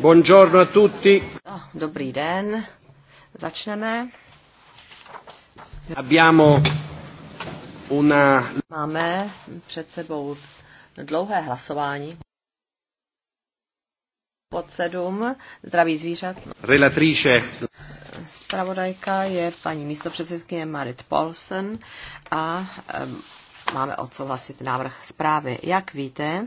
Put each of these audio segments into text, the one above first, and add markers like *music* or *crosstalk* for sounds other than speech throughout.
Buongiorno a tutti. No, dobrý den. Začneme. Abbiamo una... Máme před sebou dlouhé hlasování. Pod sedm. Zdraví zvířat. Relatrice. Spravodajka je paní místopředsedkyně Marit Paulsen a um, máme odsouhlasit návrh zprávy. Jak víte,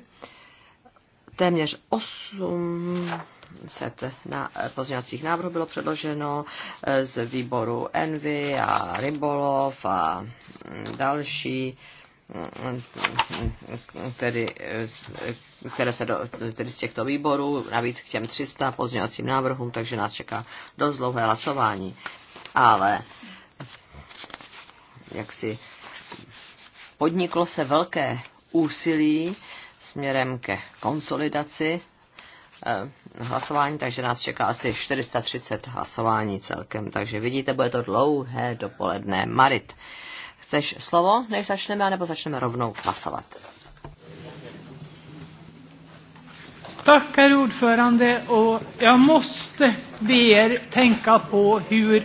téměř 800 na pozměňovacích návrhů bylo předloženo eh, z výboru Envy a Rybolov a mm, další mm, tedy, eh, eh, které se do, tedy z těchto výborů, navíc k těm 300 pozměňovacím návrhům, takže nás čeká dost dlouhé hlasování. Ale jak si podniklo se velké úsilí směrem ke konsolidaci eh, hlasování, takže nás čeká asi 430 hlasování celkem. Takže vidíte, bude to dlouhé dopoledne. Marit, chceš slovo, než začneme, anebo začneme rovnou hlasovat? Tak, ordförande och jag måste be er tänka på hur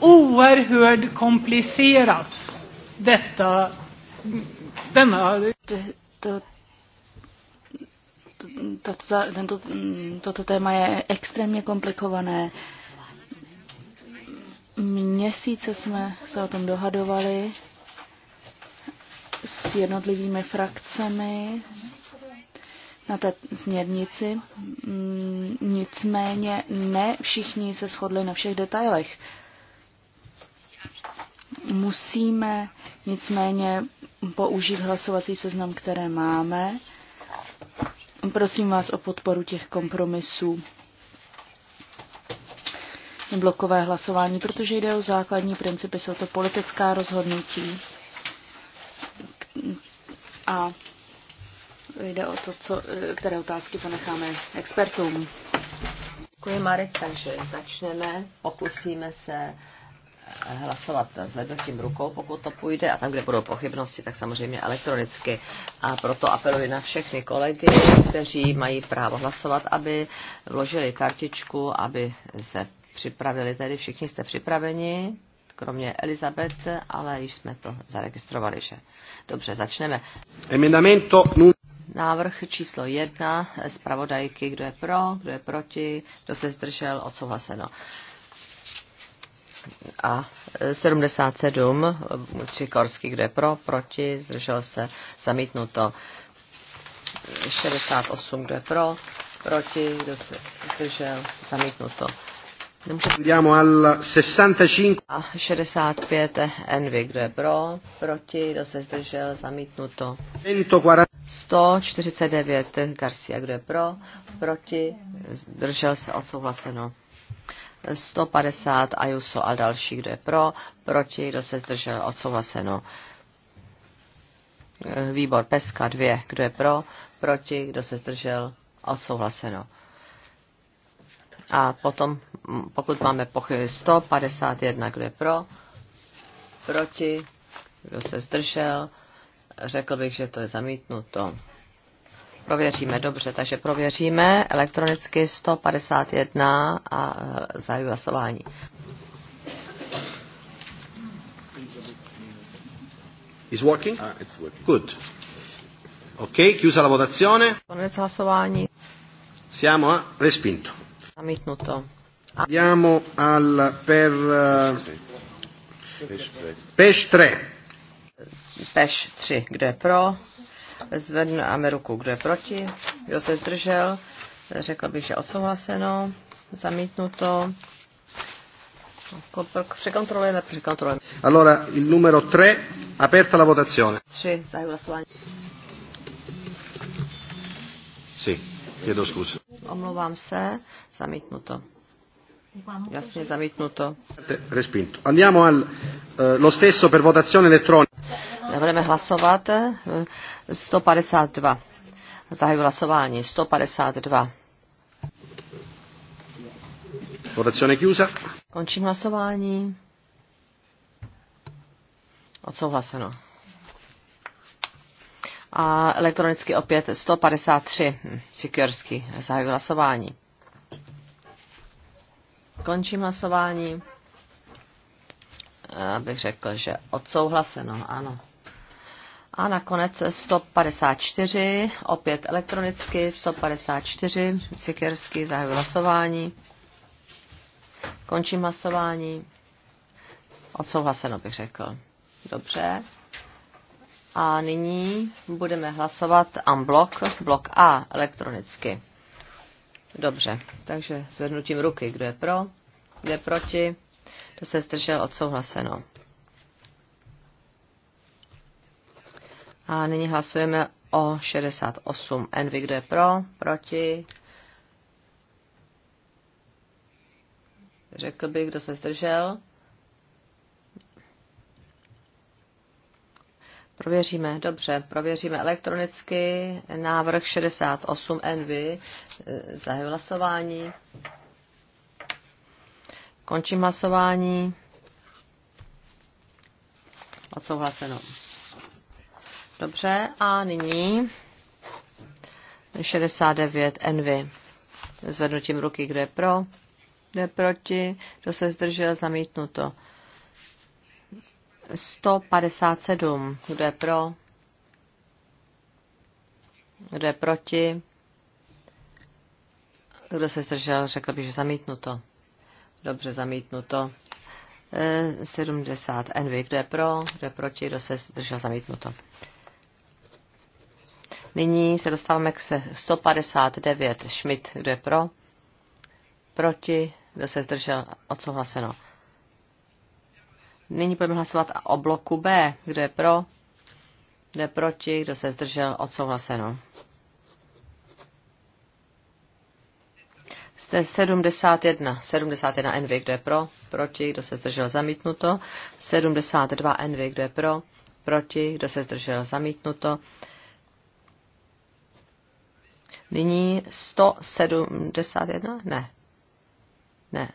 oerhört komplicerat detta denna... To, toto, tento, mm, toto téma je extrémně komplikované. Měsíce jsme se o tom dohadovali s jednotlivými frakcemi na té směrnici. Mm, nicméně ne všichni se shodli na všech detailech. Musíme nicméně použít hlasovací seznam, které máme Prosím vás o podporu těch kompromisů blokové hlasování, protože jde o základní principy, jsou to politická rozhodnutí a jde o to, co, které otázky ponecháme expertům. Děkuji, Marek, takže začneme, pokusíme se hlasovat zvednutím rukou, pokud to půjde, a tam, kde budou pochybnosti, tak samozřejmě elektronicky. A proto apeluji na všechny kolegy, kteří mají právo hlasovat, aby vložili kartičku, aby se připravili. Tedy všichni jste připraveni, kromě Elizabet, ale již jsme to zaregistrovali, že. Dobře, začneme. Emendamento Návrh číslo jedna zpravodajky, kdo je pro, kdo je proti, kdo se zdržel, odsouhlaseno a 77 Čikorský, kde pro, proti, zdržel se, zamítnuto. 68, kde pro, proti, kdo se zdržel, zamítnuto. Andiamo al 65. A 65 Envy, kdo je pro, proti, kdo se zdržel, zamítnuto. 149 Garcia, kdo je pro, proti, zdržel se, odsouhlaseno. 150 Ajuso a další, kdo je pro, proti, kdo se zdržel, odsouhlaseno. Výbor Peska 2, kdo je pro, proti, kdo se zdržel, odsouhlaseno. A potom, pokud máme pochyby 151, kdo je pro, proti, kdo se zdržel, řekl bych, že to je zamítnuto. Prověříme, dobře, takže prověříme elektronicky 151 a e, zahajuji hlasování. Is working? Ah, it's working. Good. Ok, chiusa la votazione. Konec hlasování. Siamo a respinto. Zamítnuto. Andiamo al per uh, PES 3. PES 3, kde je pro? Zvedneme ruku, kdo je proti, kdo se zdržel. Řekl bych, že odsouhlaseno, zamítnuto. Překontrolujeme, překontrolujeme. Allora, il numero 3, aperta la votazione. 3, zahajuji hlasování. Sì, chiedo scusa. Omlouvám se, zamítnuto. Jasně, zamítnuto. Respinto. Andiamo al, eh, lo stesso per votazione elettronica budeme hlasovat 152. Zahajuji hlasování 152. Končím hlasování. Odsouhlaseno. A elektronicky opět 153. Hm, Sikorsky. Zahajuji hlasování. Končím hlasování. Abych řekl, že odsouhlaseno, ano. A nakonec 154, opět elektronicky, 154, Sikersky zahajuji hlasování. Končím hlasování. Odsouhlaseno bych řekl. Dobře. A nyní budeme hlasovat unblock, blok A elektronicky. Dobře, takže zvednutím ruky, kdo je pro, kdo je proti, kdo se zdržel, odsouhlaseno. A nyní hlasujeme o 68. Envy, kdo je pro, proti? Řekl bych, kdo se zdržel. Prověříme, dobře, prověříme elektronicky návrh 68 NV za hlasování. Končím hlasování. Odsouhlaseno. Dobře, a nyní 69 envy. Zvednutím ruky, kdo je pro, kdo je proti, kdo se zdržel, zamítnuto. 157, kdo je pro, kdo je proti, kdo se zdržel, řekl bych, že zamítnuto. Dobře, zamítnuto. 70 eh, envy, kdo je pro, kdo je proti, kdo se zdržel, zamítnuto. Nyní se dostáváme k 159. Schmidt, kdo je pro? Proti? Kdo se zdržel? Odsouhlaseno. Nyní budeme hlasovat o bloku B. Kdo je pro? Kdo je proti? Kdo se zdržel? Odsouhlaseno. Jste 71. 71 NV, kdo je pro? Proti? Kdo se zdržel? Zamítnuto. 72 NV, kdo je pro? Proti? Kdo se zdržel? Zamítnuto. Nyní 171? Ne. Ne.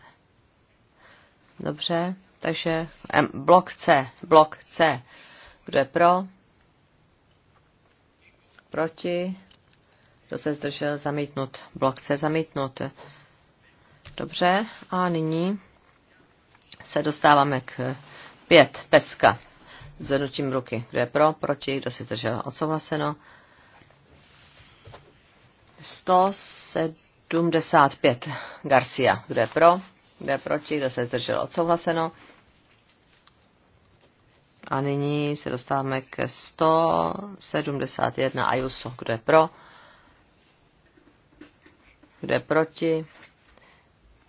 Dobře, takže M, blok C, blok C. Kdo je pro? Proti? Kdo se zdržel? Zamítnut. Blok C zamítnut. Dobře, a nyní se dostáváme k pět Peska. Zvednutím ruky. Kdo je pro? Proti? Kdo se zdržel? Odsouhlaseno. 175 Garcia. Kdo je pro? Kdo je proti? Kdo se zdržel? Odsouhlaseno. A nyní se dostáváme ke 171 Ayuso. Kdo je pro? Kdo je proti?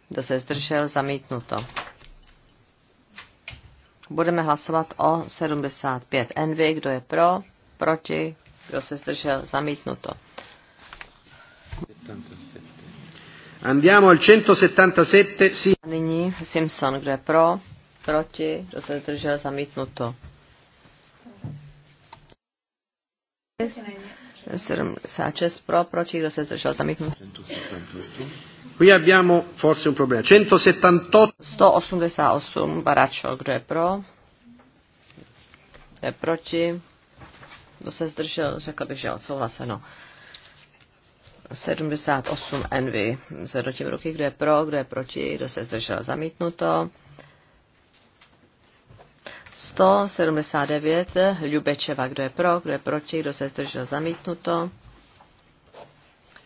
Kdo se zdržel? Zamítnuto. Budeme hlasovat o 75 Envy. Kdo je pro? Proti? Kdo se zdržel? Zamítnuto. Andiamo al 177, sì. Nyní Simpson, kdo je pro, proti, kdo se zdržel, zamítnuto. 76 pro, proti, kdo se zdržel, zamítnuto. Qui abbiamo forse un problema. 178. 188, Baraccio, kdo je pro? Kdo je proti? Kdo se zdržel, řekl bych, že odsouhlaseno. 78 Envy. Zvednutím ruky, kdo je pro, kdo je proti, kdo se zdržel zamítnuto. 179 Ljubečeva, kdo je pro, kdo je proti, kdo se zdržel zamítnuto.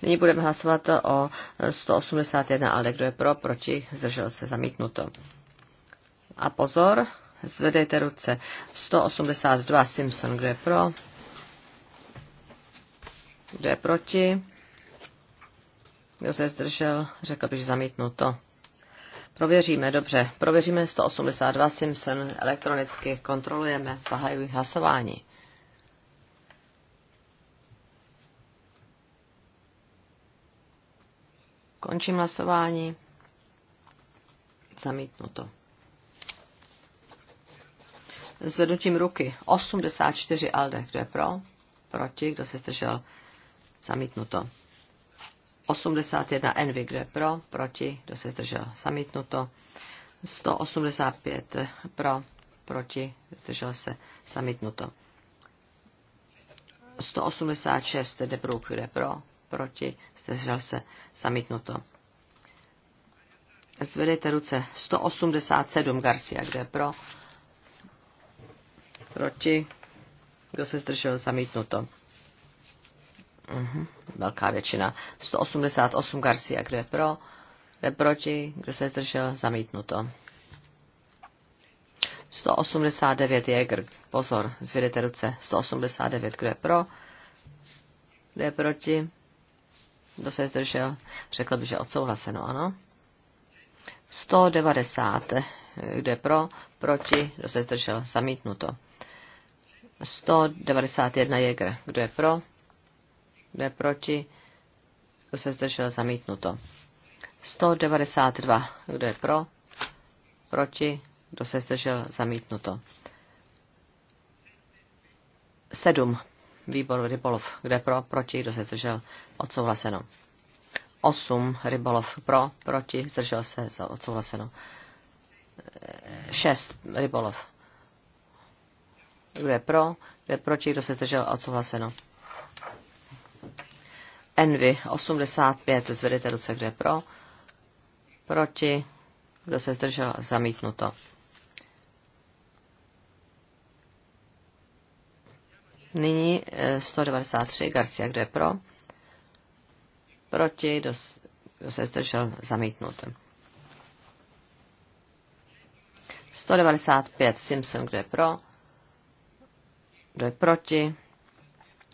Nyní budeme hlasovat o 181, ale kdo je pro, proti, zdržel se zamítnuto. A pozor, zvedejte ruce. 182 Simpson, kdo je pro, kdo je proti, kdo se zdržel? Řekl bych, že to. Prověříme, dobře. Prověříme 182 Simpson elektronicky. Kontrolujeme. zahajují hlasování. Končím hlasování. Zamítnu to. Zvednutím ruky. 84 Alde. Kdo je pro? Proti. Kdo se zdržel? Zamítnu to. 81 Envy, kdo je pro, proti, kdo se zdržel, zamítnuto. 185 pro, proti, zdržel se, samitnuto. 186 Debruk, kde pro, proti, zdržel se, samitnuto. Zvedejte ruce. 187 Garcia, kde pro, proti, kdo se zdržel, zamítnuto. Uh-huh. Velká většina. 188 Garcia, kdo je pro, kdo je proti, kdo se zdržel, zamítnuto. 189 Jäger, pozor, zvědete ruce. 189, kdo je pro, kdo je proti, kdo se zdržel, řekl bych, že odsouhlaseno, ano. 190, kdo je pro, proti, kdo se zdržel, zamítnuto. 191 Jäger, kdo je pro, kdo je proti, kdo se zdržel, zamítnuto. 192, kdo je pro, proti, kdo se zdržel, zamítnuto. 7. Výbor rybolov, kde pro, proti, kdo se zdržel, odsouhlaseno. 8. Rybolov pro, proti, zdržel se, odsouhlaseno. 6. Rybolov. Kdo je pro, kdo je proti, kdo se zdržel, odsouhlaseno. Envy 85, zvedete ruce, kde pro, proti, kdo se zdržel, zamítnuto. Nyní 193, eh, Garcia, kde je pro? Proti, kdo, kdo se zdržel, zamítnut. 195, Simpson, kde je pro? Kdo je proti?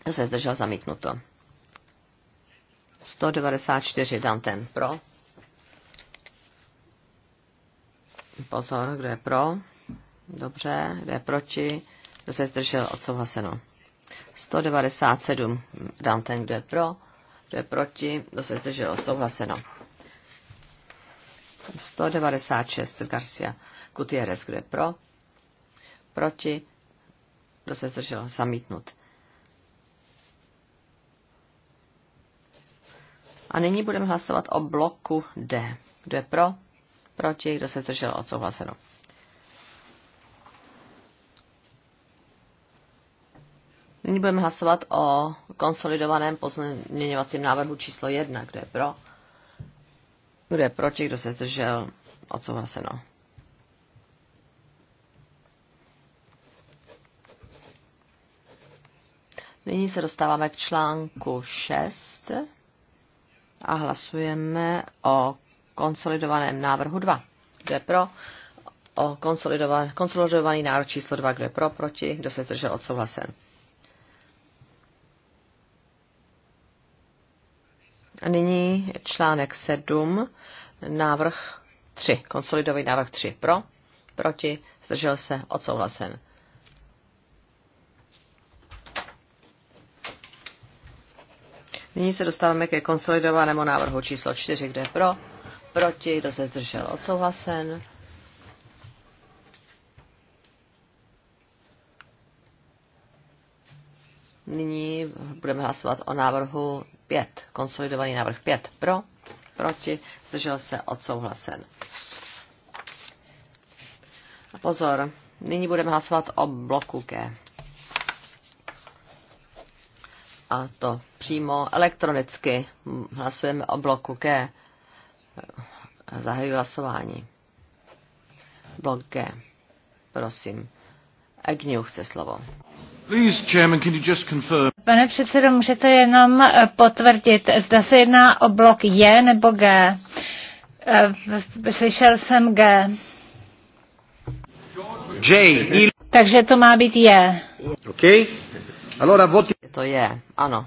Kdo se zdržel, zamítnuto. 194 Danten pro. Pozor, kdo je pro. Dobře, kdo je proti. Kdo se zdržel, odsouhlaseno. 197 Danten, kdo je pro. Kdo je proti, kdo se zdržel, odsouhlaseno. 196 Garcia Gutierrez, kdo je pro. Proti, kdo se zdržel, zamítnut. A nyní budeme hlasovat o bloku D. Kdo je pro? Proti? Kdo se zdržel? Odsouhlaseno. Nyní budeme hlasovat o konsolidovaném pozměňovacím návrhu číslo 1. Kdo je pro? Kdo je proti? Kdo se zdržel? Odsouhlaseno. Nyní se dostáváme k článku 6 a hlasujeme o konsolidovaném návrhu 2. Kdo je pro? O konsolidovaný, konsolidovaný návrh číslo 2. Kdo je pro? Proti? Kdo se zdržel? Odsouhlasen. A nyní článek 7, návrh 3. konsolidový návrh 3. Pro? Proti? Zdržel se? Odsouhlasen. Nyní se dostáváme ke konsolidovanému návrhu číslo 4, kde je pro, proti, kdo se zdržel, odsouhlasen. Nyní budeme hlasovat o návrhu 5, konsolidovaný návrh 5 pro, proti, zdržel se, odsouhlasen. A pozor, nyní budeme hlasovat o bloku G a to přímo elektronicky. Hlasujeme o bloku G. Zahajuji hlasování. Blok G. Prosím. Agnew chce slovo. Pane předsedo, můžete jenom eh, potvrdit, zda se jedná o blok J nebo G. Eh, slyšel jsem G. J. Takže to má být J. Okay. Allora voti... To je, ano.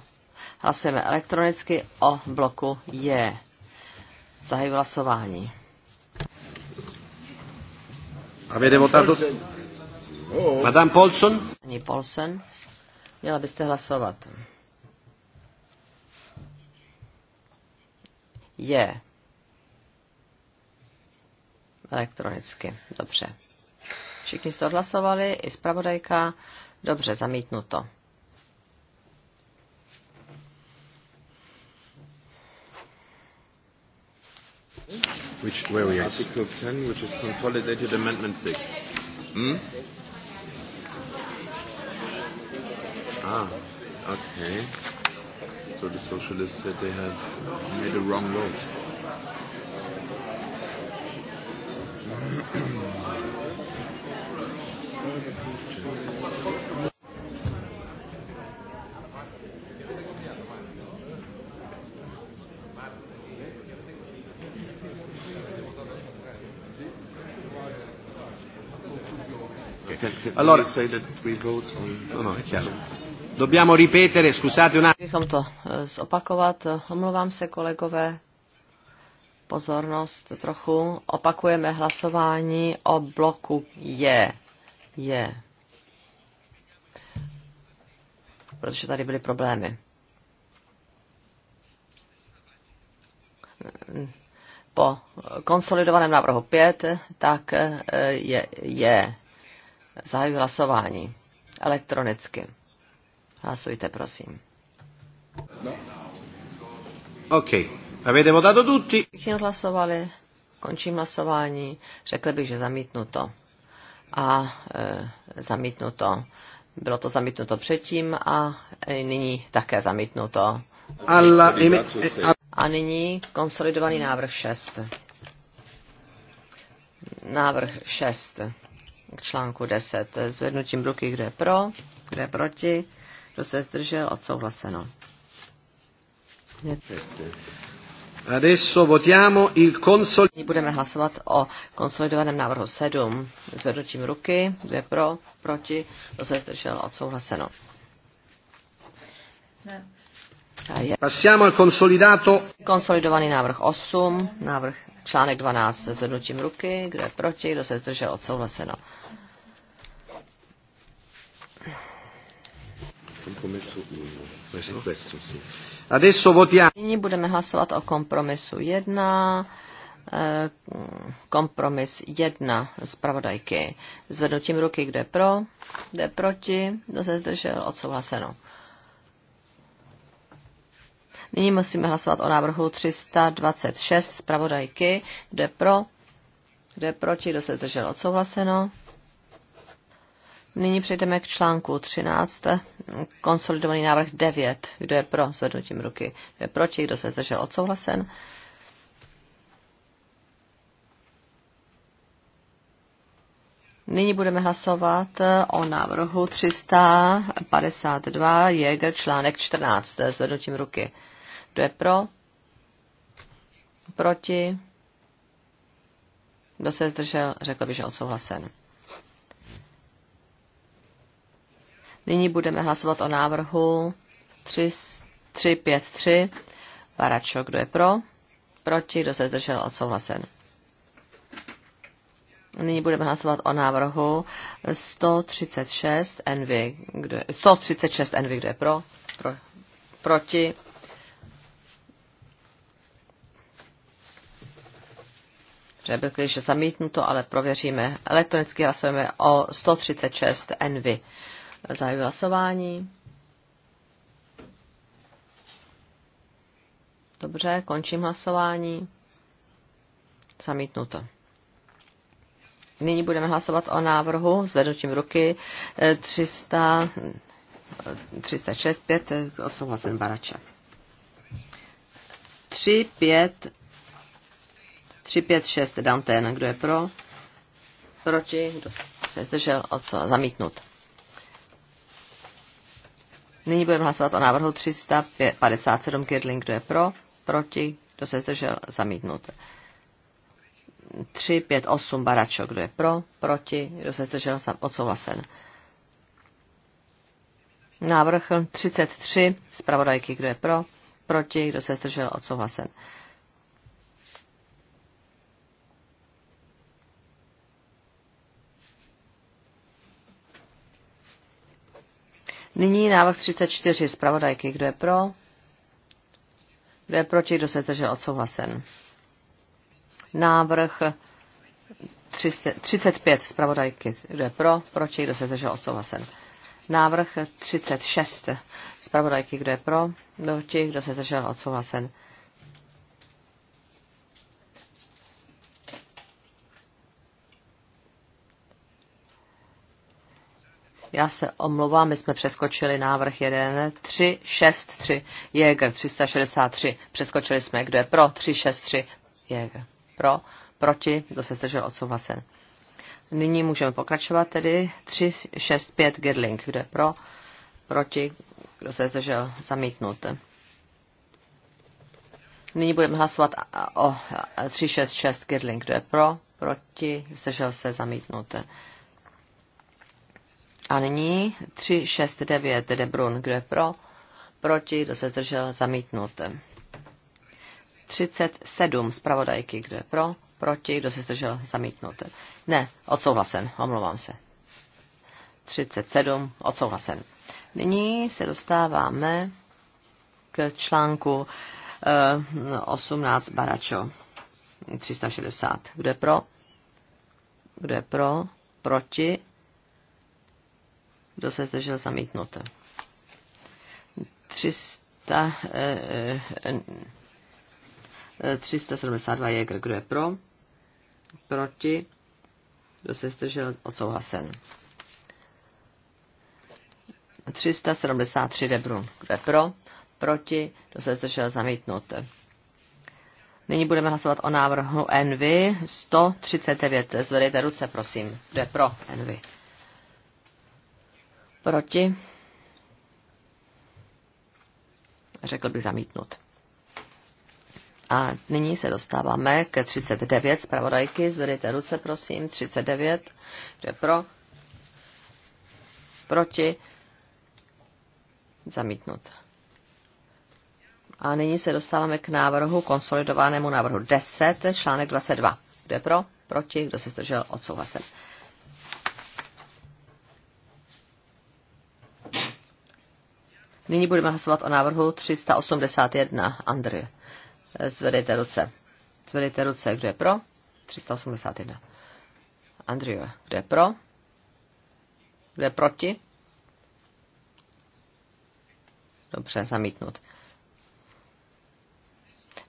Hlasujeme elektronicky o bloku je. Zahaj hlasování. vede votato? Madame Paulson? Ani Paulson, měla byste hlasovat. Je. Elektronicky, dobře. Všichni jste odhlasovali, i zpravodajka. Dobře, zamítnuto. Which, where we at? Article 10, which is consolidated amendment 6. Hmm? Ah, okay. So the socialists said they have made a wrong vote. *clears throat* *clears throat* Allora, no, no, Dobbiamo ripetere, scusate un attimo. to eh, zopakovat, eh, omlouvám se kolegové, pozornost trochu. Opakujeme hlasování o bloku je. Je. Protože tady byly problémy. Po konsolidovaném návrhu 5, tak eh, je, je Zahajuji hlasování. Elektronicky. Hlasujte, prosím. No. OK. Avete votato tutti? Všichni hlasovali. Končím hlasování. Řekl bych, že zamítnuto. A e, zamítnuto. Bylo to zamítnuto předtím a e, nyní také zamítnuto. A nyní konsolidovaný návrh 6. Návrh 6 k článku 10. Zvednutím ruky, kdo je pro, kdo je proti, kdo se zdržel, odsouhlaseno. Adesso votiamo il consol... Budeme hlasovat o konsolidovaném návrhu 7. Zvednutím ruky, kdo je pro, proti, kdo se zdržel, odsouhlaseno. Ne. Passiamo al consolidato. Konsolidovaný návrh 8, návrh článek 12 se zvednutím ruky, kdo je proti, kdo se zdržel, odsouhlaseno. Adesso votiamo. Nyní budeme hlasovat o kompromisu 1. Eh, kompromis 1 zpravodajky. Zvednutím ruky, kdo je pro, kdo je proti, kdo se zdržel, odsouhlaseno. Nyní musíme hlasovat o návrhu 326 zpravodajky. Kdo je pro? Kdo je proti? Kdo se zdržel? Odsouhlaseno. Nyní přejdeme k článku 13. Konsolidovaný návrh 9. Kdo je pro? Zvednutím ruky. Kdo je proti? Kdo se zdržel? Odsouhlasen. Nyní budeme hlasovat o návrhu 352 Jäger článek 14 zvednutím ruky. Kdo je pro? Proti? Kdo se zdržel? Řekl bych, že odsouhlasen. Nyní budeme hlasovat o návrhu 353. Baračo, kdo je pro? Proti, kdo se zdržel? Odsouhlasen. Nyní budeme hlasovat o návrhu 136 NV, kdo je, 136 NV, kdo je pro, pro, proti, nebyl když zamítnuto, ale prověříme. Elektronicky hlasujeme o 136 NV Zahajuji hlasování. Dobře, končím hlasování. Zamítnuto. Nyní budeme hlasovat o návrhu zvednutím ruky 300, 306, 5, odsouhlasen Barače. 3, 5, 356 Danten, kdo je pro? Proti, kdo se zdržel, o co zamítnut. Nyní budeme hlasovat o návrhu 357 Kirling, kdo je pro? Proti, kdo se zdržel, zamítnut. 358 Baračo, kdo je pro? Proti, kdo se zdržel, odsouhlasen. Návrh 33 zpravodajky, kdo je pro? Proti, kdo se zdržel, odsouhlasen. Nyní návrh 34 zpravodajky. Kdo je pro? Kdo je proti? Kdo se zdržel? Odsouhlasen. Návrh 35 zpravodajky. Kdo je pro? Proti? Kdo se zdržel? Odsouhlasen. Návrh 36 zpravodajky. Kdo je pro? Proti? Kdo se zdržel? Odsouhlasen. Já se omlouvám, my jsme přeskočili návrh 1, 3, 6, 3, Jäger 363. Přeskočili jsme, kdo je pro, 3, 6, 3, Jäger. Pro, proti, kdo se zdržel odsouhlasen. Nyní můžeme pokračovat tedy 3, 6, 5, Gerling, kdo je pro, proti, kdo se zdržel zamítnut. Nyní budeme hlasovat o 366 Girling. Kdo je pro? Proti? Zdržel se zamítnut. A nyní 3, 6, 9, Debrun, kdo je pro, proti, kdo se zdržel, zamítnut. 37, zpravodajky, kdo je pro, proti, kdo se zdržel, zamítnut. Ne, odsouhlasen, omlouvám se. 37, odsouhlasen. Nyní se dostáváme k článku 18 eh, Baračo 360. Kdo je pro? Kdo je pro? Proti? Kdo se zdržel zamítnout? 300, eh, eh, 372 eh, je, kdo je pro? Proti? Kdo se zdržel? Odsouhlasen. 373 debrů. Kdo je pro? Proti? Kdo se zdržel? zamítnout. Nyní budeme hlasovat o návrhu Envy 139. Zvedejte ruce, prosím. Kdo je pro Envy? Proti? Řekl bych zamítnut. A nyní se dostáváme ke 39 zpravodajky. Zvedejte ruce, prosím. 39. Kdo je pro? Proti? Zamítnut. A nyní se dostáváme k návrhu, konsolidovanému návrhu 10, článek 22. Kdo je pro? Proti? Kdo se zdržel? Odsouhlasen. Nyní budeme hlasovat o návrhu 381. Andr, zvedejte ruce. Zvedejte ruce, kdo je pro? 381. Andrej kdo je pro? Kdo je proti? Dobře, zamítnut.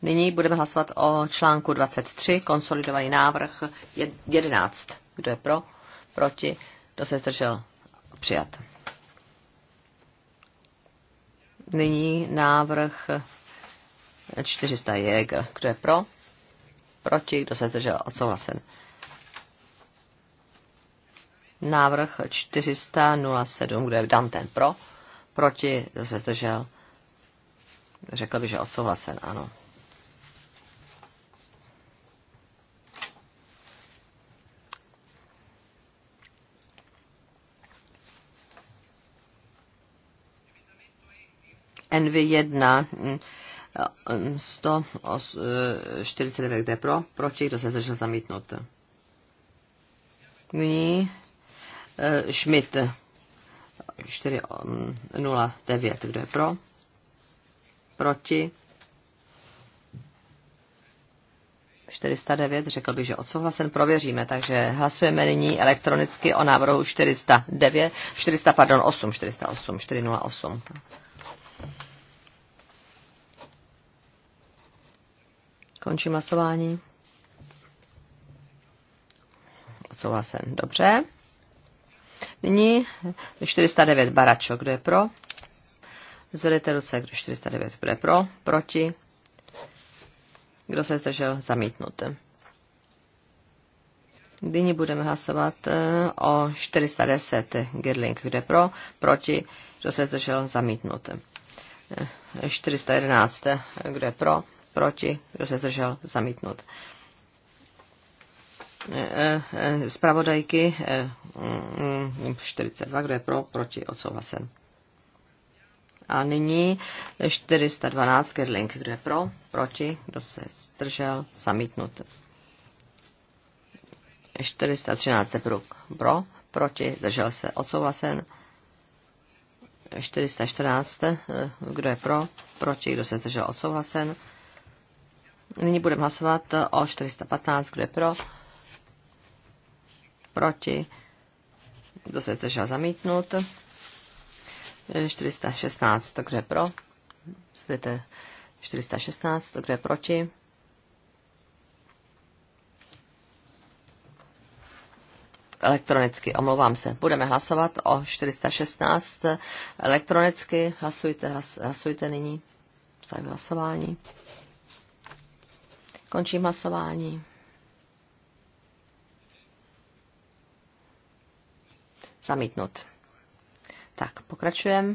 Nyní budeme hlasovat o článku 23, konsolidovaný návrh 11. Kdo je pro? Proti? Kdo se zdržel? Přijat. Nyní návrh 400 Jäger. Kdo je pro? Proti? Kdo se držel? Odsouhlasen. Návrh 407, kde je ten pro, proti, kdo se zdržel, řekl bych, že odsouhlasen, ano. NV1 149 mm, kde pro, proti, kdo se zdržel zamítnout. Nyní e, Schmidt 409, mm, kdo je pro, proti, 409, řekl bych, že odsouhlasen, prověříme, takže hlasujeme nyní elektronicky o návrhu 409, 400, pardon, 8, 408, 408. Končím hlasování. Odsouhlasen. Dobře. Nyní 409 Baračo. Kdo je pro? Zvedete ruce, kdo 409 bude pro, proti. Kdo se zdržel? Zamítnut. Nyní budeme hlasovat eh, o 410 Girling, kde pro, proti, kdo se zdržel, zamítnut. 411, eh, kde pro, proti, kdo se zdržel, zamítnut. Eh, eh, zpravodajky 42, eh, mm, kdo je pro, proti, odsouhlasen. A nyní 412 Gerling, kdo je pro, proti, kdo se zdržel, zamítnut. 413 Bruk, pro, proti, zdržel se, odsouhlasen. 414, kdo je pro, proti, kdo se zdržel, odsouhlasen. Nyní budeme hlasovat o 415, kdo je pro, proti, kdo se zdržel zamítnut, 416, kdo je pro, Slyte 416, kdo je proti, elektronicky, omlouvám se. Budeme hlasovat o 416 elektronicky. Hlasujte, hlas, hlasujte nyní. Zahajuji hlasování. Končím hlasování. Zamítnut. Tak, pokračujeme.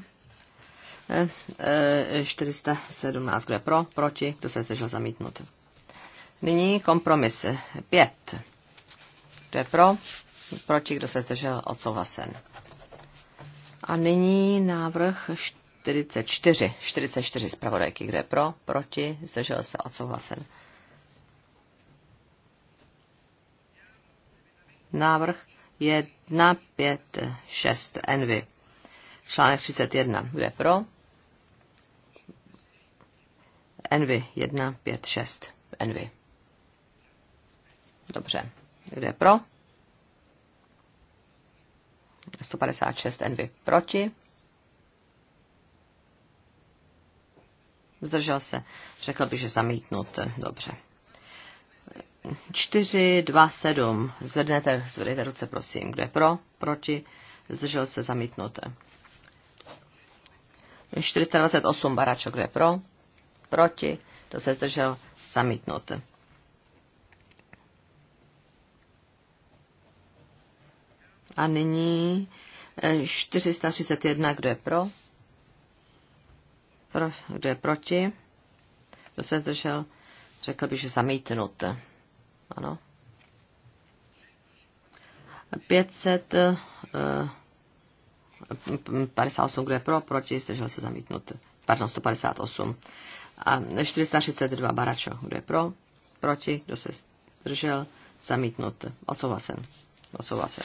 Eh, eh, 417, kdo je pro, proti, kdo se zdržel zamítnut. Nyní kompromis 5. Kdo je pro, proti, kdo se zdržel odsouhlasen. A nyní návrh 44. 44 zpravodajky, kdo je pro, proti, zdržel se odsouhlasen. návrh 1, 5, 6 Envy. Článek 31. Kdo je pro? Envy 1, 5, 6. Envy. Dobře. Kdo je pro? 156 Envy proti. Zdržel se. Řekl bych, že zamítnut. Dobře. 4, 2, 7. Zvednete, zvedejte ruce, prosím. Kdo je pro, proti, zdržel se zamítnuté. 428 baráčok, kdo je pro, proti, to se zdržel, zamítnuté. A nyní 431, eh, kdo je pro, pro kdo je proti, to se zdržel, řekl bych, že zamítnuté. Ano. 558, eh, eh, kde pro, proti, zdržel se zamítnut. Pardon, 158. A 432 Baračo, kde pro, proti, kdo se zdržel, zamítnut. Odsouhlasen. Odsouhlasen.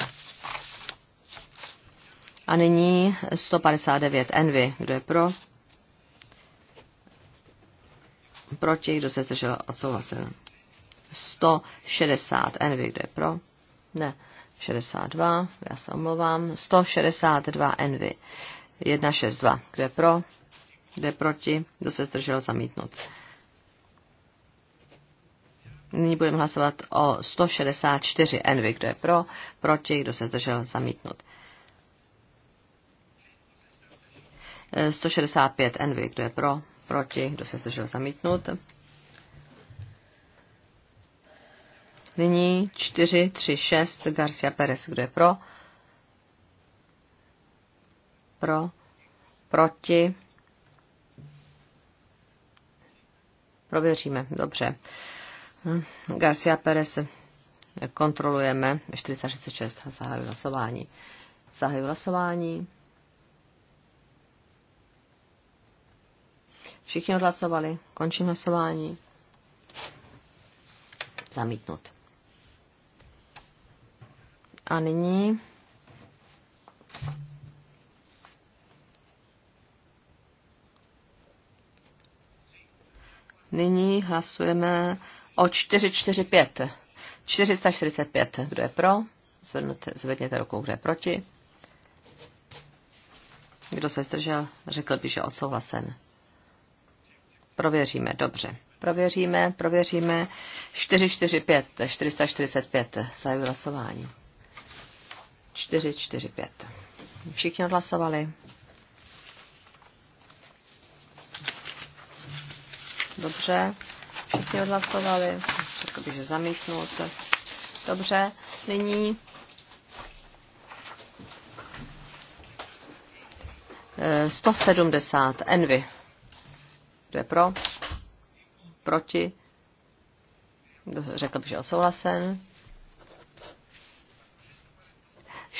A nyní 159 Envy, kdo je pro? Proti, kdo se zdržel, odsouhlasen. 160 Envy, kde je pro? Ne, 62, já se omlouvám, 162 Envy, 162, kde je pro? Kde je proti? Kdo se zdržel zamítnout? Nyní budeme hlasovat o 164 Envy, kdo je pro, proti, kdo se zdržel zamítnout. 165 Envy, kdo je pro, proti, kdo se zdržel zamítnout. Nyní 4, 3, 6, Garcia Perez, kdo je pro? Pro, proti. Prověříme, dobře. Hm, Garcia Perez kontrolujeme 436 zahajuji hlasování. Zahajuji hlasování. Všichni odhlasovali. Končím hlasování. Zamítnut. A nyní Nyní hlasujeme o 445. 445. Kdo je pro? Zvednete, zvedněte ruku, kdo je proti. Kdo se zdržel, řekl by, že odsouhlasen. Prověříme, dobře. Prověříme, prověříme. 445, 445, Zajímavé hlasování. 4, 4, 5. Všichni odhlasovali. Dobře, všichni odhlasovali. Řekl bych, že zamítnout. Dobře, nyní e, eh, 170 Envy. Kdo je pro? Proti? Řekl bych, že osouhlasen.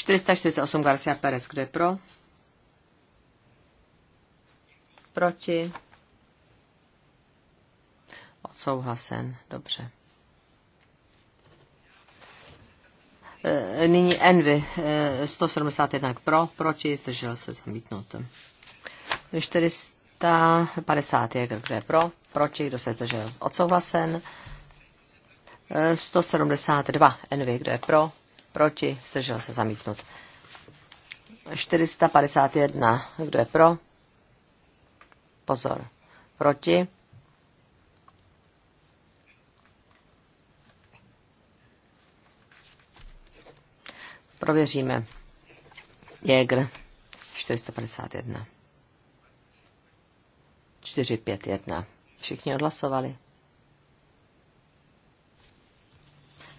448 Garcia Perez, kdo je pro? Proti? Odsouhlasen, dobře. E, nyní Envy 171 e, pro, proti, zdržel se zamítnout. 450 je, kdo je pro, proti, kdo se zdržel, odsouhlasen. 172 e, Envy, kdo je pro, proti, zdržel se zamítnut. 451, kdo je pro? Pozor, proti. Prověříme. Jäger 451. 451. Všichni odhlasovali.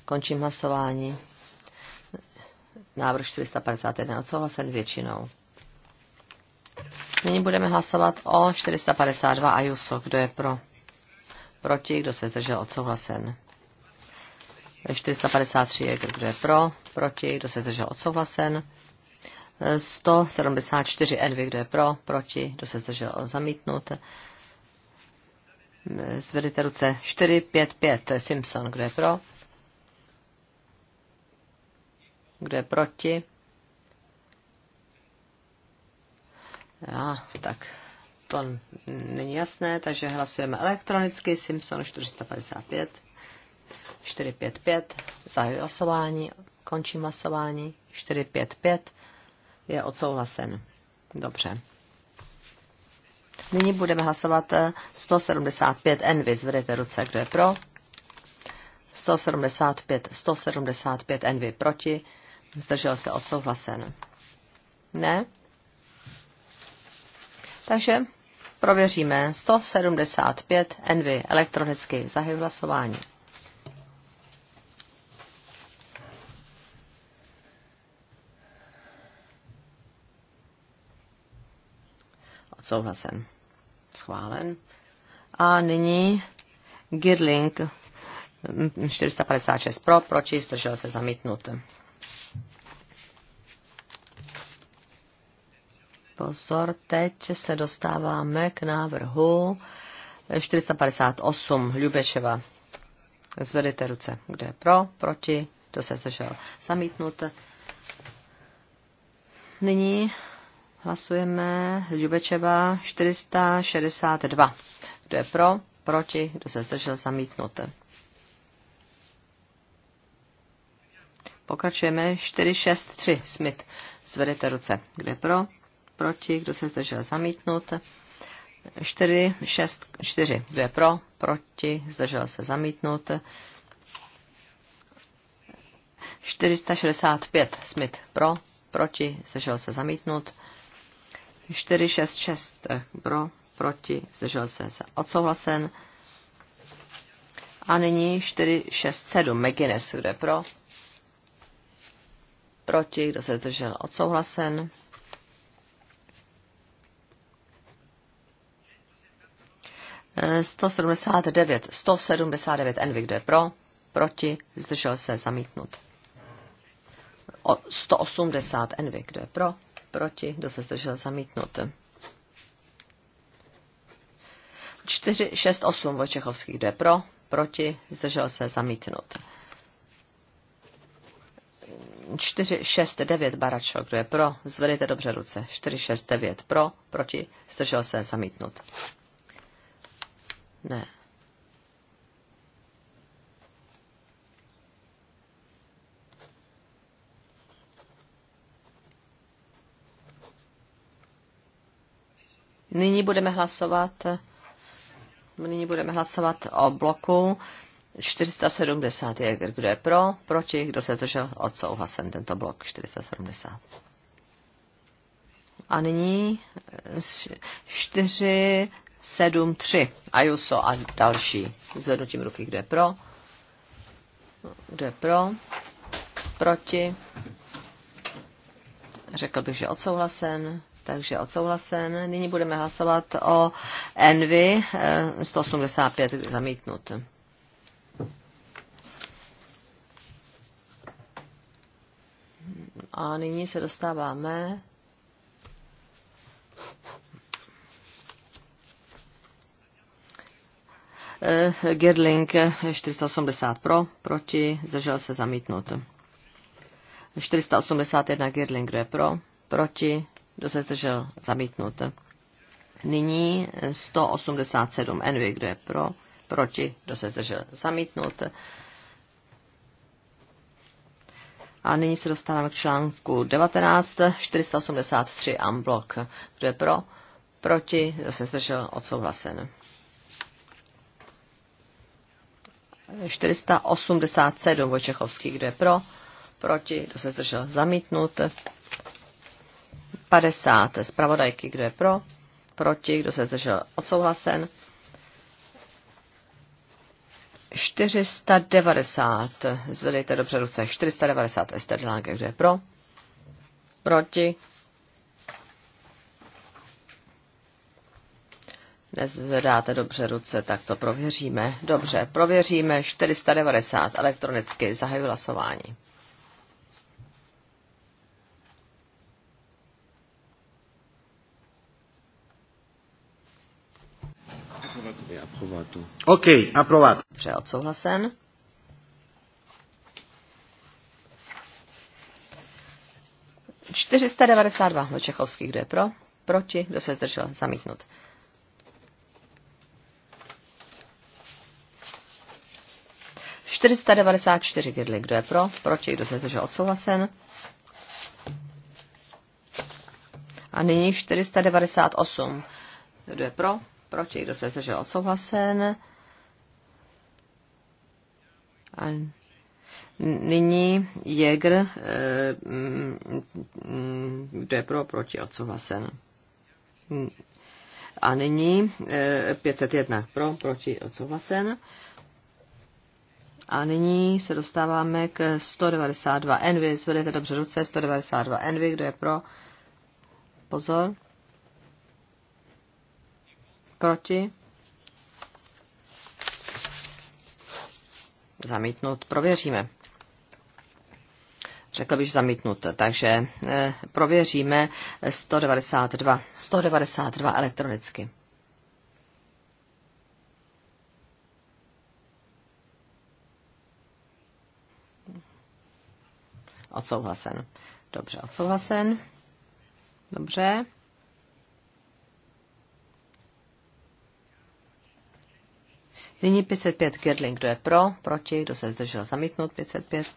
Končím hlasování. Návrh 451 odsouhlasen většinou. Nyní budeme hlasovat o 452 A JUSO. Kdo je pro? Proti? Kdo se zdržel? Odsouhlasen. 453 je, kdo je pro? Proti? Kdo se zdržel? Odsouhlasen. 174 Envy, kdo je pro? Proti? Kdo se zdržel? Zamítnut. Zvedete ruce 455, to je Simpson, kdo je pro? Kdo je proti? Já, tak to není jasné, takže hlasujeme elektronicky. Simpson 455, 455, zahajuji hlasování, končím hlasování, 455 je odsouhlasen. Dobře. Nyní budeme hlasovat 175 Envy. zvedete ruce, kdo je pro. 175, 175 Envy proti. Zdržel se odsouhlasen. Ne? Takže prověříme 175 Envy elektronicky. Zahajuji hlasování. Odsouhlasen. Schválen. A nyní Girling 456 pro, Proč zdržel se zamítnut. pozor, teď se dostáváme k návrhu 458 Ljubečeva. Zvedejte ruce. Kdo je pro, proti, to se zdržel. Zamítnut. Nyní hlasujeme Ljubečeva 462. Kdo je pro, proti, kdo se zdržel, zamítnut. Pokračujeme 463 Smith. Zvedejte ruce. Kdo je pro, proti, kdo se zdržel zamítnout. 4, 6, 4, kdo je pro, proti, zdržel se zamítnout. 465, Smith pro, proti, zdržel se zamítnout? 466 pro, proti, zdržel se odsouhlasen. A nyní 467, McGuinness, kdo je pro, proti, kdo se zdržel odsouhlasen. 179, 179 Envy, kdo je pro, proti, zdržel se, zamítnut. O 180 Envy, kdo je pro, proti, kdo se zdržel, zamítnut. 4, 6, 8 Vojčechovský, kdo je pro, proti, zdržel se, zamítnut. 4, 6, 9 Baračo, kdo je pro, zvedejte dobře ruce. 4, 6, 9 pro, proti, zdržel se, zamítnut. Ne. Nyní budeme hlasovat, nyní budeme hlasovat o bloku 470. Kdo je pro, proti, kdo se držel odsouhlasen tento blok 470. A nyní 4, 7.3. Ajuso a další. Zvednutím ruky, kde je pro. Kde je pro. Proti. Řekl bych, že odsouhlasen. Takže odsouhlasen. Nyní budeme hlasovat o Envy 185 eh, zamítnut. A nyní se dostáváme Eh, Gerling 480 eh, pro, proti, zdržel se zamítnut. 481 Gerling kdo je pro, proti, kdo se zdržel zamítnut. Nyní 187 Envy, kdo je pro, proti, kdo se zdržel zamítnut. A nyní se dostáváme k článku 19, 483 Amblok, kdo je pro, proti, kdo se zdržel odsouhlasen. 487 Vojčechovský, kdo je pro, proti, kdo se zdržel zamítnut. 50 zpravodajky, kdo je pro, proti, kdo se zdržel odsouhlasen. 490, zvedejte dobře ruce, 490 Ester Lange, kdo je pro, proti, Nezvedáte dobře ruce, tak to prověříme. Dobře, prověříme 490 elektronicky. Zahajuji hlasování. OK, aprovat. Dobře, odsouhlasen. Čtyřista devadesát dva kdo je pro? Proti, kdo se zdržel? Zamítnut. 494 vědli, kdo je pro, proti, kdo se zdržel odsouhlasen. A nyní 498. Kdo je pro, proti, kdo se zdržel odsouhlasen. A nyní Jäger, eh, mm, kdo je pro, proti, odsouhlasen. A nyní 501 eh, pro, proti, odsouhlasen. A nyní se dostáváme k 192 Envy. Zvedete dobře ruce, 192 Envy, kdo je pro? Pozor. Proti. Zamítnut. Prověříme. Řekl bych zamítnut. Takže eh, prověříme 192. 192 elektronicky. Odsouhlasen. Dobře, odsouhlasen. Dobře. Nyní 505 Kirling, kdo je pro, proti, kdo se zdržel zamítnout, 505,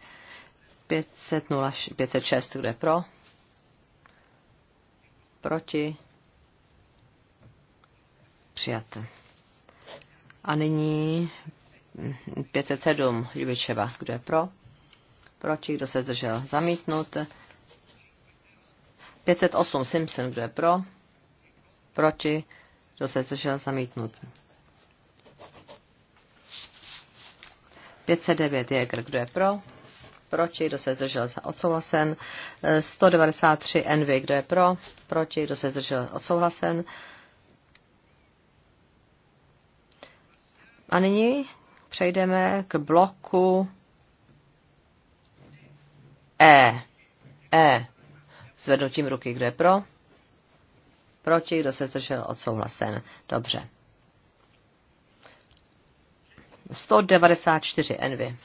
506, 506 kdo je pro, proti, přijat. A nyní 507 Ljubičeva, kdo je pro, proti, kdo se zdržel, zamítnut. 508 Simpson, kdo je pro, proti, kdo se zdržel, zamítnut. 509 Jäger, kdo je pro, proti, kdo se zdržel, odsouhlasen. 193 Envy, kdo je pro, proti, kdo se zdržel, odsouhlasen. A nyní přejdeme k bloku E. E. Zvednutím ruky, kdo je pro? Proti, kdo se zdržel, odsouhlasen. Dobře. 194 envy.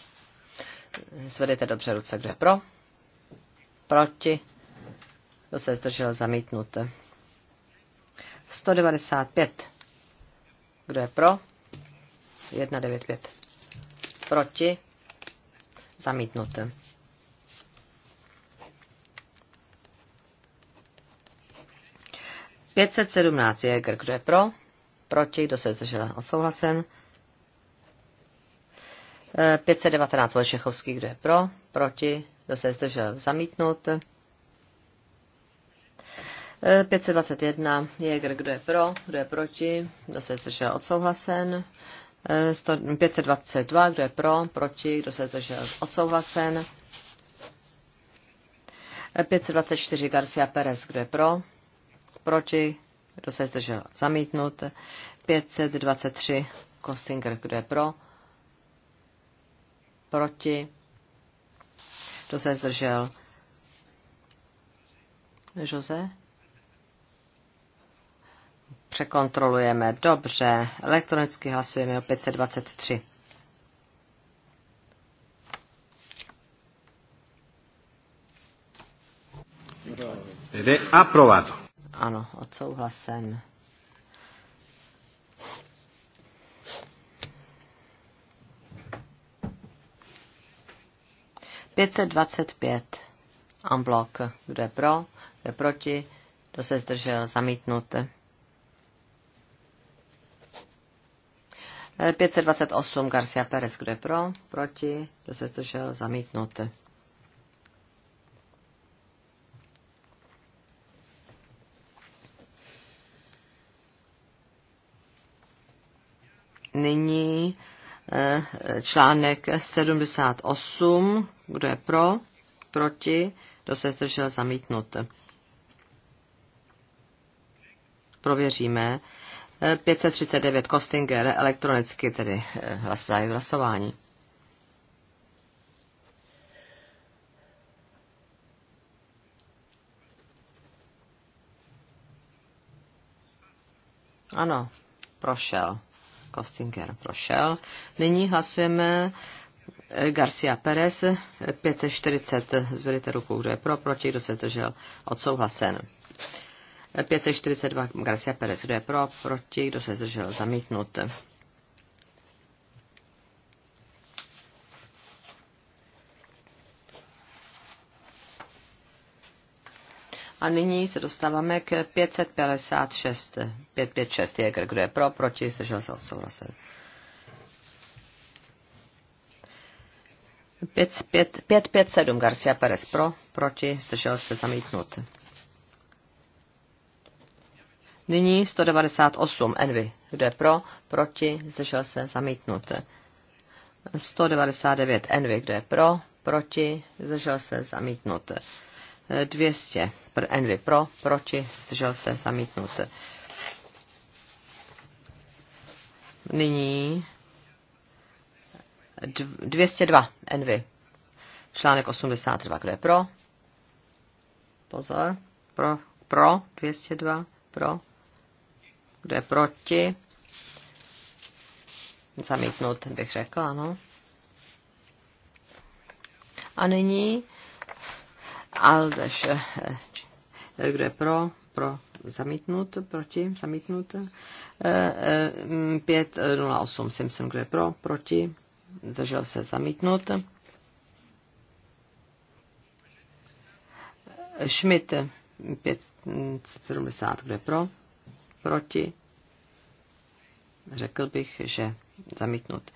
Zvedete dobře ruce, kdo je pro? Proti, kdo se zdržel, zamítnut. 195. Kdo je pro? 195. Proti? Zamítnut. 517 je, kdo je pro, proti, kdo se zdržel, odsouhlasen. 519 eh, Vojčechovský, kdo je pro, proti, kdo se zdržel, zamítnut. 521 eh, Jäger, kdo je pro, kdo je proti, kdo se zdržel, odsouhlasen. 522, eh, kdo je pro, proti, kdo se zdržel, odsouhlasen. 524 Garcia Perez, kdo je pro, proti, kdo se zdržel, zamítnut. 523 Kostinger, kdo je pro, proti, kdo se zdržel, Jose? Překontrolujeme. Dobře. Elektronicky hlasujeme o 523. Ed è approvato. Ano, odsouhlasen. Pětset dvacet pět. Unblock. Kdo je pro, kdo je proti, kdo se zdržel, zamítnut. 528 Garcia Perez, kdo je pro, proti, kdo se zdržel, zamítnut. článek 78. Kdo je pro? Proti? Kdo se zdržel zamítnut? Prověříme. 539 Kostinger elektronicky tedy eh, v hlasování. Ano, prošel. Kostinger prošel. Nyní hlasujeme eh, Garcia Perez 540. Zvedněte ruku, kdo je pro, proti, kdo se držel, odsouhlasen. 542 eh, Garcia Perez, kdo je pro, proti, kdo se zdržel, zamítnut. A nyní se dostáváme k 556. 556 je, kdo je pro, proti, zdržel se odsouhlasen. 557 Garcia Perez pro, proti, zdržel se zamítnut. Nyní 198 Envy, kdo je pro, proti, zdržel se zamítnut. 199 Envy, kdo je pro, proti, zdržel se zamítnut. 200 envy pro, proti, zdržel se zamítnut. Nyní 202 envy. Článek 82, kde pro? Pozor. Pro, pro 202, pro. Kde proti? Zamítnout bych řekla, ano. A nyní Aldeš, eh, kdo je pro, pro zamítnut, proti, zamítnut. 508 eh, eh, Simpson, kdo je pro, proti, zdržel se zamítnut. Schmidt 570, kdo je pro, proti, řekl bych, že zamítnut.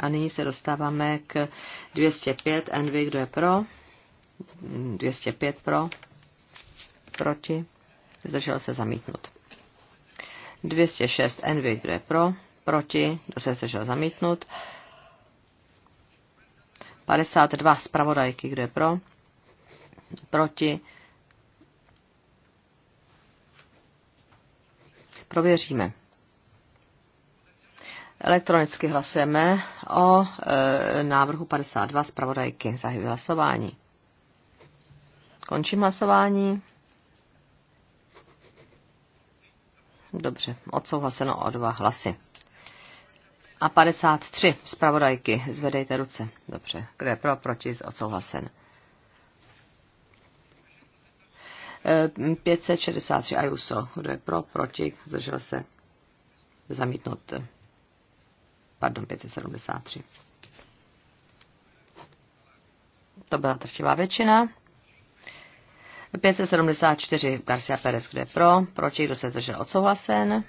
A nyní se dostáváme k 205. Envy, kdo je pro? 205 pro. Proti. Zdržel se zamítnut. 206 Envy, kdo je pro? Proti. Kdo se zdržel zamítnut? 52 zpravodajky, kdo je pro? Proti. Prověříme. Elektronicky hlasujeme o e, návrhu 52 zpravodajky. Zahajuji hlasování. Končím hlasování. Dobře, odsouhlaseno o dva hlasy. A 53 zpravodajky. Zvedejte ruce. Dobře, Kde je pro, proti, odsouhlasen. 563 e, Ajuso. Kdo je pro, proti, zdržel se. zamítnout pardon, 573. To byla trčivá většina. 574 Garcia Pérez, kde pro, proti, kdo se zdržel odsouhlasen.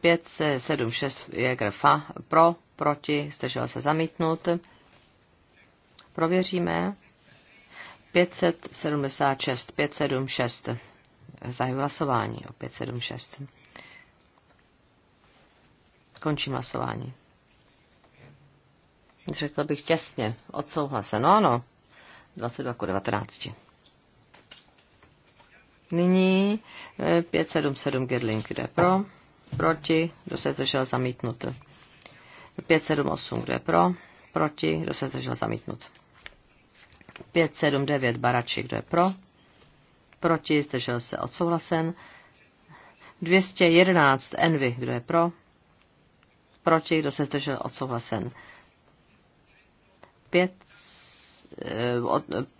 576 je grefa pro, proti, zdržel se zamítnut. Prověříme. 576, 576. zahy hlasování o 576. Končím hlasování. Řekl bych těsně, odsouhlaseno, ano, 22 ku 19. Nyní 577 eh, Gedling jde pro, proti, kdo se zdržel zamítnut. 578 kde pro, proti, kdo se zdržel zamítnut. 579 Barači, kdo je pro, proti, zdržel se odsouhlasen. 211 Envy, kdo je pro, proti, kdo se zdržel, odsouhlasen. 5,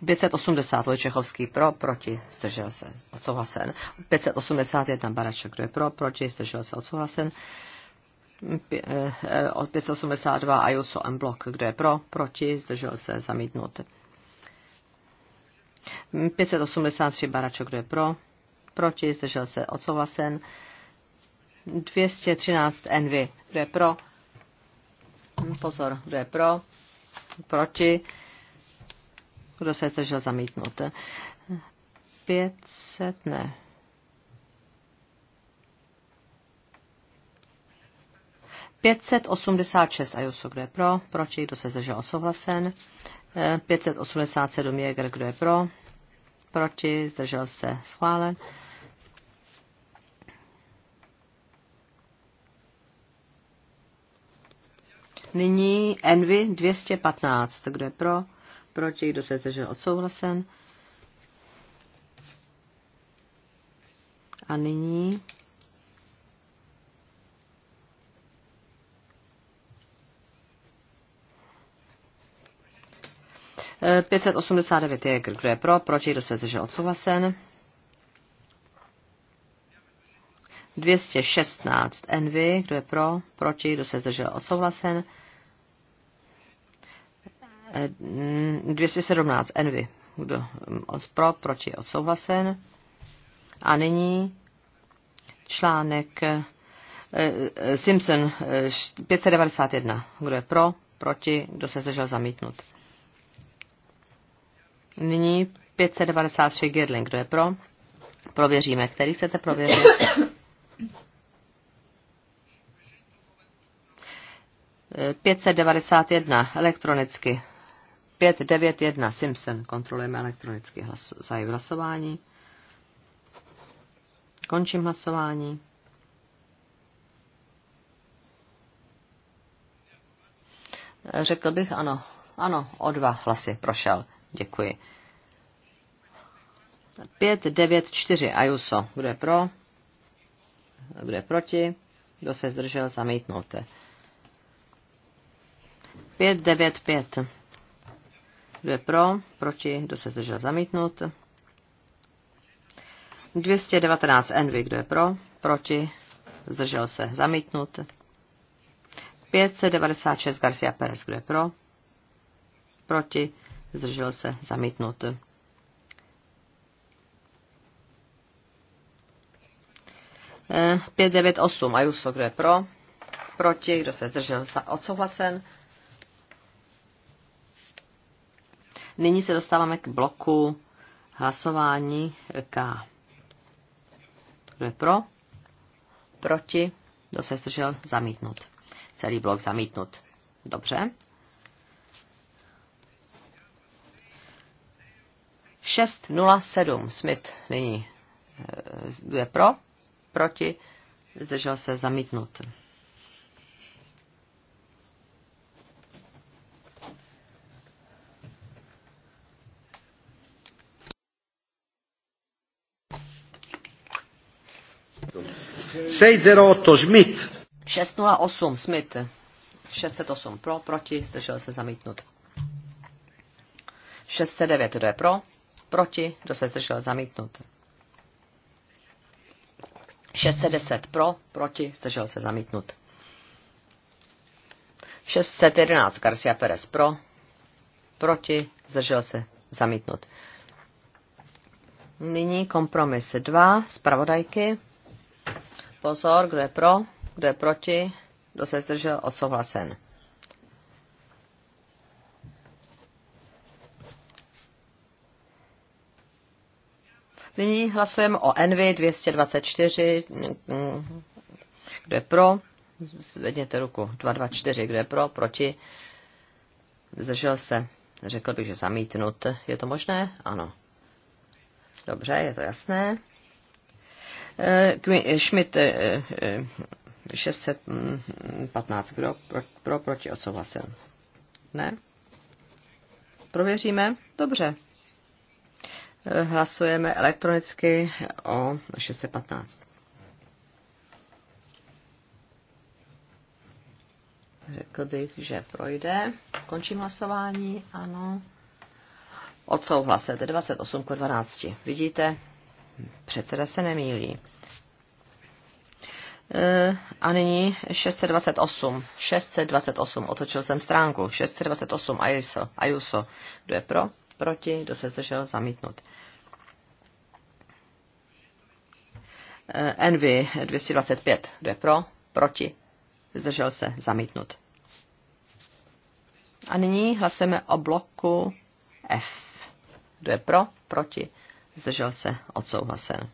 580 Vojčechovský pro, proti, zdržel se, odsouhlasen. 581 Baraček, kdo je pro, proti, zdržel se, odsouhlasen. 582 eh, Ayuso M. Blok, kdo je pro, proti, zdržel se, zamítnut. 583 Baraček, kdo je pro, proti, zdržel se, odsouhlasen. 213 envy. Kdo je pro? Hm, pozor, kdo je pro? Proti? Kdo se zdržel zamítnout? 500 ne. Pětset osmdesát šest Ajuso, kdo je pro, proti, kdo se zdržel odsouhlasen. Eh, pětset osmdesát sedm Jäger, kdo je pro, proti, zdržel se schválen. Nyní Envy 215. Kdo je pro? Proti? Kdo se zdržel? Odsouhlasen. A nyní e, 589 je, kdo je pro, proti, kdo se zdržel odsouhlasen. 216 Envy, kdo je pro, proti, kdo se zdržel odsouhlasen. 217 Envy. Kdo mm, pro, proti, odsouhlasen. A nyní článek eh, eh, Simpson 591. Eh, kdo je pro, proti, kdo se zdržel zamítnut. Nyní 593 Girling. Kdo je pro? Prověříme. Který chcete prověřit? ...591 elektronicky. 591 Simpson. Kontrolujeme elektronicky hlasu, zahajuji hlasování. Končím hlasování. Řekl bych ano. Ano, o dva hlasy prošel. Děkuji. 594 Ajuso. Kdo je pro? Kdo je proti? Kdo se zdržel? Zamítnout. 595 kdo je pro? Proti? Kdo se zdržel zamítnut? 219 Envy. Kdo je pro? Proti? Zdržel se zamítnut. 596 Garcia Perez. Kdo je pro? Proti? Zdržel se zamítnut. 598 eh, Ayuso. Kdo je pro? Proti? Kdo se zdržel odsouhlasen? Nyní se dostáváme k bloku hlasování K. Kdo je pro? Proti? Kdo se zdržel? Zamítnut. Celý blok zamítnut. Dobře. 6.07 Smith nyní eh, je pro, proti, zdržel se zamítnut. 608 Schmidt. 608 Schmidt. 608 pro, proti, zdržel se zamítnut. 609, kdo je pro, proti, kdo se zdržel zamítnut. 610 pro, proti, zdržel se zamítnut. 611 Garcia Perez pro, proti, zdržel se zamítnut. Nyní kompromis 2, zpravodajky. Pozor, kdo je pro, kdo je proti, kdo se zdržel, odsouhlasen. Nyní hlasujeme o NV 224. Kdo je pro? Zvedněte ruku. 224. Kdo je pro? Proti? Zdržel se. Řekl bych, že zamítnut. Je to možné? Ano. Dobře, je to jasné. Eh, Schmidt 615. Eh, eh, kdo pro, pro proti odsouhlasil? Ne? Prověříme? Dobře. Hlasujeme elektronicky o 615. Řekl bych, že projde. Končím hlasování, ano. Odsouhlasete 28 k 12. Vidíte, Předseda se nemýlí. E, a nyní 628. 628. Otočil jsem stránku. 628. Ajuso. Kdo je pro? Proti. Kdo se zdržel? Zamítnut. E, Envy 225. Kdo je pro? Proti. Zdržel se. Zamítnut. A nyní hlasujeme o bloku F. Kdo je pro? Proti zdržel se, odsouhlasen.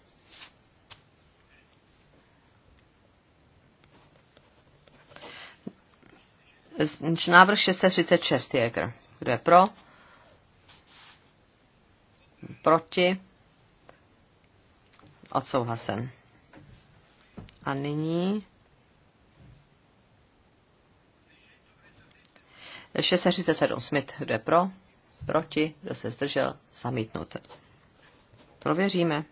Návrh 636 Jäger. Kdo je pro? Proti? Odsouhlasen. A nyní 637 Smith. Kdo je pro? Proti? Kdo se zdržel? Zamítnut. Prověříme.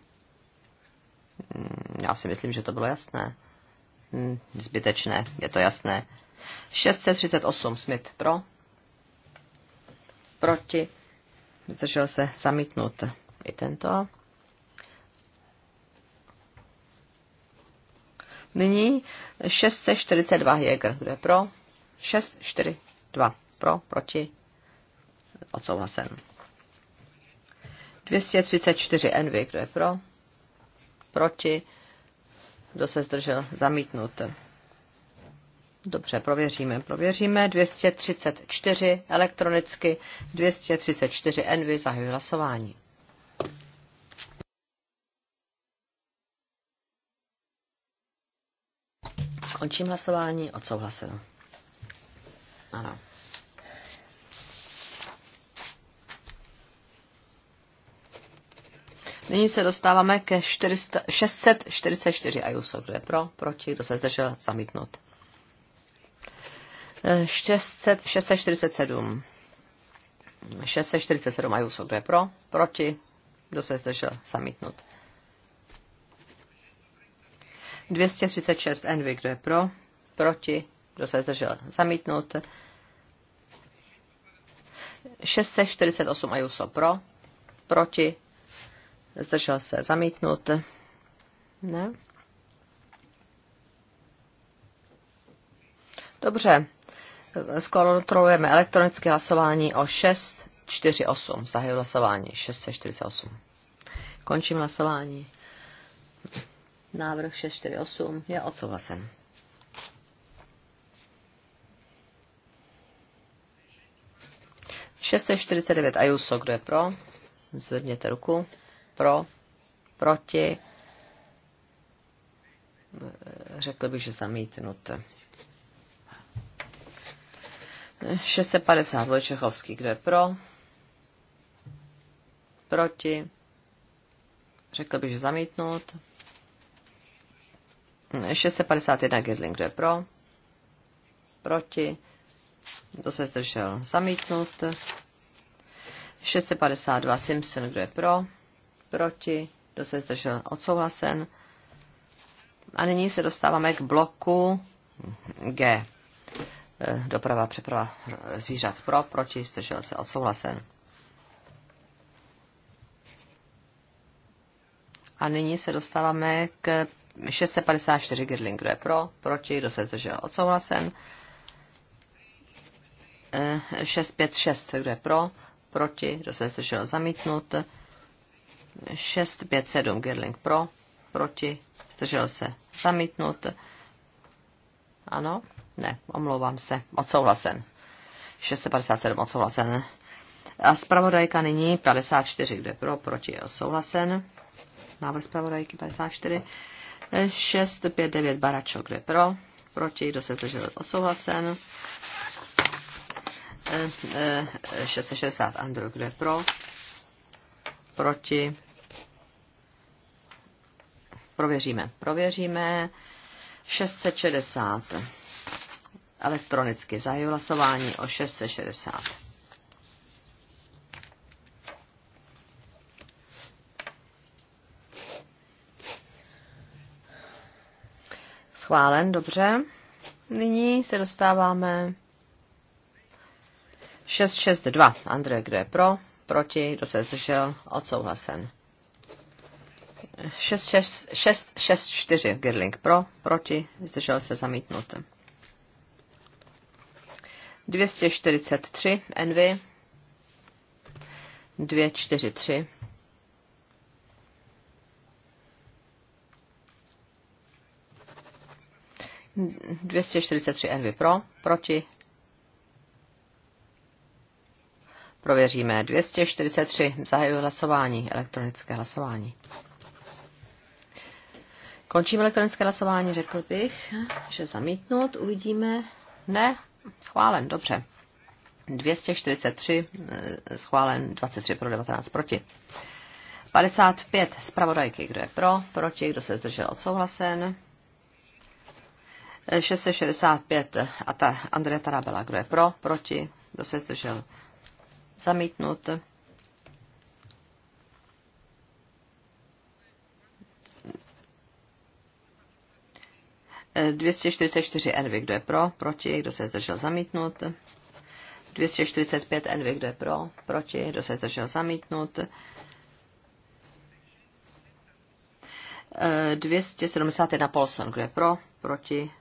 Hmm, já si myslím, že to bylo jasné. Hmm, zbytečné, je to jasné. 638 Smith pro. Proti. Zdržel se zamítnut i tento. Nyní 642 Jäger. Kdo je pro? 642 pro, proti. Odsouhlasen. 234 envy, kdo je pro? Proti? Kdo se zdržel? Zamítnut. Dobře, prověříme. Prověříme 234 elektronicky, 234 envy, zahajuji hlasování. Končím hlasování, odsouhlaseno. Ano. Nyní se dostáváme ke 400, 644 IUSO. Kdo je pro? Proti? Kdo se zdržel? Zamítnut. 647. 647 IUSO. Kdo je pro? Proti? Kdo se zdržel? Zamítnut. 236 Envy. Kdo je pro? Proti? Kdo se zdržel? Zamítnut. 648 IUSO pro? Proti? zdržel se zamítnut. Ne? Dobře, zkontrolujeme elektronické hlasování o 648. Zahajuji hlasování 648. Končím hlasování. Návrh 648 je odsouhlasen. Šest čtyřicet devět Ajuso, kdo je pro? Zvedněte ruku pro, proti, řekl bych, že zamítnut. 650 Vojčechovský, kdo je pro, proti, řekl bych, že zamítnout. 651 Gedling, kdo je pro, proti, kdo se zdržel, zamítnout. 652 Simpson, kdo je pro, proti, kdo se zdržel, odsouhlasen. A nyní se dostáváme k bloku G. Eh, doprava, přeprava zvířat pro, proti, zdržel se, odsouhlasen. A nyní se dostáváme k 654 Girling, kdo je pro, proti, kdo se zdržel, odsouhlasen. 656, eh, kdo je pro, proti, kdo se zdržel, zamítnut. 657 Gerling pro, proti, zdržel se zamítnut. Ano, ne, omlouvám se, odsouhlasen. 657 odsouhlasen. A zpravodajka nyní 54, kde pro, proti, je odsouhlasen. Návrh zpravodajky 54. 659 Baračo, kde pro, proti, kdo se zdržel, odsouhlasen. 660 e, e, Andrew, kde pro, proti, Prověříme. Prověříme. 660. Elektronicky zahajuji hlasování o 660. Schválen, dobře. Nyní se dostáváme 662. Andrej, kdo je pro? Proti? Kdo se zdržel? Odsouhlasen. 664 Girling pro, proti, zdržel se zamítnut. 243 Envy, 243. Dvěstě čtyřicet tři envy pro, proti. Prověříme. 243. Zahajuji hlasování, elektronické hlasování. Končím elektronické hlasování, řekl bych, že zamítnout, uvidíme. Ne, schválen, dobře. 243, eh, schválen 23 pro 19 proti. 55 zpravodajky, kdo je pro, proti, kdo se zdržel odsouhlasen. 665 a ta Andrea Tarabela, kdo je pro, proti, kdo se zdržel zamítnut. 244 Envy, kdo je pro, proti, kdo se zdržel zamítnut. 245 Envy, kdo je pro, proti, kdo se zdržel zamítnut. 271 Polson, kdo je pro, proti.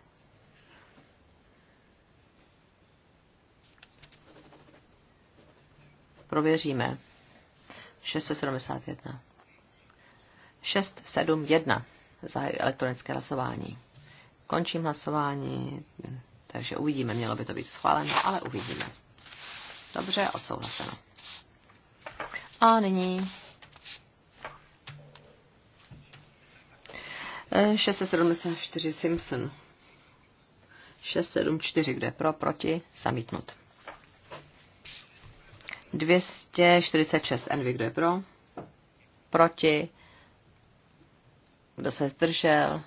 671. 671. Zahajuji elektronické hlasování. Končím hlasování, takže uvidíme, mělo by to být schváleno, ale uvidíme. Dobře, odsouhlaseno. A nyní 674 Simpson. 674, kde pro, proti, samítnut. 246 Envy, kde pro? Proti? Kdo se zdržel?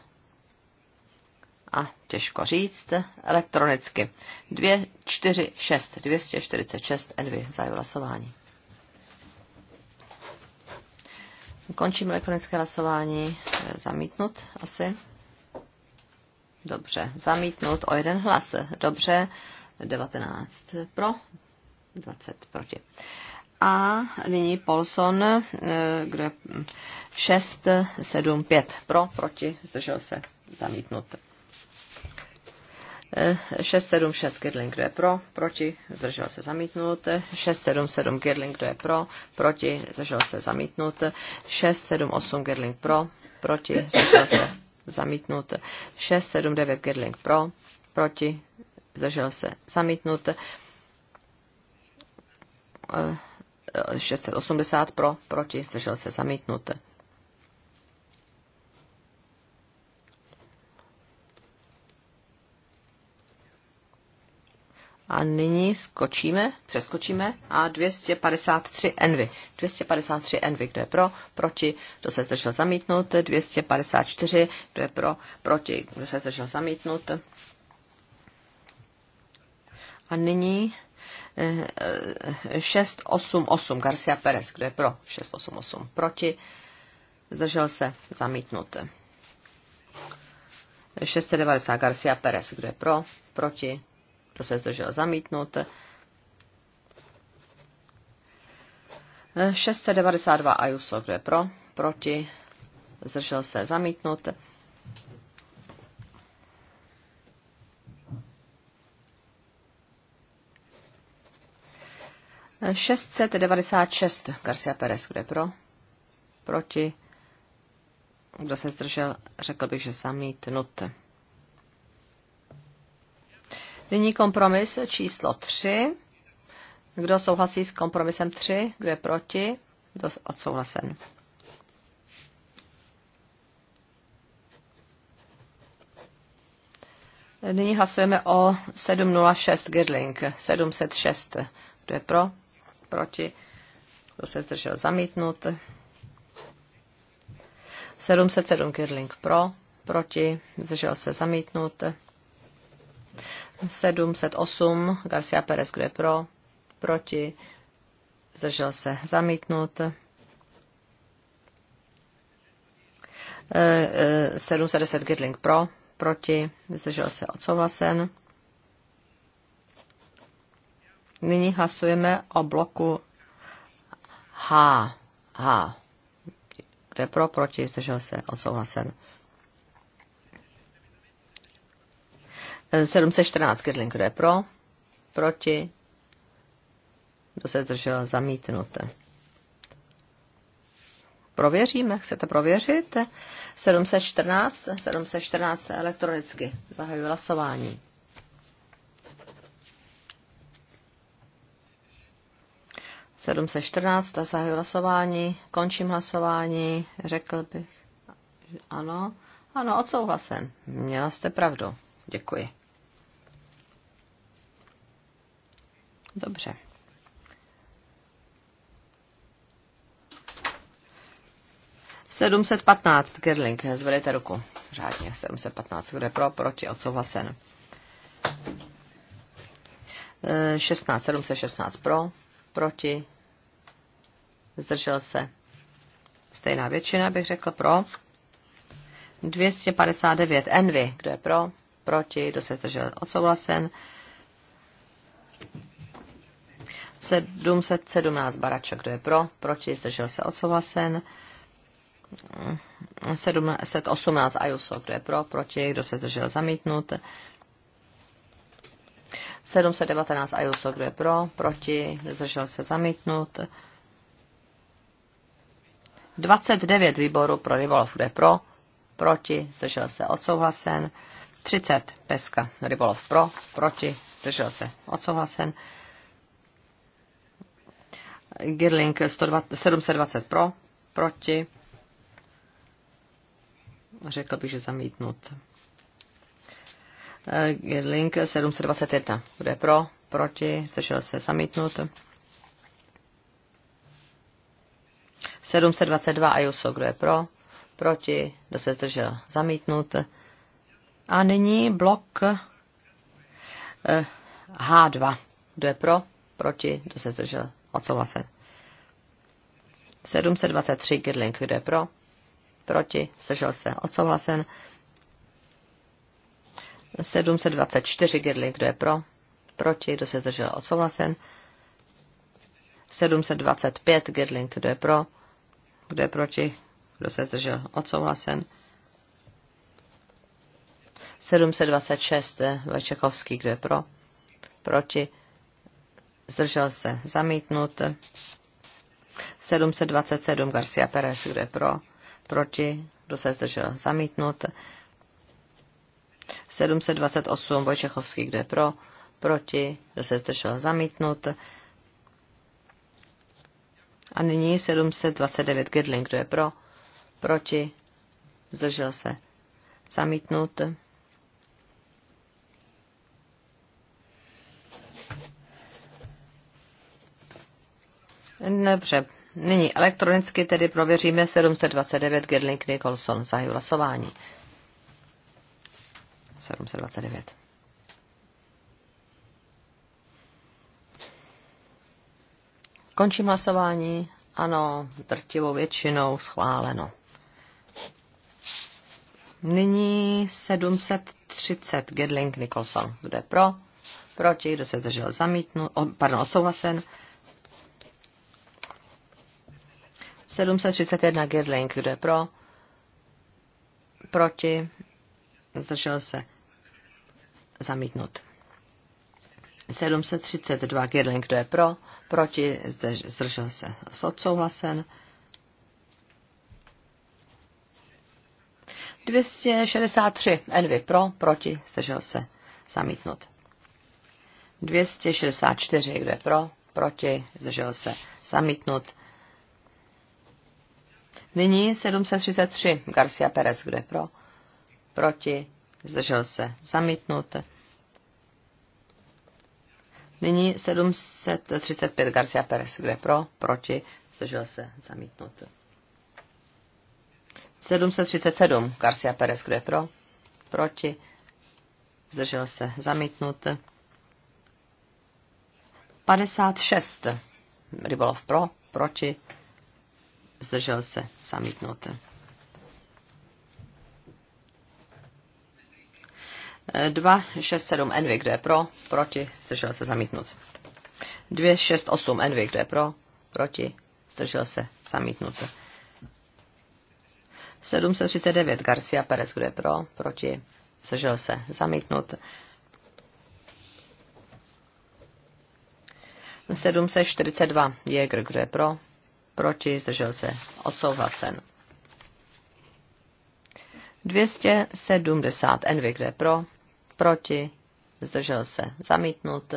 a těžko říct, elektronicky. 246, 246 Envy, zájem hlasování. Končím elektronické hlasování, zamítnut asi. Dobře, zamítnut o jeden hlas. Dobře, 19 pro, 20 proti. A nyní Polson, e, kde 6, 7, 5 pro, proti, zdržel se, zamítnut. 676 Girling, kdo je pro, proti, zdržel se zamítnout. 677 Girling, kdo je pro, proti, zdržel se zamítnout. 678 Girling pro, proti, zdržel se zamítnout. 679 Girling pro, proti, zdržel se zamítnout. 680 eh, pro, proti, zdržel se zamítnout. A nyní skočíme, přeskočíme a 253 envy. 253 envy, kdo je pro, proti, kdo se zdržel zamítnout. 254, kdo je pro, proti, kdo se zdržel zamítnout. A nyní 688 eh, Garcia Perez, kdo je pro, 688 proti, zdržel se zamítnout. 690 Garcia Perez, kdo je pro, proti, kdo se zdržel zamítnout. 692 Ajuso, kdo je pro, proti, zdržel se zamítnout. Šestset devadesát šest Garcia Perez, kde pro, proti, kdo se zdržel, řekl bych, že zamítnut. Nyní kompromis číslo 3. Kdo souhlasí s kompromisem 3? Kdo je proti? Kdo odsouhlasen? Nyní hlasujeme o 706 Girling. 706. Kdo je pro? Proti? Kdo se zdržel? Zamítnut. 707 Girling pro. Proti? Zdržel se zamítnut. 708 Garcia Pérez kdo je pro, proti, zdržel se zamítnut. 710 e, e, Girling pro, proti, zdržel se odsouhlasen. Nyní hlasujeme o bloku H. H. Kde pro, proti, zdržel se odsouhlasen. 714 Kirling, kdo je pro? Proti? Kdo se zdržel? zamítnuté? Prověříme, chcete prověřit? 714, 714 elektronicky. Zahajuji hlasování. Sedm se čtrnáct a zahajuji hlasování, končím hlasování, řekl bych, ano, ano, odsouhlasen, měla jste pravdu, děkuji. Dobře. Sedmset patnáct, Gerling, zvedejte ruku. Řádně, 715, je pro, proti, odsouhlasen. 16, eh, 716 pro, proti, zdržel se. Stejná většina, bych řekl, pro. 259 Envy, kdo je pro, proti, kdo se zdržel, odsouhlasen. 717 Barača, kdo je pro, proti, zdržel se odsouhlasen. 718 Ajuso, kdo je pro, proti, kdo se zdržel zamítnut. 719 Ajuso, kdo je pro, proti, zdržel se zamítnut. 29 výboru pro rybolov, kdo je pro, proti, zdržel se odsouhlasen. 30 Peska, rybolov pro, proti, zdržel se odsouhlasen. Girling 720 pro, proti. Řekl bych, že zamítnut. Eh, Girling 721. Kdo je pro? Proti? Zdržel se zamítnut. 722 Ayuso. Kdo je pro? Proti? Kdo se zdržel? Zamítnut. A nyní blok H2. Eh, kdo je pro? Proti? Kdo se zdržel? Odsouhlasen. 723 Girling, kdo je pro? Proti, zdržel se. Odsouhlasen. 724 Girling, kdo je pro? Proti, kdo se zdržel? Odsouhlasen. 725 Girling, kdo je pro? Kdo je proti? Kdo se zdržel? Odsouhlasen. 726 Večechovský, kdo je pro? Proti zdržel se zamítnut. 727 Garcia Perez, kdo je pro, proti, kdo se zdržel zamítnut. 728 Vojčechovský, kdo je pro, proti, kdo se zdržel zamítnut. A nyní 729 Girling, kdo je pro, proti, zdržel se zamítnut. Dobře, nyní elektronicky tedy prověříme 729 Gerling Nicholson. Zahajuji hlasování. 729. Končím hlasování. Ano, drtivou většinou schváleno. Nyní 730 Gedling Nicholson. Kdo je pro? Proti? Kdo se držel zamítnu? O, pardon, odsouhlasen. 731 Girling, kdo je pro? Proti? Zdržel se. Zamítnut. 732 Girling, kdo je pro? Proti? Zdržel se. Odsouhlasen. 263 Envy pro, proti, zdržel se, zamítnut. 264, kdo je pro, proti, zdržel se, zamítnut. Nyní 733. Garcia Perez, kde pro? Proti. Zdržel se. Zamítnut. Nyní 735. Garcia Perez, kde pro? Proti. Zdržel se. Zamítnut. 737. Garcia Perez, kde pro? Proti. Zdržel se. Zamítnut. 56. Rybolov pro, proti, zdržel se, zamítnut. Dva, šest, sedm, envy, kdo je pro, proti, zdržel se, zamítnut. Dvě, šest, osm, envy, kdo je pro, proti, zdržel se, zamítnut. 739 Garcia Perez, kdo je pro, proti, zdržel se, zamítnut. 742 Jäger, kdo je pro, proti, zdržel se, odsouhlasen. 270 Envy, kde pro, proti, zdržel se, zamítnut.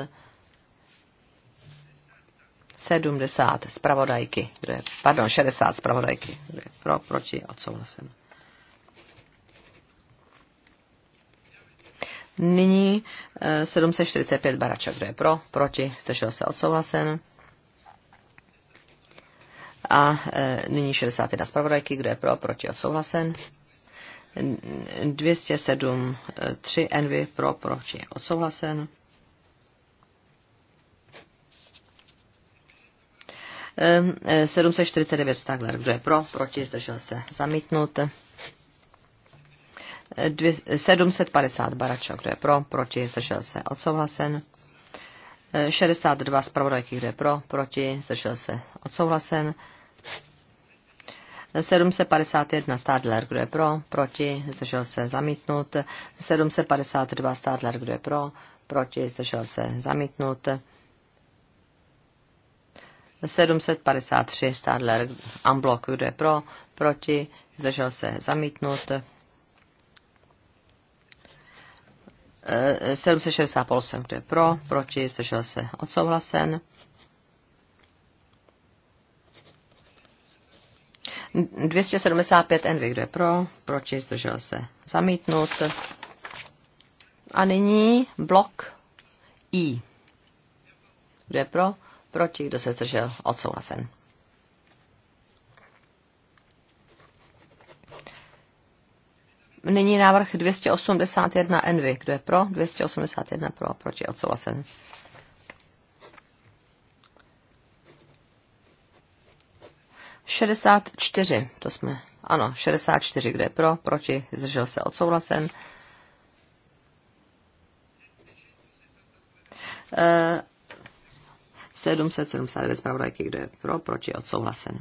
70 zpravodajky, kde, pardon, 60 zpravodajky, kde pro, proti, odsouhlasen. Nyní 745 eh, Barača, kdo je pro, proti, zdržel se, odsouhlasen. A e, nyní 61 zpravodajky, kdo je pro, proti, odsouhlasen. 207, 3 envy, pro, proti, odsouhlasen. E, 749 e, Stagler, kdo je pro, proti, zdržel se, zamítnut. 750 e, Baračo, kdo je pro, proti, zdržel se, odsouhlasen. 62 zpravodajky, kdo je pro, proti, zdržel se, odsouhlasen. 751 Stadler, kdo je pro, proti, zdržel se zamítnut. 752 Stadler, kdo je pro, proti, zdržel se zamítnut. 753 Stadler Amblok, kdo je pro, proti, zdržel se zamítnut. 760 eh, Polsem, kdo je pro, proti, zdržel se odsouhlasen. 275 Envy, kdo je pro, proti, zdržel se zamítnut. A nyní blok I. Kdo je pro, proti, kdo se zdržel, odsouhlasen. Nyní návrh 281 Envy. Kdo je pro? 281 pro, proti, odsouhlasen. 64, to jsme, ano, 64, kde je pro, proti, zdržel se odsouhlasen. Uh, eh, 779 zpravodajky, kde je pro, proti, odsouhlasen.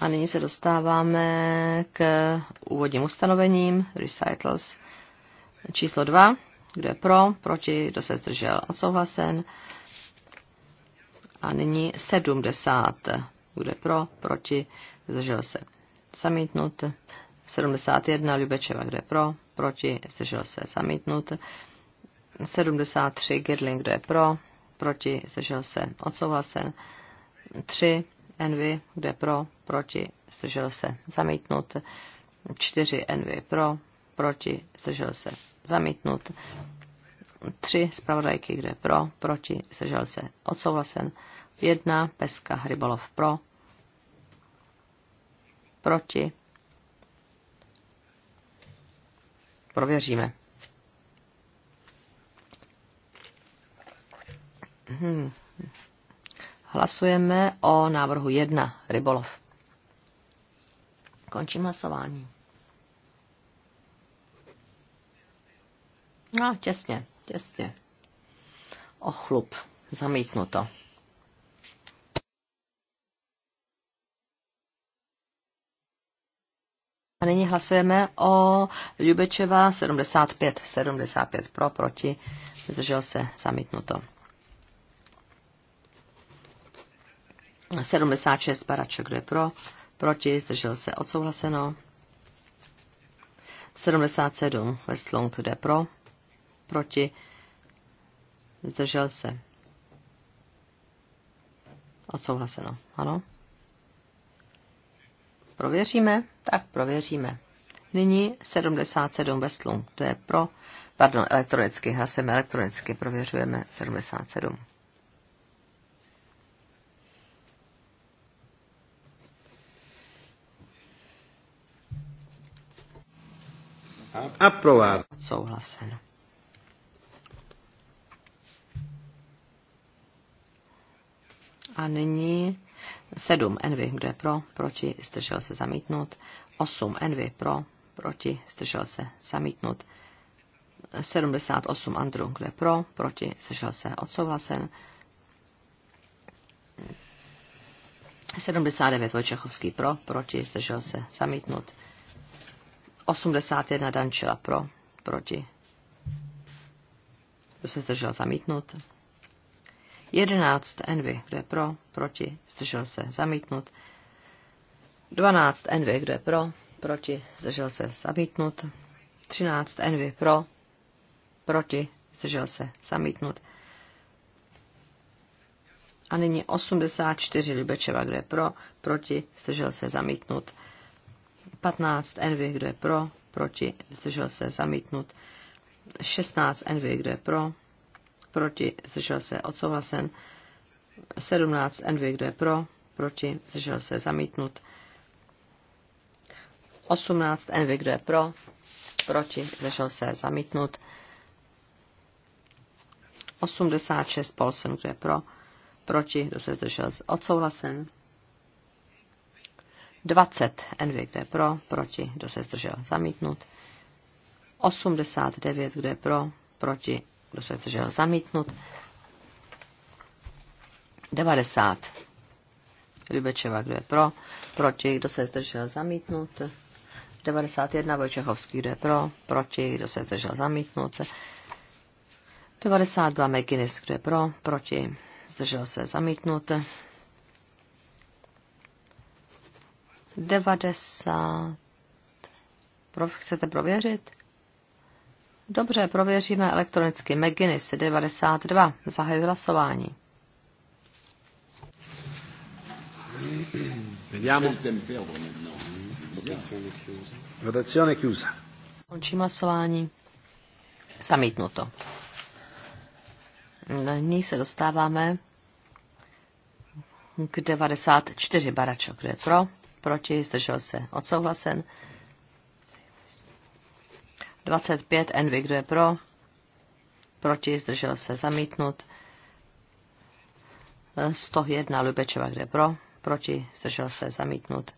A nyní se dostáváme k úvodním ustanovením, recitals číslo 2, kde je pro, proti, kdo se zdržel, odsouhlasen. Uh, a nyní 70. Bude pro, proti, zdržel se. Zamítnut. 71. Lubečeva, kde pro, proti, zdržel se. Zamítnut. 73. Girling, kde pro, proti, zdržel se. Odsouhlasen. 3. Envy, kde pro, proti, zdržel se. Zamítnut. 4. Envy pro, proti, zdržel se. Zamítnut. Tři zpravodajky, kde pro, proti, zdržel se, odsouhlasen. Jedna Peska Rybolov pro, proti. Prověříme. Hmm. Hlasujeme o návrhu 1 Rybolov. Končím hlasování. No, těsně těsně. Ochlup. Zamítnuto. A nyní hlasujeme o Ljubečeva 75. 75 pro, proti, zdržel se, zamítnuto. 76 Baraček, kdo je pro, proti, zdržel se, odsouhlaseno. 77 Westlong, kdo je pro, proti, zdržel se. Odsouhlaseno, ano. Prověříme? Tak prověříme. Nyní 77 Westlum, to je pro, pardon, elektronicky, hlasujeme elektronicky, prověřujeme 77. Aprovado. Odsouhlaseno. A nyní 7 envy, kdo je pro, proti, zdržel se zamítnut. 8 envy pro, proti, zdržel se zamítnut. 78 Andru, kdo je pro, proti, zdržel se odsouhlasen. 79 Vojčechovský pro, proti, zdržel se zamítnut. 81 Dančila pro, proti. Kdo se zdržel zamítnut? 11 envy, kdo je pro, proti, zdržel se, zamítnut. 12 envy, kdo je pro, proti, zdržel se, zamítnut. 13 envy, pro, proti, zdržel se, zamítnut. A nyní 84 Libečeva, kdo je pro, proti, zdržel se, zamítnut. 15 envy, kdo je pro, proti, zdržel se, zamítnut. 16 envy, kdo je pro, proti, zdržel se, odsouhlasen. 17 Envy, kdo je pro, proti, zdržel se, zamítnut. 18 Envy, kdo je pro, proti, zdržel se, zamítnut. 86 Polsen, kdo je pro, proti, kdo se zdržel, odsouhlasen. 20 Envy, kdo je pro, proti, kdo se zdržel, zamítnut. 89, kdo je pro, proti, kdo se držel zamítnut. 90. Libečeva, kdo je pro, proti, kdo se držel zamítnut. 91. Vojčechovský, kdo je pro, proti, kdo se držel zamítnut. 92. McGuinness, kdo je pro, proti, zdržel se zamítnut. 90. Pro, chcete prověřit? Dobře, prověříme elektronicky. McGuinness 92. Zahajuji hlasování. Votazione chiusa. Končím hlasování. Zamítnuto. Nyní se dostáváme k 94 baračo, kde pro, proti, zdržel se, odsouhlasen. 25 Envy, kdo je pro, proti, zdržel se zamítnut. 101 Lubečeva, kde je pro, proti, zdržel se zamítnut.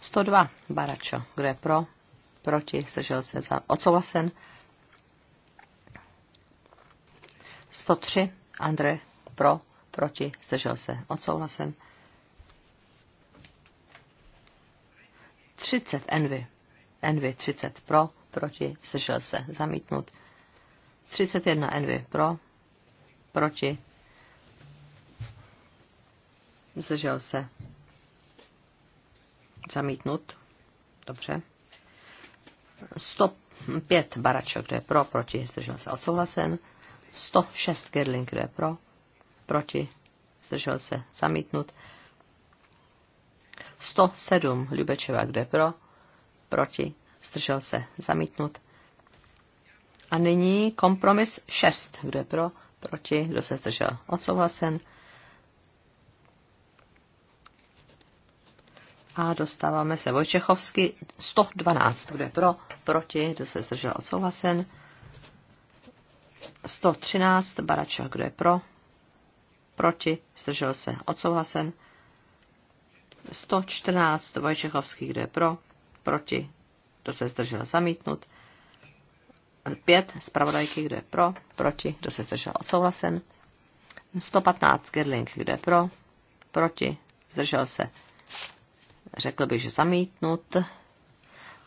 102 Baračo, kdo je pro, proti, zdržel se za, odsouhlasen. 103 Andre pro, proti, zdržel se odsouhlasen. 30 Envy Envy 30 pro, proti, zdržel se, zamítnut. 31 Envy pro, proti, zdržel se, zamítnut. Dobře. 105 Baračo, kdo je pro, proti, zdržel se, odsouhlasen. 106 Gerling, kdo je pro, proti, zdržel se, zamítnut. 107 Ljubečeva, kdo je pro, proti, zdržel se, zamítnut. A nyní kompromis 6. Kdo je pro, proti, kdo se zdržel, odsouhlasen. A dostáváme se Vojčechovsky 112. Kdo je pro, proti, kdo se zdržel, odsouhlasen. 113. Barača, kdo je pro, proti, zdržel se, odsouhlasen. 114. Vojčechovský, kdo je pro, proti, kdo se zdržel zamítnut. Pět zpravodajky, kdo je pro, proti, kdo se zdržel odsouhlasen. 115 Gerling, kdo je pro, proti, zdržel se, řekl bych, že zamítnut.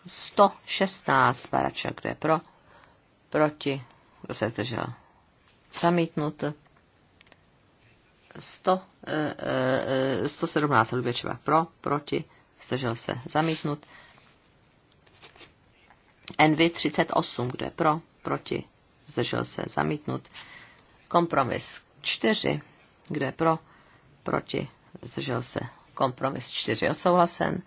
116 Baraček, kdo je pro, proti, kdo se zdržel zamítnut. 100, eh, eh, 117 Lubečeva pro, proti, zdržel se zamítnut. Envy 38, kdo je pro, proti, zdržel se, zamítnut. Kompromis 4, kdo je pro, proti, zdržel se, kompromis 4 odsouhlasen.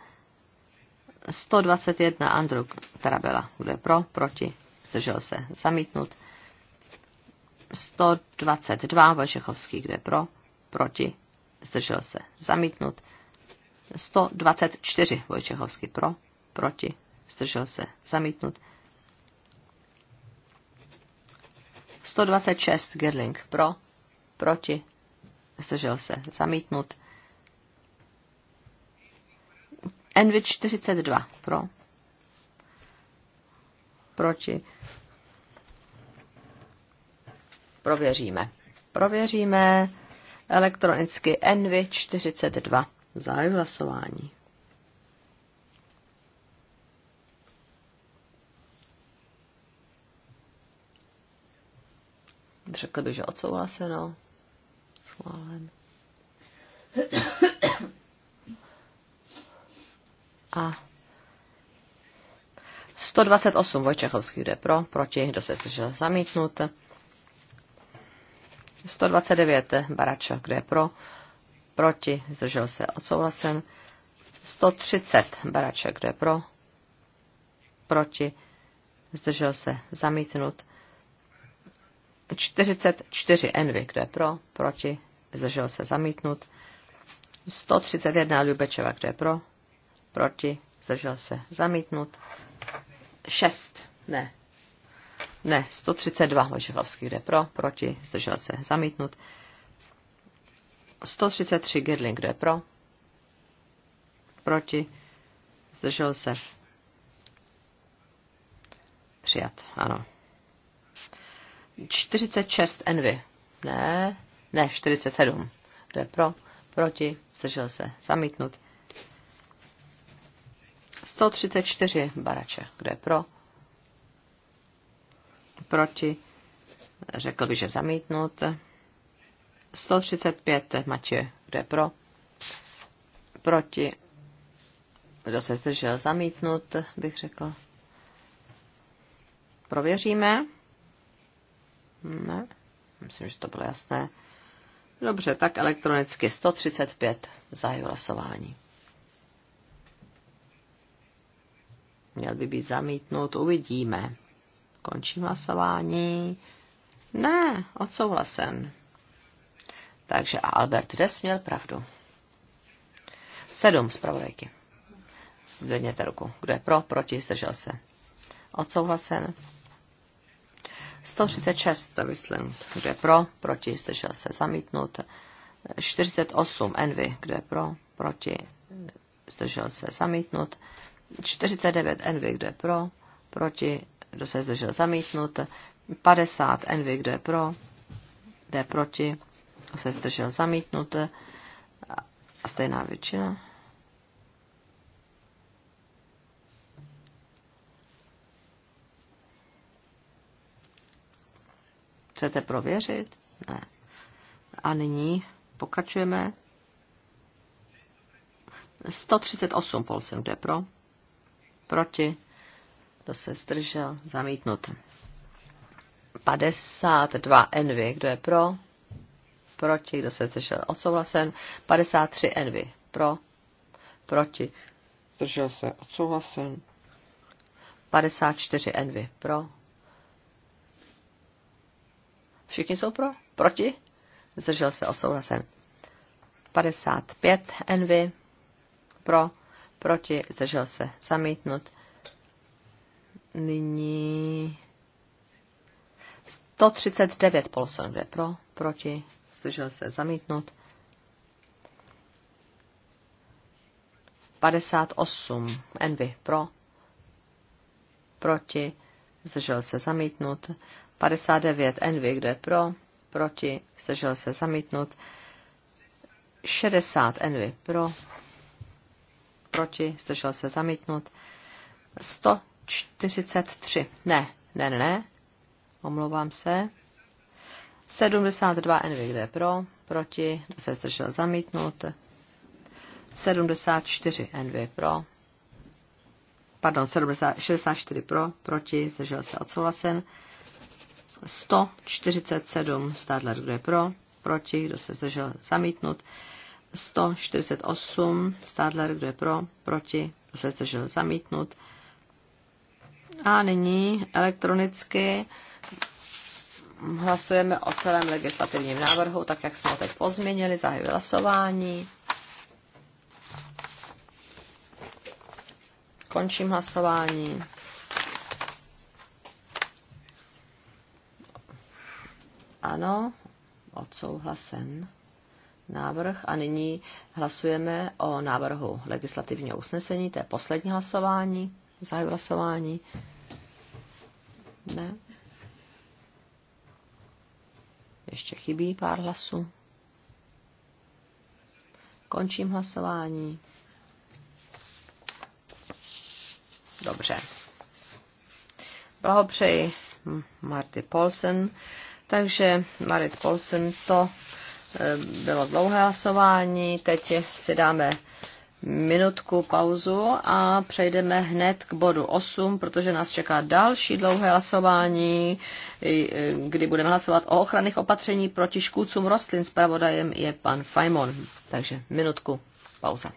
121 Andrew Tarabela, kdo je pro, proti, zdržel se, zamítnut. 122 Vojšechovský, kdo je pro, proti, zdržel se, zamítnut. 124 Vojčechovský pro, proti, zdržel se, zamítnut. 126 Gerling pro, proti, zdržel se, zamítnut. Envid 42 pro, proti. Prověříme. Prověříme elektronicky NV 42. Zájem hlasování. Řekl bych, že odsouhlaseno. Schválen. A 128 Vojčechovský jde pro, proti, kdo se zdržel zamítnut. 129 Baračo, kde je pro, proti, zdržel se odsouhlasen. 130 Baračo, kde je pro, proti, zdržel se zamítnut. 44 Envy, kdo je pro, proti, zdržel se zamítnut. 131 Ljubečeva, kdo je pro, proti, zdržel se zamítnut. 6, ne, ne, 132 kdo je pro, proti, zdržel se zamítnut. 133 Girling, je pro, proti, zdržel se přijat, ano. 46 envy. Ne, ne, 47. To je pro? Proti? Zdržel se. Zamítnut. 134 barače. Kdo je pro? Proti? Řekl bych, že zamítnut. 135 Matěje. Kdo je pro? Proti? Kdo se zdržel? Zamítnut, bych řekl. Prověříme. Ne? Myslím, že to bylo jasné. Dobře, tak elektronicky 135 zahájí hlasování. Měl by být zamítnut, uvidíme. Končím hlasování. Ne, odsouhlasen. Takže a Albert Des měl pravdu. Sedm zpravodajky. Zvedněte ruku. Kdo je pro, proti, zdržel se. Odsouhlasen. 136, to myslím, kdo je pro, proti, zdržel se zamítnut. 48, Envy, kdo je pro, proti, zdržel se zamítnut. 49, Envy, kdo je pro, proti, kdo se zdržel zamítnut. 50, Envy, kdo je pro, kdo je proti, kdo se zdržel zamítnut. A stejná většina. Chcete prověřit? Ne. A nyní pokračujeme. 138 Polsen, kde pro? Proti? Kdo se zdržel? Zamítnut. 52 Envy, kdo je pro? Proti, kdo se zdržel? Odsouhlasen. 53 Envy, pro? Proti. Zdržel se, odsouhlasen. 54 Envy, pro? Všichni jsou pro? Proti? Zdržel se odsouhlasen. 55 envy pro, proti, zdržel se zamítnut. Nyní 139 Polson, kde pro, proti, zdržel se zamítnut. 58 Envy pro, proti, zdržel se zamítnut. 59 Envy, kdo je pro, proti, zdržel se zamítnut. 60 Envy pro, proti, zdržel se zamítnut. 143, ne, ne, ne, ne, omlouvám se. 72 Envy, kdo je pro, proti, kdo se zdržel zamítnut. 74 Envy pro, pardon, 70, 64 pro, proti, zdržel se odsouhlasen. 147 Stadler, kdo je pro, proti, kdo se zdržel, zamítnut. 148 Stadler, kdo je pro, proti, kdo se zdržel, zamítnut. A nyní elektronicky hlasujeme o celém legislativním návrhu, tak jak jsme ho teď pozměnili, zahajuji hlasování. Končím hlasování. Ano, odsouhlasen návrh. A nyní hlasujeme o návrhu legislativního usnesení. To je poslední hlasování. Zahajuji hlasování. Ne. Ještě chybí pár hlasů. Končím hlasování. Dobře. Blahopřeji Marty Paulsen. Takže Marit Polsen to eh, bylo dlouhé hlasování, teď si dáme minutku pauzu a přejdeme hned k bodu 8, protože nás čeká další dlouhé hlasování, eh, kdy budeme hlasovat o ochranných opatření proti škůdcům rostlin. Spravodajem je pan Fajmon. Takže minutku pauza.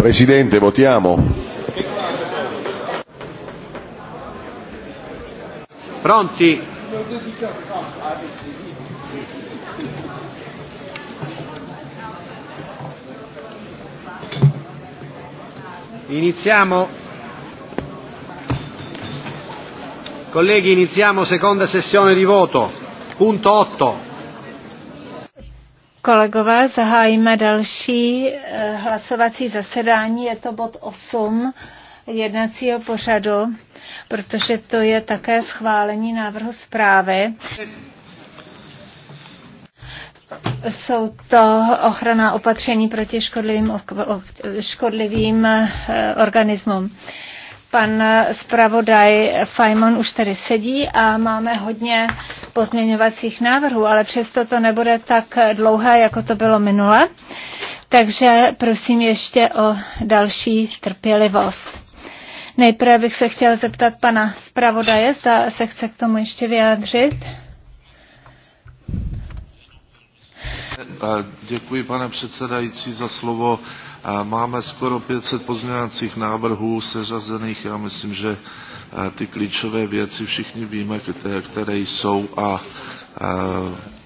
Presidente, votiamo. Pronti? Iniziamo. Colleghi, iniziamo seconda sessione di voto. Punto 8. Kolegové, zahájíme další hlasovací zasedání, je to bod 8 jednacího pořadu, protože to je také schválení návrhu zprávy. Jsou to ochrana opatření proti škodlivým, škodlivým eh, organismům. Pan zpravodaj Fajmon už tady sedí a máme hodně pozměňovacích návrhů, ale přesto to nebude tak dlouhé, jako to bylo minule. Takže prosím ještě o další trpělivost. Nejprve bych se chtěl zeptat pana zpravodaje, zda se chce k tomu ještě vyjádřit. Děkuji, pane předsedající, za slovo. Máme skoro 500 pozměňovacích návrhů seřazených. Já myslím, že ty klíčové věci všichni víme, které jsou a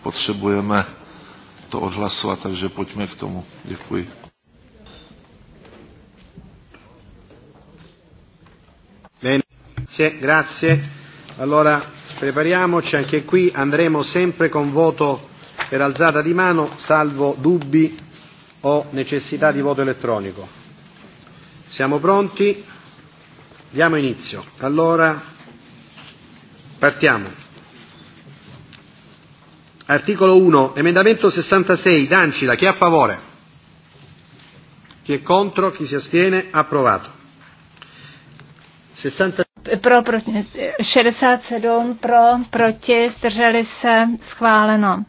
potřebujeme to odhlasovat, takže pojďme k tomu. Děkuji. Bene, grazie, grazie. Allora prepariamoci, anche qui andremo sempre con voto per alzata di mano, salvo dubbi o necessità di voto elettronico. Siamo pronti? Diamo inizio. Allora partiamo. Articolo 1, emendamento 66, Dancila, chi è a favore? Chi è contro? Chi si astiene? Approvato. 60... Pro, pro, 67 pro, proti, strželi se, schváleno.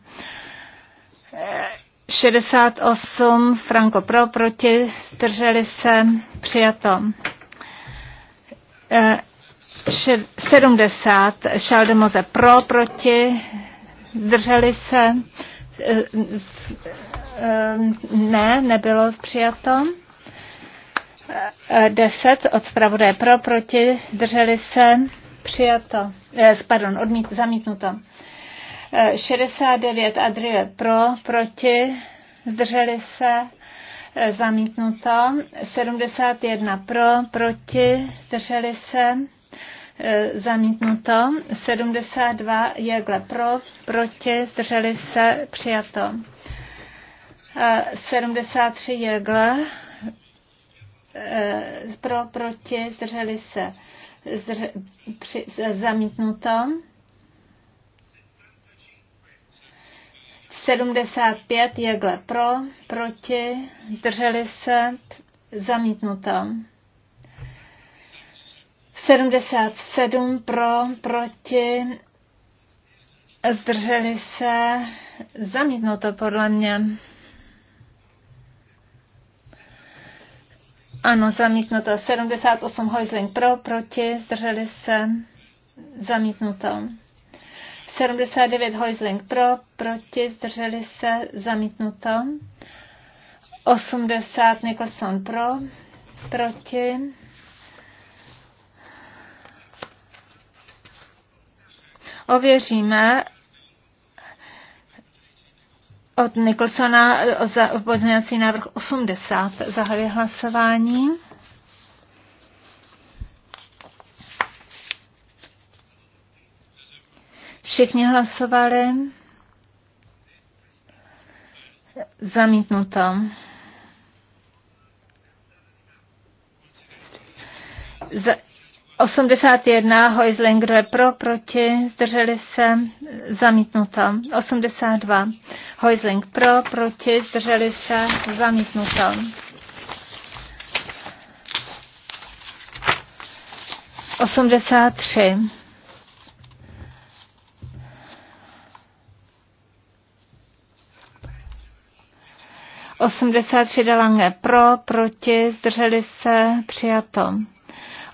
68 eh, Franco pro, proti, strželi se, přijato. 70 eh, Šaldemoze pro, proti, Zdrželi se? Eh, ne, nebylo přijato. Eh, deset od zpravodaje pro, proti, zdrželi se, přijato, eh, pardon, odmít, zamítnuto. 69 Adrie pro, proti, zdrželi se, zamítnuto. 71 pro, proti, zdrželi se, E, zamítnuto, 72 jegle pro, proti, zdrželi se, přijato. 73 e, jegle pro, proti, zdrželi se, zdr, při, zamítnuto. 75 jegle pro, proti, zdrželi se, zamítnuto. 77 pro, proti, zdrželi se, to podle mě. Ano, zamítnuto. 78 Hojzling pro, proti, zdrželi se, zamítnuto. 79 Hojzling pro, proti, zdrželi se, zamítnuto. 80 Nicholson pro, proti, ověříme od Nicholsona za pozměňovací návrh 80. Zahajuji hlasování. Všichni hlasovali. Zamítnuto. Z 81 je pro, proti, zdrželi se, zamítnuto. 82 Hojzling pro, proti, zdrželi se, zamítnuto. Osmdesát tři. Osmdesát tři Delange pro, proti, zdrželi se, přijato.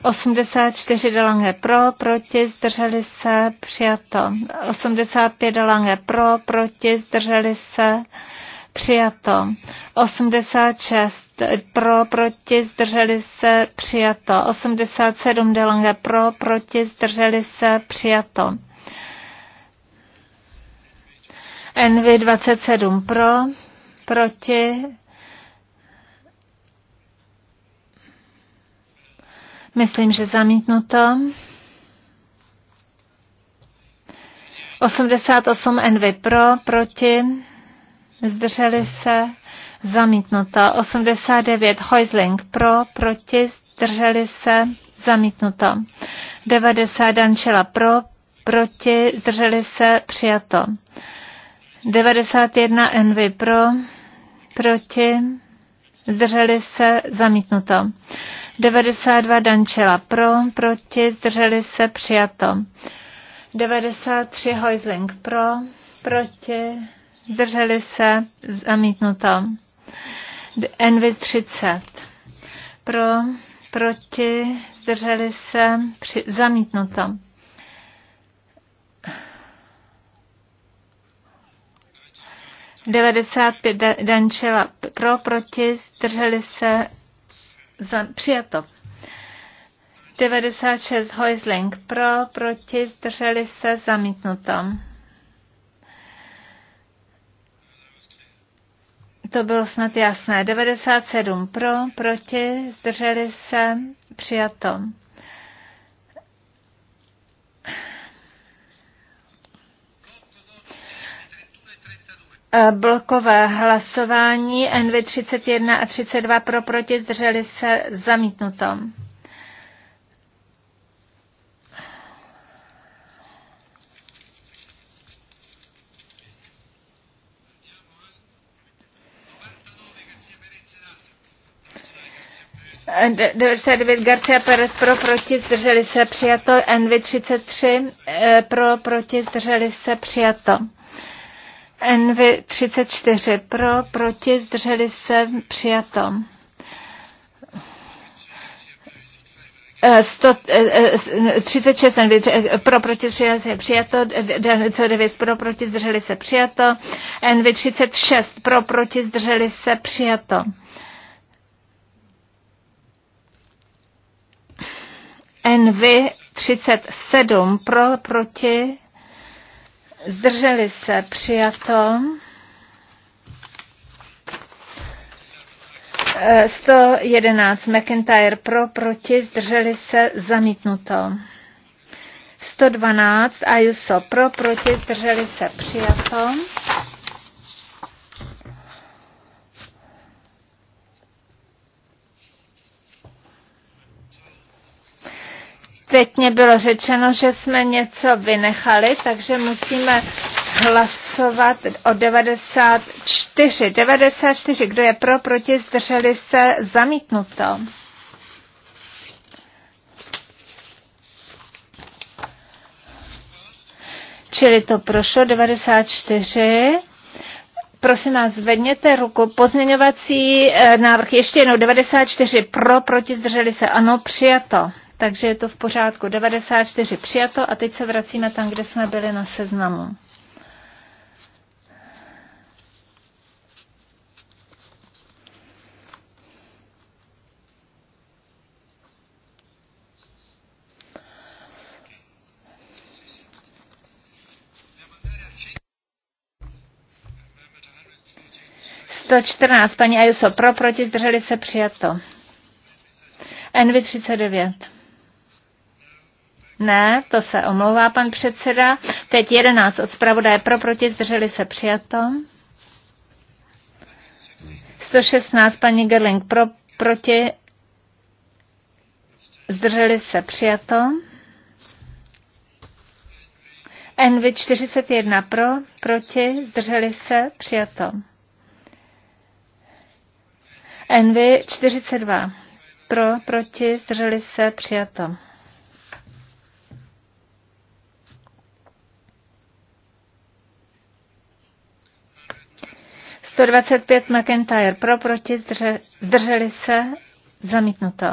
84 Lange pro, proti, zdrželi se, přijato. 85 Lange pro, proti, zdrželi se, přijato. 86 pro, proti, zdrželi se, přijato. 87 Lange pro, proti, zdrželi se, přijato. NV 27 pro, proti, Myslím, že zamítnuto. 88 NV pro, proti, zdrželi se, zamítnuto. 89 Heusling pro, proti, zdrželi se, zamítnuto. 90 Dančela pro, proti, zdrželi se, přijato. 91 NV pro, proti, zdrželi se, zamítnuto. 92 Dančela pro, proti, zdrželi se, přijato. 93 Hojzling pro, proti, zdrželi se, zamítnuto. NV 30 pro, proti, zdrželi se, při, zamítnuto. Devadesát pět Dančela pro, proti, zdrželi se, za, přijato. 96 Heusling pro, proti, zdrželi se, zamítnuto. To bylo snad jasné. 97 pro, proti, zdrželi se, přijato. blokové hlasování NV31 a 32 pro proti zdrželi se zamítnuto. 99 Garcia Perez pro, proti, zdrželi se, přijato. NV33 eh, pro, proti, zdrželi se, přijato. Envy 34 pro, proti, zdrželi se, přijato. 36 eh, eh, eh, pro proti zdrželi se přijato, 9 pro proti zdrželi se přijato, NV 36 pro proti zdrželi se přijato. NV 37 pro proti zdrželi se, přijato. 111 eh, McIntyre pro, proti, zdrželi se, zamítnuto. 112 Ayuso pro, proti, zdrželi se, přijato. explicitně bylo řečeno, že jsme něco vynechali, takže musíme hlasovat o 94. 94, kdo je pro, proti, zdrželi se, zamítnuto. Čili to prošlo 94. Prosím vás, zvedněte ruku. Pozměňovací eh, návrh ještě jednou 94 pro, proti zdrželi se. Ano, přijato takže je to v pořádku. 94 přijato a teď se vracíme tam, kde jsme byli na seznamu. To 14, paní Ajuso, pro, proti, zdrželi se, přijato. NV39. Ne, to se omlouvá pan předseda. Teď 11 od zpravodaje pro, proti, zdrželi se přijato. 116 paní Gerling pro, proti, zdrželi se přijato. NV 41 pro, proti, zdrželi se přijato. NV 42 pro, proti, zdrželi se přijato. 125 McIntyre pro, proti, zdrželi se, zamítnuto.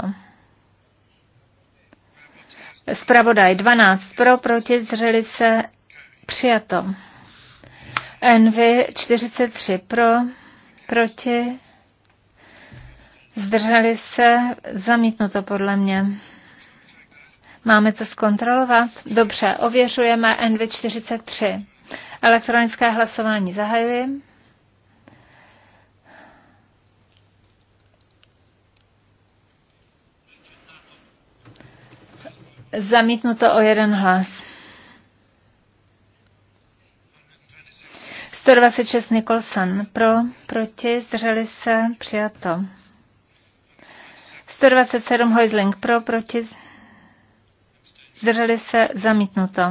Spravodaj 12 pro, proti, zdrželi se, přijato. Envy 43 pro, proti, zdrželi se, zamítnuto podle mě. Máme co zkontrolovat? Dobře, ověřujeme NV43. Elektronické hlasování zahajujeme. Zamítnuto o jeden hlas. 126 Nicholson. Pro, proti, zdrželi se, přijato. 127 Hojzling. Pro, proti, zdrželi se, zamítnuto.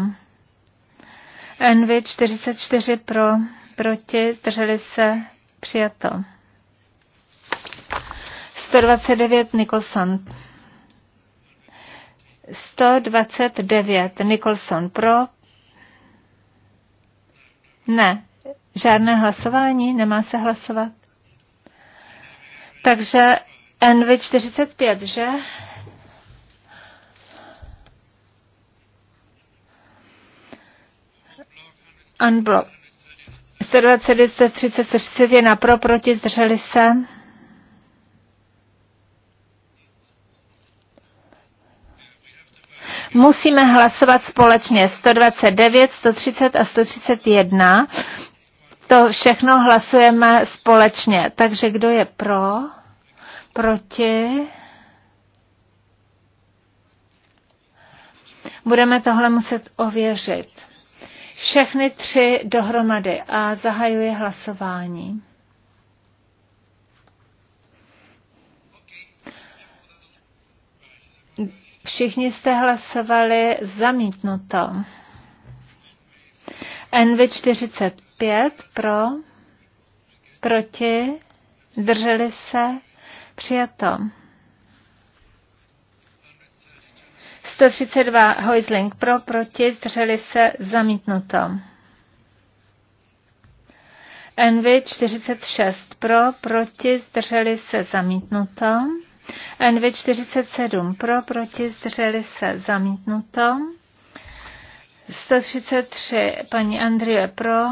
Envy 44 pro, proti, zdrželi se, přijato. 129 Nicholson 129 Nicholson pro. Ne, žádné hlasování, nemá se hlasovat. Takže NV 45, že? Unblock. 120, 130, 131 pro, proti, zdrželi se. musíme hlasovat společně 129, 130 a 131. To všechno hlasujeme společně. Takže kdo je pro? Proti? Budeme tohle muset ověřit. Všechny tři dohromady a zahajuje hlasování. Všichni jste hlasovali zamítnuto. NV 45 pro, proti, zdrželi se, přijato. 132 Hojzling pro, proti, zdrželi se, zamítnuto. nv 46 pro, proti, zdrželi se, zamítnuto. NV 47 pro, proti, zdrželi se, zamítnuto. 133 paní Andrie pro,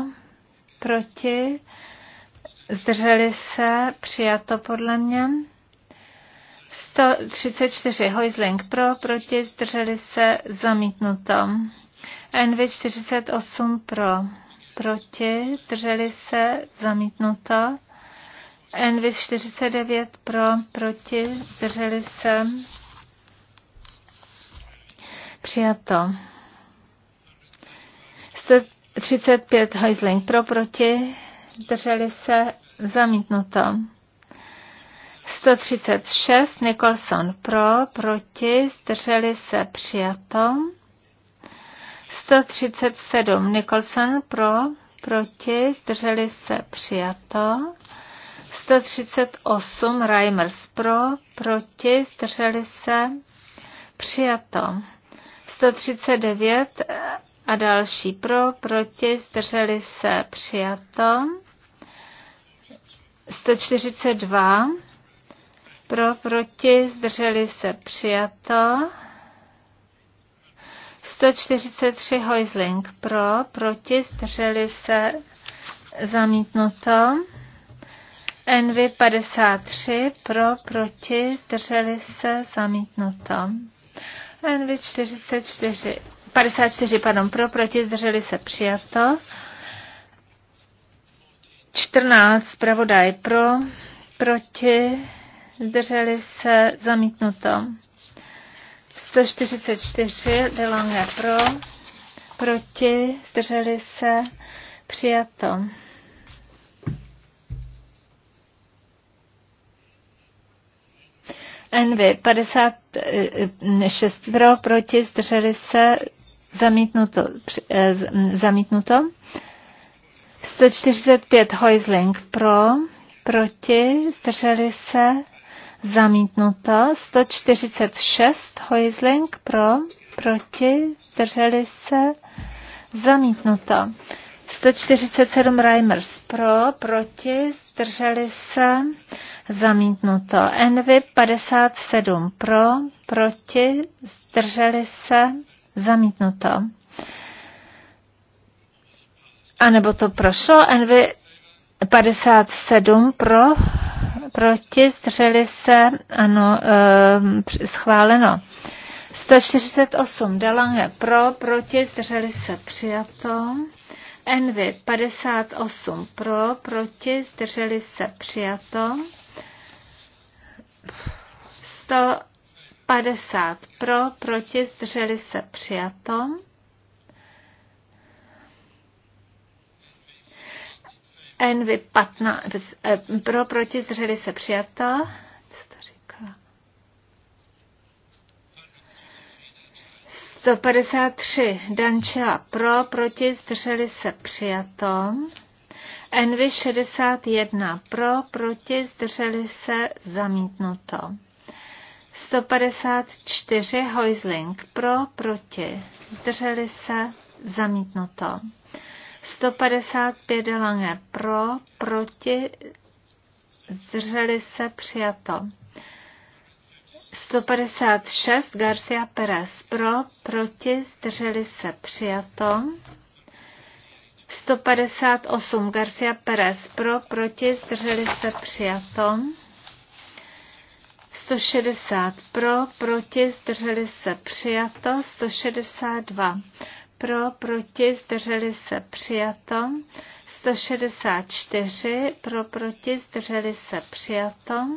proti, zdrželi se, přijato podle mě. 134 Hojzling pro, proti, zdrželi se, zamítnuto. NV 48 pro, proti, zdrželi se, zamítnuto. Envy 49 pro, proti, zdrželi se. Přijato. 135 Heisling pro, proti, zdrželi se, zamítnuto. 136 Nicholson pro, proti, zdrželi se, přijato. 137 Nicholson pro, proti, zdrželi se, přijato. 138 Reimers pro, proti, zdrželi se, přijato. 139 eh, a další pro, proti, zdrželi se, přijato. 142 pro, proti, zdrželi se, přijato. 143 Hojzling pro, proti, zdrželi se, zamítnuto. Envy 53 pro, proti, zdrželi se, zamítnuto. Envy 44, 54, pardon, pro, proti, zdrželi se, přijato. 14, zpravodaj pro, proti, zdrželi se, zamítnuto. 144, Delange pro, proti, zdrželi se, přijato. Envy 56 pro, proti, zdrželi se, zamítnuto, eh, zamítnuto. 145 Hojzling pro, proti, zdrželi se, zamítnuto. 146 Hojzling pro, proti, zdrželi se, zamítnuto. 147 Reimers pro, proti, zdrželi se, zamítnuto. Envy 57 pro, proti, zdrželi se, zamítnuto. A nebo to prošlo, Envy 57 pro, proti, zdrželi se, ano, e, schváleno. 148 Delange pro, proti, zdrželi se, přijato. Envy 58 pro, proti, zdrželi se, přijato. 150 pro, proti, zdrželi se přijato. Envy 15, eh, pro, proti, zdrželi se přijato. Co to říká? 153, Dančela pro, proti, zdrželi se přijato. Envy 61 pro, proti, zdrželi se, zamítnuto. 154 Hojzling pro, proti, zdrželi se, zamítnuto. 155 Lange pro, proti, zdrželi se, přijato. 156 Garcia Perez pro, proti, zdrželi se, přijato. 158 Garcia Perez pro, proti, zdrželi se přijato. 160 pro, proti, zdrželi se přijato. 162 pro, proti, zdrželi se přijato. 164 pro, proti, zdrželi se přijato.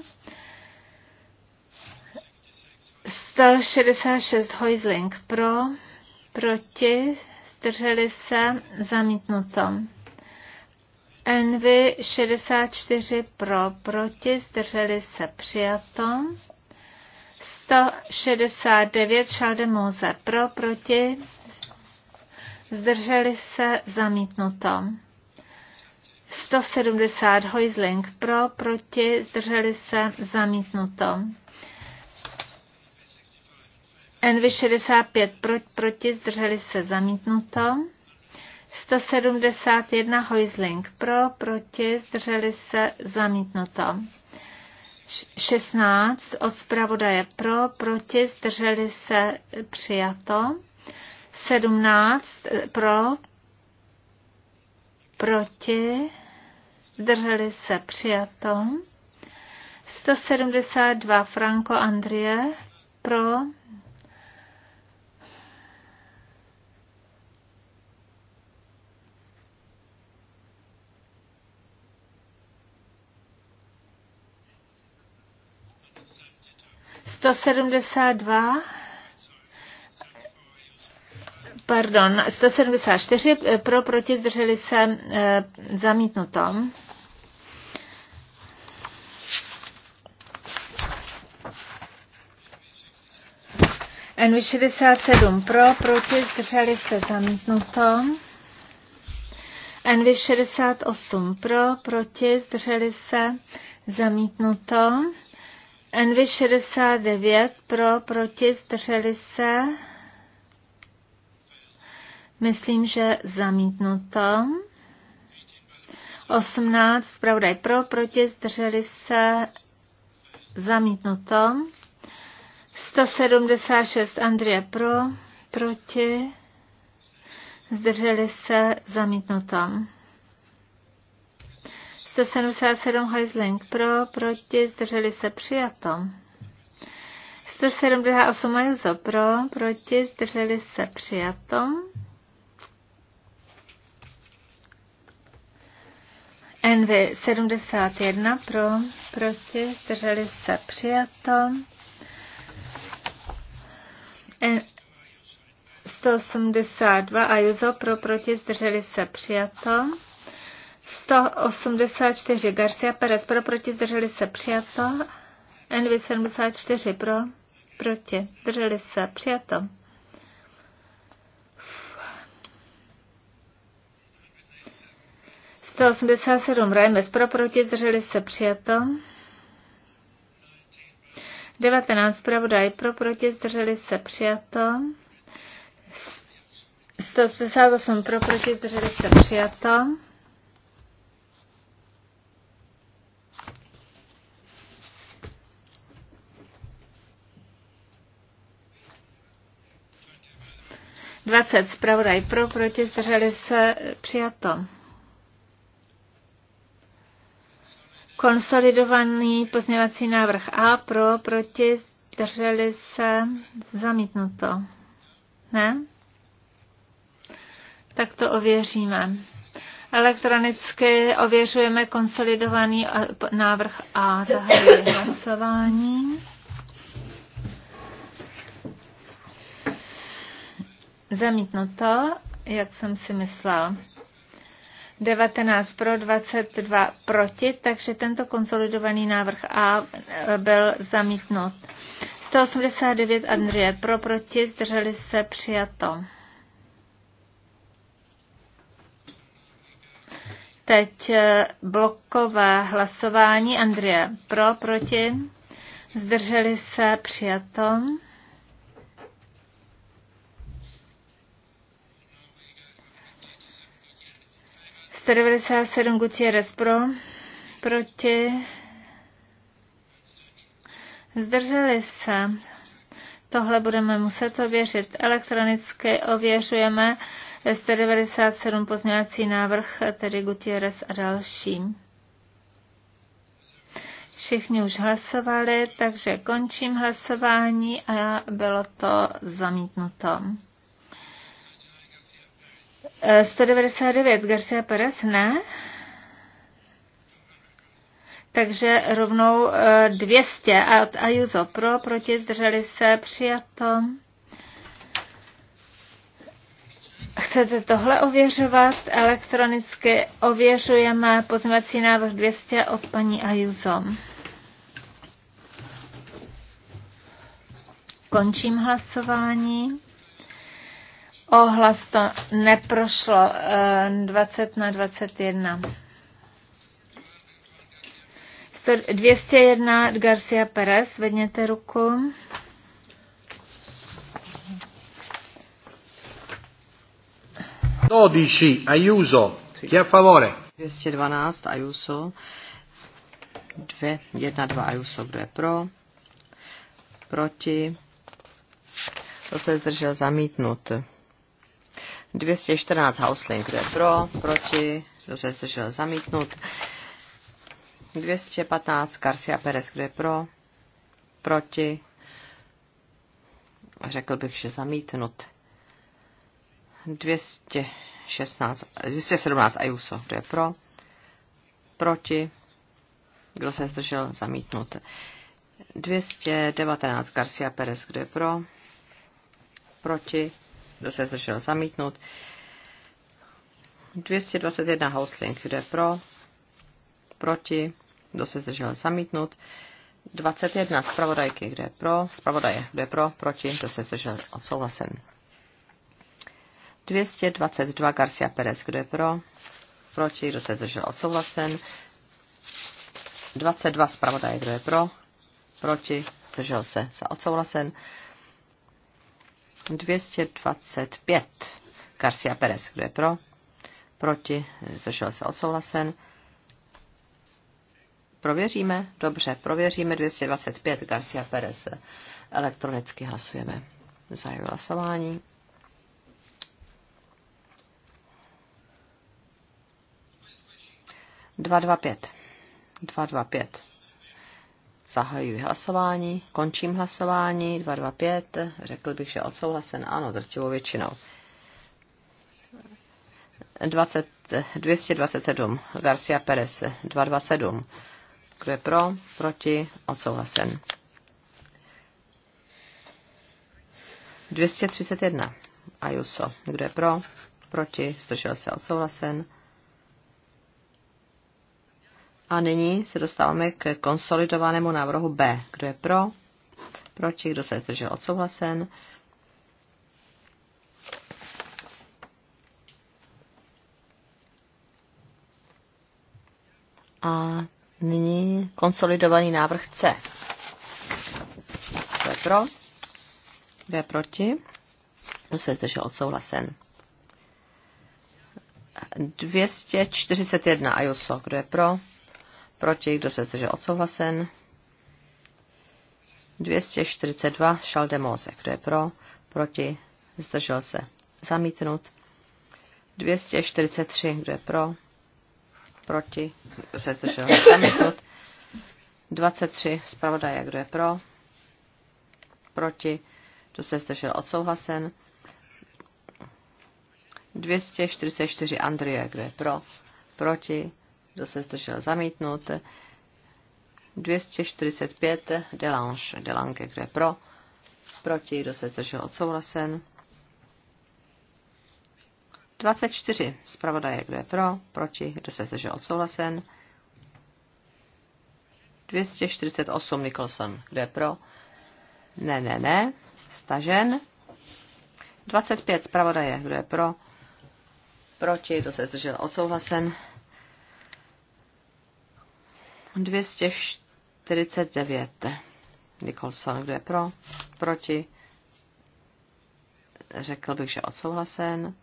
166 Hojzling pro, proti, zdrželi se, zamítnuto. Envy 64 pro, proti, zdrželi se, přijato. 169 Šaldemouze pro, proti, zdrželi se, zamítnuto. 170 Hojzling pro, proti, zdrželi se, zamítnuto nv 65 pro, proti, zdrželi se zamítnuto. 171 Hoisling pro, proti, zdrželi se zamítnuto. 16 od zpravodaje pro, proti, zdrželi se přijato. 17 pro, proti, zdrželi se přijato. 172 Franco Andrie pro, 172 pardon, 174 eh, pro, proti, zdrželi se e, zamítnuto. NV67 pro, proti, zdrželi se zamítnuto. NV68 pro, proti, zdrželi se zamítnuto. Envy 69 pro, proti, zdrželi se. Myslím, že zamítnuto. 18, pravda pro, proti, zdrželi se, zamítnuto. 176, Andrie pro, proti, zdrželi se, zamítnuto. 177 Heisling pro, proti, zdrželi se přijato. 178 Majuzo pro, proti, zdrželi se přijato. NV 71 pro, proti, zdrželi se přijato. 182 a pro, proti, zdrželi se přijato. 184 Garcia Perez pro, proti, zdrželi se přijato. Envy 74 pro, proti, zdrželi se přijato. Sto osmdesát sedm Remes pro, proti, zdrželi se přijato. 19 pravodaj pro, proti, zdrželi se přijato. 158 pro, proti, zdrželi se přijato. 20 zpravodaj pro, proti, zdrželi se, přijato. Konsolidovaný pozměvací návrh A pro, proti, zdrželi se, zamítnuto. Ne? Tak to ověříme. Elektronicky ověřujeme konsolidovaný návrh A. Zahajuji hlasování. to, jak jsem si myslel. 19 pro, 22 proti, takže tento konsolidovaný návrh A e, byl zamítnut. 189 Andrie pro, proti, zdrželi se, přijato. Teď e, blokové hlasování Andrie pro, proti, zdrželi se, přijato. 197 Gutierrez pro, proti, zdrželi se. Tohle budeme muset ověřit. Elektronicky ověřujeme 197 pozměňovací návrh, tedy Gutierrez a další. Všichni už hlasovali, takže končím hlasování a bylo to zamítnuto. 199 eh, Garcia Perez ne? Takže rovnou 200 eh, a od Ayuso pro, proti, zdrželi se, přijato. Chcete tohle ověřovat? Elektronicky ověřujeme pozměcí návrh 200 od paní Ayuso. Končím hlasování. Ohlas to neprošlo 20 eh, na 21. 201 Garcia Perez, vedněte ruku. Dodici Ayuso, chi a favore? 212 Ayuso, 2, 1, 2 Ayuso, kdo je pro? Proti? To se zdržel zamítnut. 214 Hausling, kdo je pro, proti, kdo se zdržel zamítnut. 215 Garcia Perez, kdo je pro, proti, řekl bych, že zamítnut. 216, 217 Ayuso, kdo je pro, proti, kdo se zdržel zamítnut. 219 Garcia Perez, kdo je pro, proti, kdo se zdržel zamítnut. 221 Hostling, jde pro, proti, kdo se zdržel zamítnut. 21 zpravodajky, kde je pro, zpravodaje, kde je pro, proti, kdo se zdržel odsouhlasen. 222 Garcia Perez, kde je pro, proti, kdo se zdržel odsouhlasen. 22 zpravodaje, kdo je pro, proti, zdržel se, za odsouhlasen. 225. Garcia Perez, kdo je pro? Proti? Zdržel se odsouhlasen. Prověříme? Dobře, prověříme 225 Garcia Perez. Elektronicky hlasujeme. Zahajuji hlasování. Dva, dva, pět. Dva, dva, pět. Zahajuji hlasování, končím hlasování, 225, řekl bych, že odsouhlasen, ano, drtivou většinou. 20, 227, Garcia Perez, 227. Kdo je pro, proti, odsouhlasen. 231, Ayuso. Kdo je pro, proti, zdržel se, odsouhlasen. A nyní se dostáváme k konsolidovanému návrhu B. Kdo je pro? Proč Kdo se zdržel? Odsouhlasen? A nyní konsolidovaný návrh C. Kdo je pro? Kdo je proti? Kdo se zdržel? Odsouhlasen? 241 Ajuso. Kdo je pro? proti, kdo se zdržel odsouhlasen. 242 Šaldemose, kdo je pro, proti, zdržel se zamítnut. 243, kdo je pro, proti, kdo se zdržel zamítnut. 23 zpravodaje, kdo je pro, proti, kdo se zdržel odsouhlasen. 244 Andrie, kdo je pro, proti, kdo se zdržel zamítnout, 245 Delange, Delange, kdo je pro, proti, kdo se zdržel odsouhlasen, 24 zpravodaje, kdo je pro, proti, kdo se zdržel odsouhlasen, 248 Nicholson, kdo je pro, ne, ne, ne, stažen, 25 zpravodaje, kdo je pro, proti, kdo se zdržel odsouhlasen, 249. Nicholson, kdo je pro? Proti? Řekl bych, že odsouhlasen.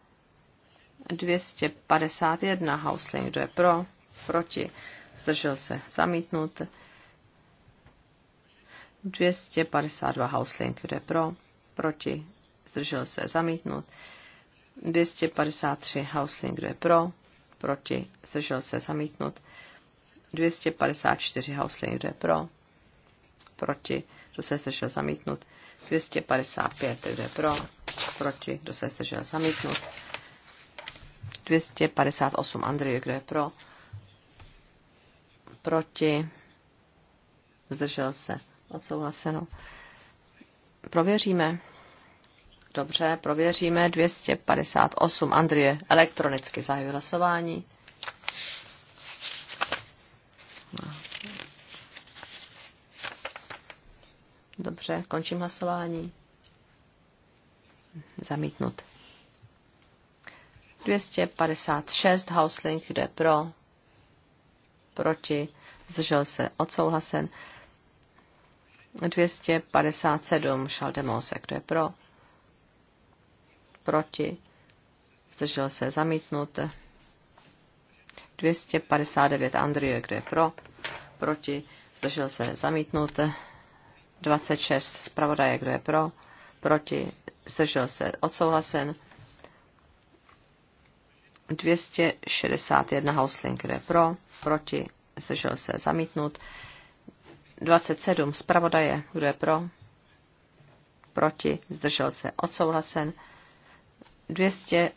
251. Hausling, kdo je pro? Proti? Zdržel se zamítnut. 252. Hausling, kdo je pro? Proti? Zdržel se zamítnut. 253. Hausling, kdo je pro? Proti? Zdržel se zamítnut. 254 Hausling, kdo je pro, proti, kdo se zdržel zamítnut, 255, kdo je pro, proti, kdo se zdržel zamítnut, 258 Andrej, kdo je pro, proti, zdržel se, odsouhlaseno. Prověříme. Dobře, prověříme 258 Andrie elektronicky zahajuji hlasování. Dobře, končím hlasování. Zamítnut. 256 Hausling kde pro, proti, zdržel se, odsouhlasen. 257 Šaldemose, kdo je pro, proti, zdržel se, zamítnut. 259 Andrie, kde je pro, proti, zdržel se, zamítnut. 26 zpravodaje, kdo je pro, proti, zdržel se, odsouhlasen. 261 Hausling, kdo je pro, proti, zdržel se, zamítnut. 27 zpravodaje, kdo je pro, proti, zdržel se, odsouhlasen. 200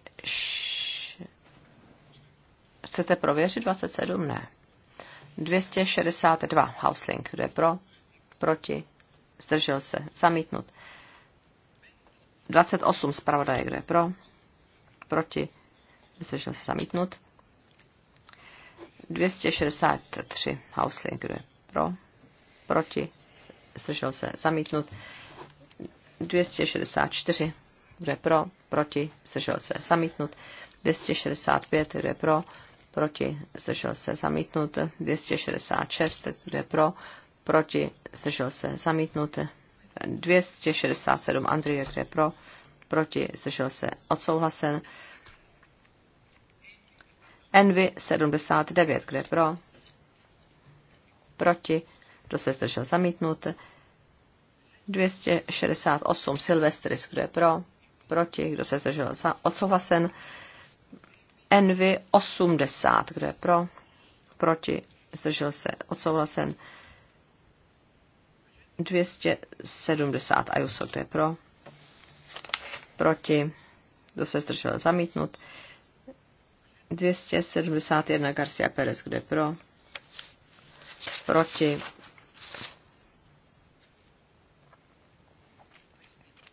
Chcete prověřit 27? Ne. 262 Hausling, kdo je pro, proti, zdržel se, zamítnut. 28 zpravodaje, kdo je pro, proti, zdržel se, zamítnut. 263 Hausling, kdo je pro, proti, zdržel se, zamítnut. 264, kdo je pro, proti, zdržel se, zamítnut. 265, kdo je pro, proti, zdržel se, zamítnut. 266, kdo je pro, proti, zdržel se, zamítnut. 267 Andrie, kde pro, proti, zdržel se, odsouhlasen. Envy 79, kde pro, proti, kdo se zdržel zamítnut. 268 Silvestris, kde pro, proti, kdo se zdržel odsouhlasen. Envy 80, kde pro, proti, zdržel se, odsouhlasen. 270 IUSO, to je pro, proti, kdo se zdržel zamítnut, 271 Garcia Perez, kde pro, proti,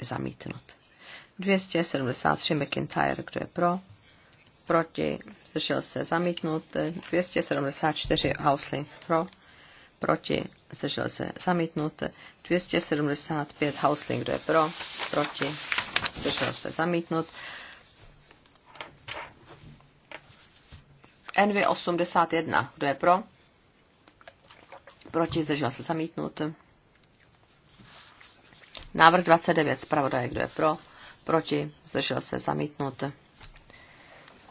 zamítnut. 273 McIntyre, kdo je pro, proti, zdržel se zamítnut, 274 Housley, pro, proti, zdržel se zamítnut, 275 Hausling, kdo je pro, proti, zdržel se zamítnut, NV 81, kdo je pro, proti, zdržel se zamítnut, návrh 29, zpravodaje, kdo je pro, proti, zdržel se zamítnut,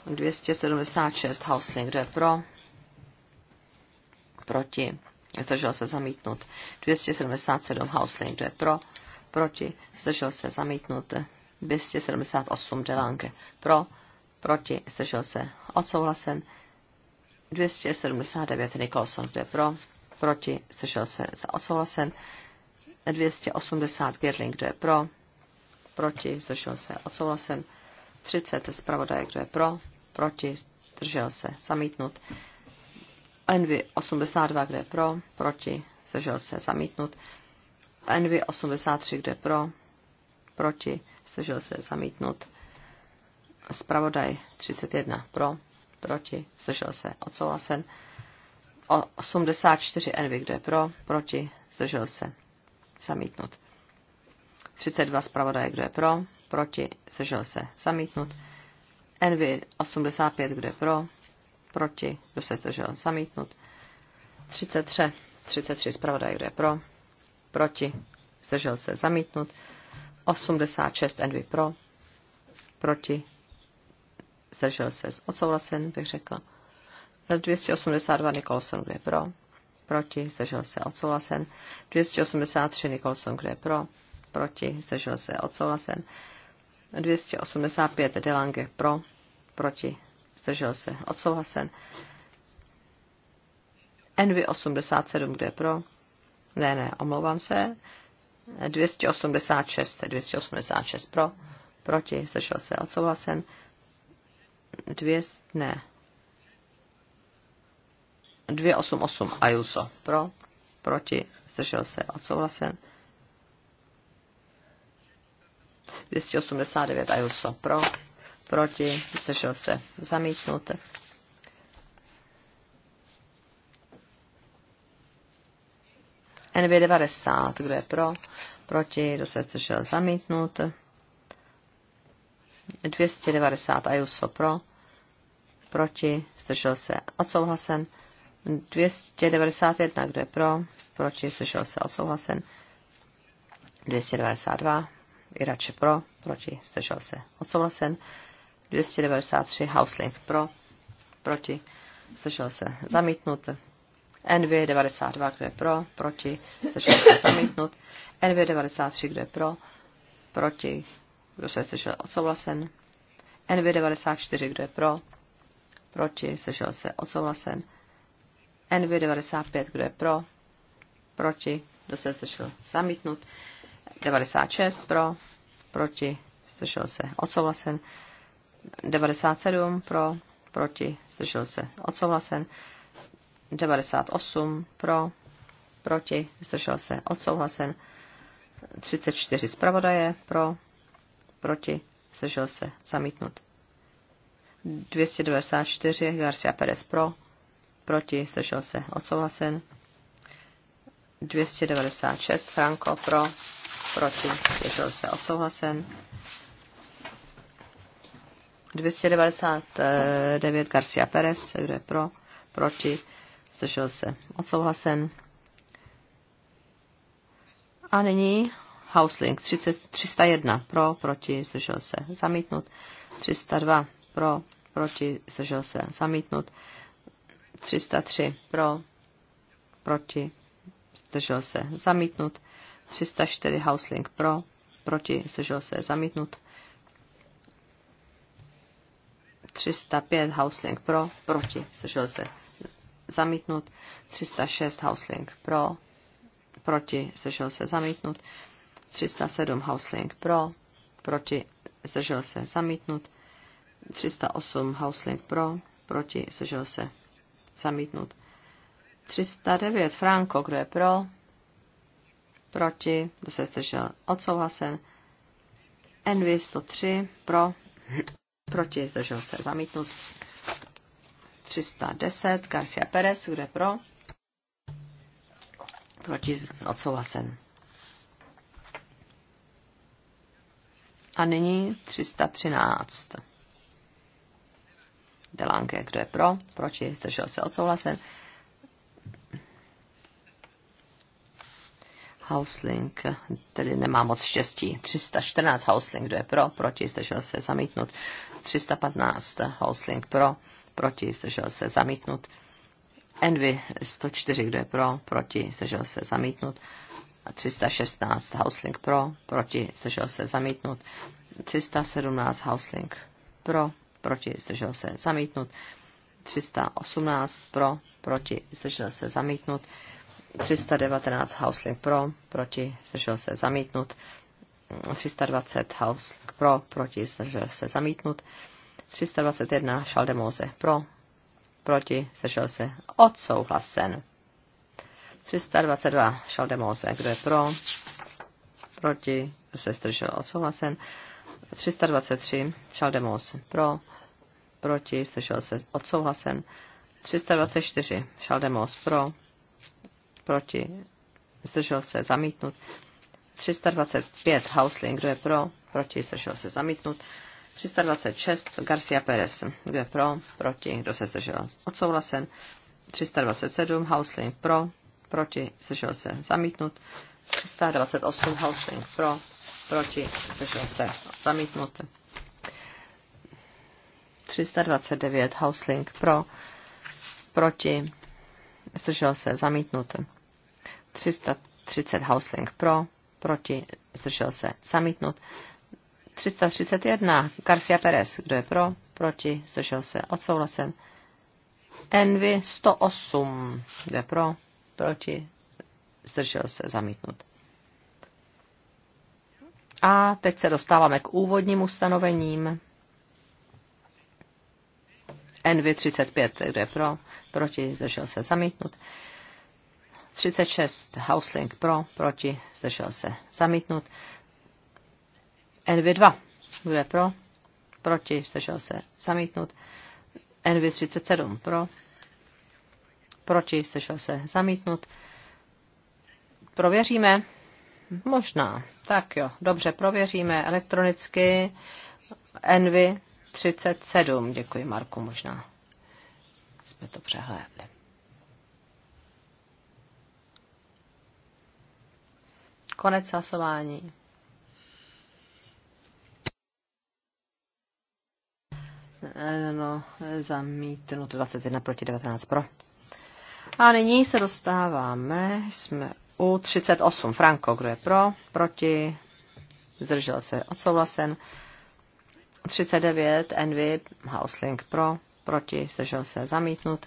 276 Hausling, kdo je pro, proti, zdržel se zamítnut. 277 Hausley, kdo je pro, proti, zdržel se zamítnut. 278 Delange, pro, proti, zdržel se odsouhlasen. 279 Nicholson, kdo je pro, proti, zdržel se odsouhlasen. 280 Girling, kdo je pro, proti, zdržel se odsouhlasen. 30 spravodaj kdo je pro, proti, zdržel se zamítnut. Envy 82, kde je pro, proti, zdržel se, zamítnut. Envy 83, kde je pro, proti, zdržel se, zamítnut. Spravodaj 31, pro, proti, zdržel se, odsouhlasen. 84 Envy, kde je pro, proti, zdržel se, zamítnut. 32 zpravodaje, kdo je pro, proti, zdržel se, zamítnut. Envy 85, kdo je pro, proti, kdo se zdržel, zamítnut. 33, 33 zpravodaj, kdo je pro, proti, zdržel se, zamítnut. 86 Envy pro, proti, zdržel se, odsouhlasen, bych řekl. 282 Nicholson, kdo je pro, proti, zdržel se, odsouhlasen. 283 Nicholson, kdo je pro, proti, zdržel se, odsouhlasen. 285 Delange pro, proti, zdržel se, odsouhlasen. Envy 87, kde je pro? Ne, ne, omlouvám se. 286, 286 pro, proti, zdržel se, odsouhlasen. 200, ne. 288 Ayuso pro, proti, zdržel se, odsouhlasen. 289 Ayuso pro, proti, zdržel se, zamítnut. NB90, kdo je pro, proti, kdo se zdržel, zamítnut. 290 Ajuso pro, proti, zdržel se, odsouhlasen. 291, kdo je pro, proti, zdržel se, odsouhlasen. 292, radši pro, proti, zdržel se, odsouhlasen. 293 Hausling pro, proti, slyšel se zamítnut. NV 92, kdo je pro, proti, slyšel se zamítnut. NV 93, kdo je pro, proti, kdo se slyšel odsouhlasen. NV 94, kdo je pro, proti, slyšel se odsouhlasen. NV 95, kdo je pro, proti, kdo se slyšel zamítnut. 96 pro, proti, slyšel se odsouhlasen. 97 pro, proti, zdržel se odsouhlasen. 98 pro, proti, zdržel se odsouhlasen. 34 zpravodaje pro, proti, zdržel se zamítnut. 294 Garcia Perez pro, proti, zdržel se odsouhlasen. 296 Franco pro, proti, zdržel se odsouhlasen. 299 Garcia Perez, kdo je pro, proti, zdržel se odsouhlasen. A nyní Hauslink 301 pro, proti, zdržel se zamítnut. 302 pro, proti, zdržel se zamítnut. 303 pro, proti, zdržel se zamítnut. 304 Hausling pro, proti, zdržel se zamítnut. 305 Hausling pro, proti, zdržel se zamítnut, 306 Hausling pro, proti, zdržel se zamítnut, 307 Hausling pro, proti, zdržel se zamítnut, 308 Hausling pro, proti, zdržel se zamítnut, 309 Franko, kdo je pro, proti, kdo se zdržel odsouhlasen, NV 103 pro, proti, zdržel se zamítnut. 310, Garcia Perez, kde pro, proti, odsouhlasen. A nyní 313. Delanke, kdo je pro, proti, zdržel se odsouhlasen. Hausling, tedy nemá moc štěstí. 314 Hausling, kdo je pro, proti, zdržel se zamítnut. 315 Hausling pro, proti, zdržel se zamítnut. Envy 104, kdo je pro, proti, zdržel se zamítnut. 316 Hausling pro, proti, zdržel se zamítnut. 317 Hausling pro, proti, zdržel se zamítnut. 318 pro, proti, zdržel se zamítnut. 319 Hausling pro, proti, zdržel se zamítnut. 320 Hausling pro, proti, zdržel se zamítnut. 321 Šaldemose pro, proti, zdržel se odsouhlasen. 322 Šaldemose, kdo je pro, proti, se zdržel odsouhlasen. 323 Šaldemose pro, proti, zdržel se odsouhlasen. 324 šaldemose pro, proti, zdržel se, zamítnut. 325 Hausling, kdo je pro, proti, zdržel se, zamítnut. 326 Garcia Perez, kdo je pro, proti, kdo se zdržel, odsouhlasen. 327 Hausling pro, proti, zdržel se, zamítnut. 328 Hausling pro, proti, zdržel se, zamítnut. 329 Hausling pro, proti, zdržel se, zamítnut. 330 Hausling pro, proti, zdržel se, zamítnut. 331 Garcia Perez, kdo je pro, proti, zdržel se, odsouhlasen. Envy 108, kdo je pro, proti, zdržel se, zamítnut. A teď se dostáváme k úvodním ustanovením. NV35, kde pro, proti, zdržel se zamítnut. 36 Hauslink pro, proti, zdržel se zamítnut. NV2, kde pro, proti, zdržel se zamítnut. NV37 pro, proti, zdržel se zamítnut. Prověříme. Možná. Tak jo, dobře, prověříme elektronicky. Envy 37. Děkuji, Marku, možná jsme to přehlédli. Konec hlasování. No, zamítnut 21 proti 19 pro. A nyní se dostáváme, jsme u 38. Franko, kdo je pro, proti, zdržel se, odsouhlasen. 39, Envy, Housling pro, proti, zdržel se zamítnut.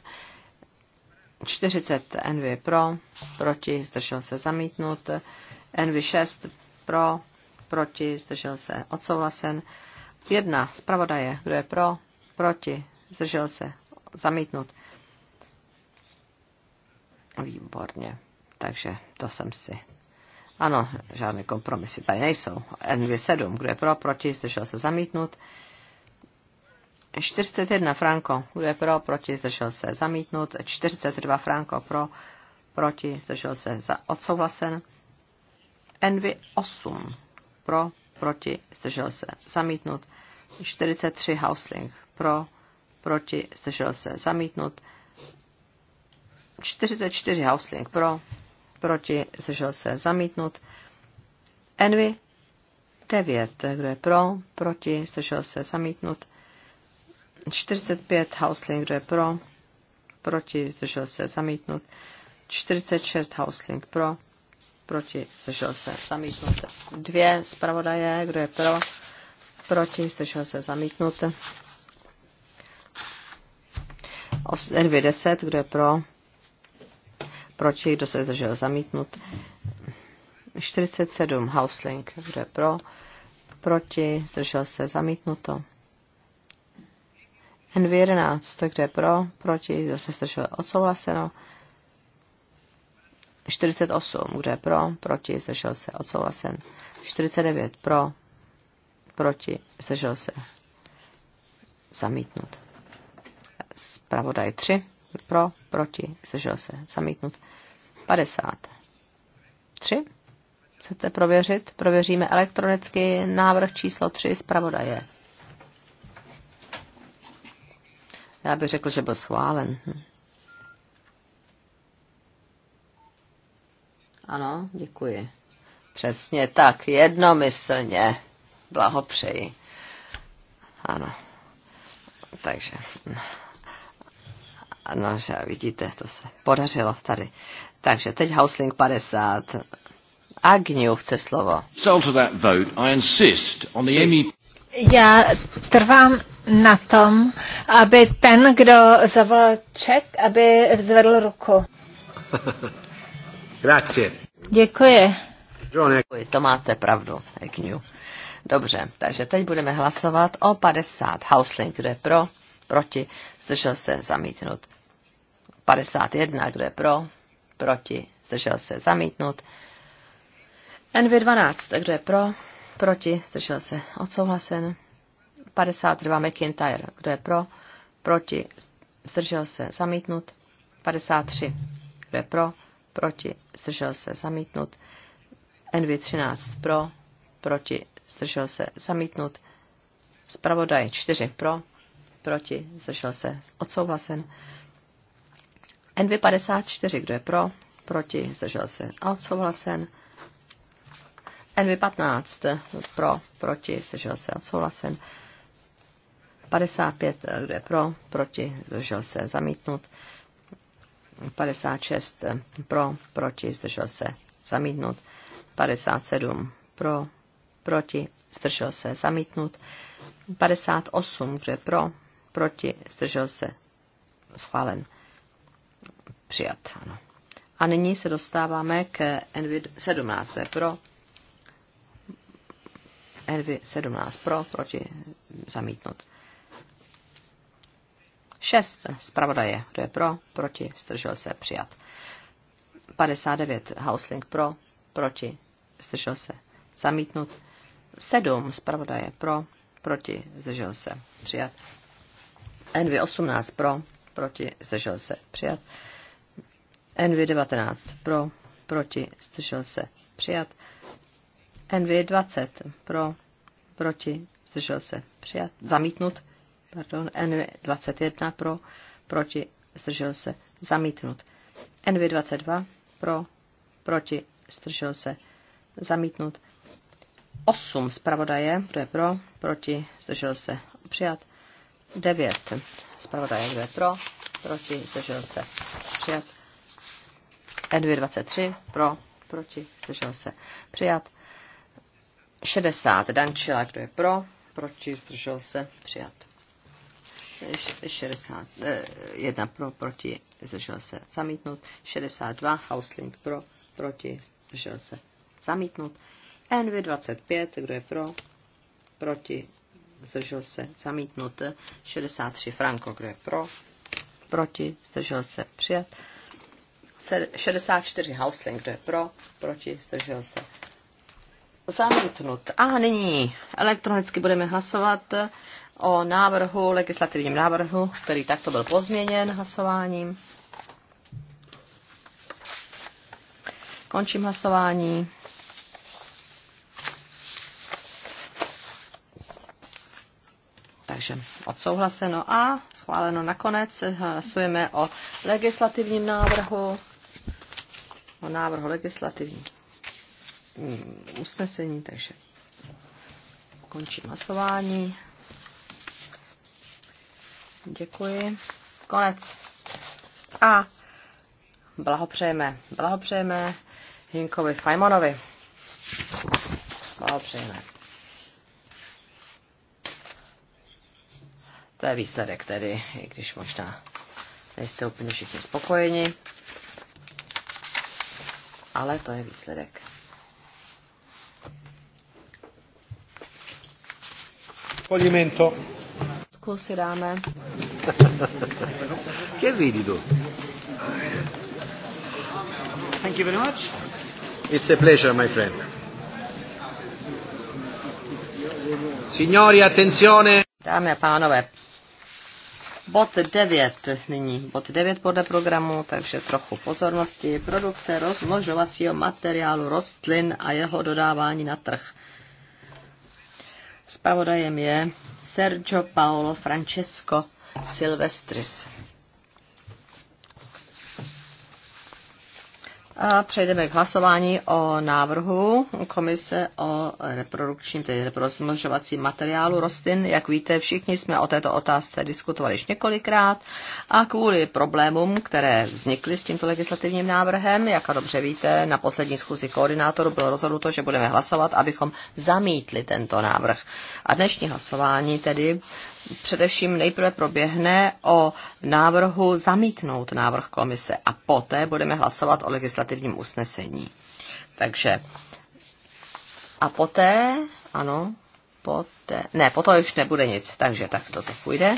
40 Envy pro, proti, zdržel se zamítnut. Envy 6 pro, proti, zdržel se odsouhlasen. 1 zpravodaje, kdo je pro, proti, zdržel se zamítnut. Výborně, takže to jsem si ano, žádné kompromisy tady nejsou. N27, kdo je pro, proti, zdržel se zamítnout. 41 Franko, kdo je pro, proti, zdržel se zamítnout. 42 Franko, pro, proti, zdržel se za odsouhlasen. nv 8, pro, proti, zdržel se zamítnout. 43 Hausling, pro, proti, zdržel se zamítnout. 44 Hausling, pro, proti, zdržel se, zamítnut. Envy 9, kdo je pro, proti, zdržel se, zamítnut. 45, Hausling, kdo je pro, proti, zdržel se, zamítnut. 46, Hausling, pro, proti, zdržel se, zamítnut. Dvě zpravodaje, kdo je pro, proti, zdržel se, zamítnut. 210, kdo je pro, proč kdo se zdržel zamítnut. 47 Hausling, kdo je pro, proti, zdržel se zamítnuto. n 11 kdo je pro, proti, kdo se zdržel odsouhlaseno. 48, kdo je pro, proti, zdržel se odsouhlasen. 49 pro, proti, zdržel se zamítnut. Zpravodaj 3. Pro, proti, zdržel se, zamítnut. 50. 3. Chcete prověřit? Prověříme elektronicky návrh číslo 3 zpravodaje. Já bych řekl, že byl schválen. Hm. Ano, děkuji. Přesně tak, jednomyslně. Blahopřeji. Ano. Takže hm. No, že vidíte, to se podařilo tady. Takže teď Housling 50. Agniu chce slovo. Já trvám na tom, aby ten, kdo zavolal ček, aby vzvedl ruku. *laughs* Grazie. Děkuji. Děkuji, to máte pravdu, Agniu. Dobře, takže teď budeme hlasovat o 50. Housling, kdo je pro, proti, zdržel se, zamítnut. 51, kdo je pro, proti, zdržel se zamítnut. NV12, kdo je pro, proti, zdržel se odsouhlasen. 52 McIntyre, kdo je pro, proti, zdržel se zamítnut. 53, kdo je pro, proti, zdržel se zamítnut. NV13 pro, proti, zdržel se zamítnut. Spravodaj 4 pro, proti, zdržel se odsouhlasen. NV54, kdo je pro, proti, zdržel se, odsouhlasen. NV15, pro, proti, zdržel se, odsouhlasen. 55, kdo je pro, proti, zdržel se, zamítnut. 56, pro, proti, zdržel se, zamítnut. 57, pro, proti, zdržel se, zamítnut. 58, kdo je pro, proti, zdržel se, schválen. Přijat, ano. A nyní se dostáváme k Envy 17. pro. Envy 17 pro, proti zamítnout. 6. Zpravodaje. Kdo je pro? Proti. Zdržel se. Přijat. 59. Hausling pro. Proti. Zdržel se. Zamítnut. 7. Zpravodaje. Pro. Proti. Zdržel se. Přijat. NV18 pro. Proti. Zdržel se. Přijat. NV19 pro, proti, zdržel se, přijat. NV20 pro, proti, zdržel se, přijat. Zamítnut, pardon, NV21 pro, proti, zdržel se, zamítnut. NV22 pro, proti, zdržel se, zamítnut. 8 zpravodaje, kdo je pro, proti, zdržel se, přijat. 9 zpravodaje, kdo je pro, proti, zdržel se, přijat e 23 pro, proti, zdržel se přijat. 60 Dančila, kdo je pro, proti, zdržel se přijat. 61 e, pro, proti, zdržel se zamítnut. 62 Hausling pro, proti, zdržel se zamítnut. 2 e 25 kdo je pro, proti, zdržel se zamítnut. 63 Franko, kdo je pro, proti, zdržel se přijat. 64 Hausling, kdo je pro, proti, zdržel se. Zamítnut. A nyní elektronicky budeme hlasovat o návrhu, legislativním návrhu, který takto byl pozměněn hlasováním. Končím hlasování. Takže odsouhlaseno a schváleno nakonec. Eh, hlasujeme o legislativním návrhu, o návrhu legislativní mm, usnesení, takže končím hlasování. Děkuji. Konec. A blahopřejeme, blahopřejeme Hinkovi Fajmanovi. Blahopřejeme. je výsledek tedy, i když možná nejste úplně všichni spokojeni, ale to je výsledek. Spolimento. si dáme. *laughs* che vedi tu? Thank you very much. It's a pleasure, my friend. Signori, attenzione. Dámy a pánové, Bod 9 nyní, bod 9 podle programu, takže trochu pozornosti. Produkce rozmnožovacího materiálu rostlin a jeho dodávání na trh. Spravodajem je Sergio Paolo Francesco Silvestris. A přejdeme k hlasování o návrhu komise o reprodukčním, tedy reprodukčním materiálu rostlin. Jak víte, všichni jsme o této otázce diskutovali již několikrát a kvůli problémům, které vznikly s tímto legislativním návrhem, jak dobře víte, na poslední schůzi koordinátoru bylo rozhodnuto, že budeme hlasovat, abychom zamítli tento návrh. A dnešní hlasování tedy především nejprve proběhne o návrhu zamítnout návrh komise a poté budeme hlasovat o legislativním usnesení. Takže a poté, ano, poté, ne, poté už nebude nic, takže tak to teď půjde.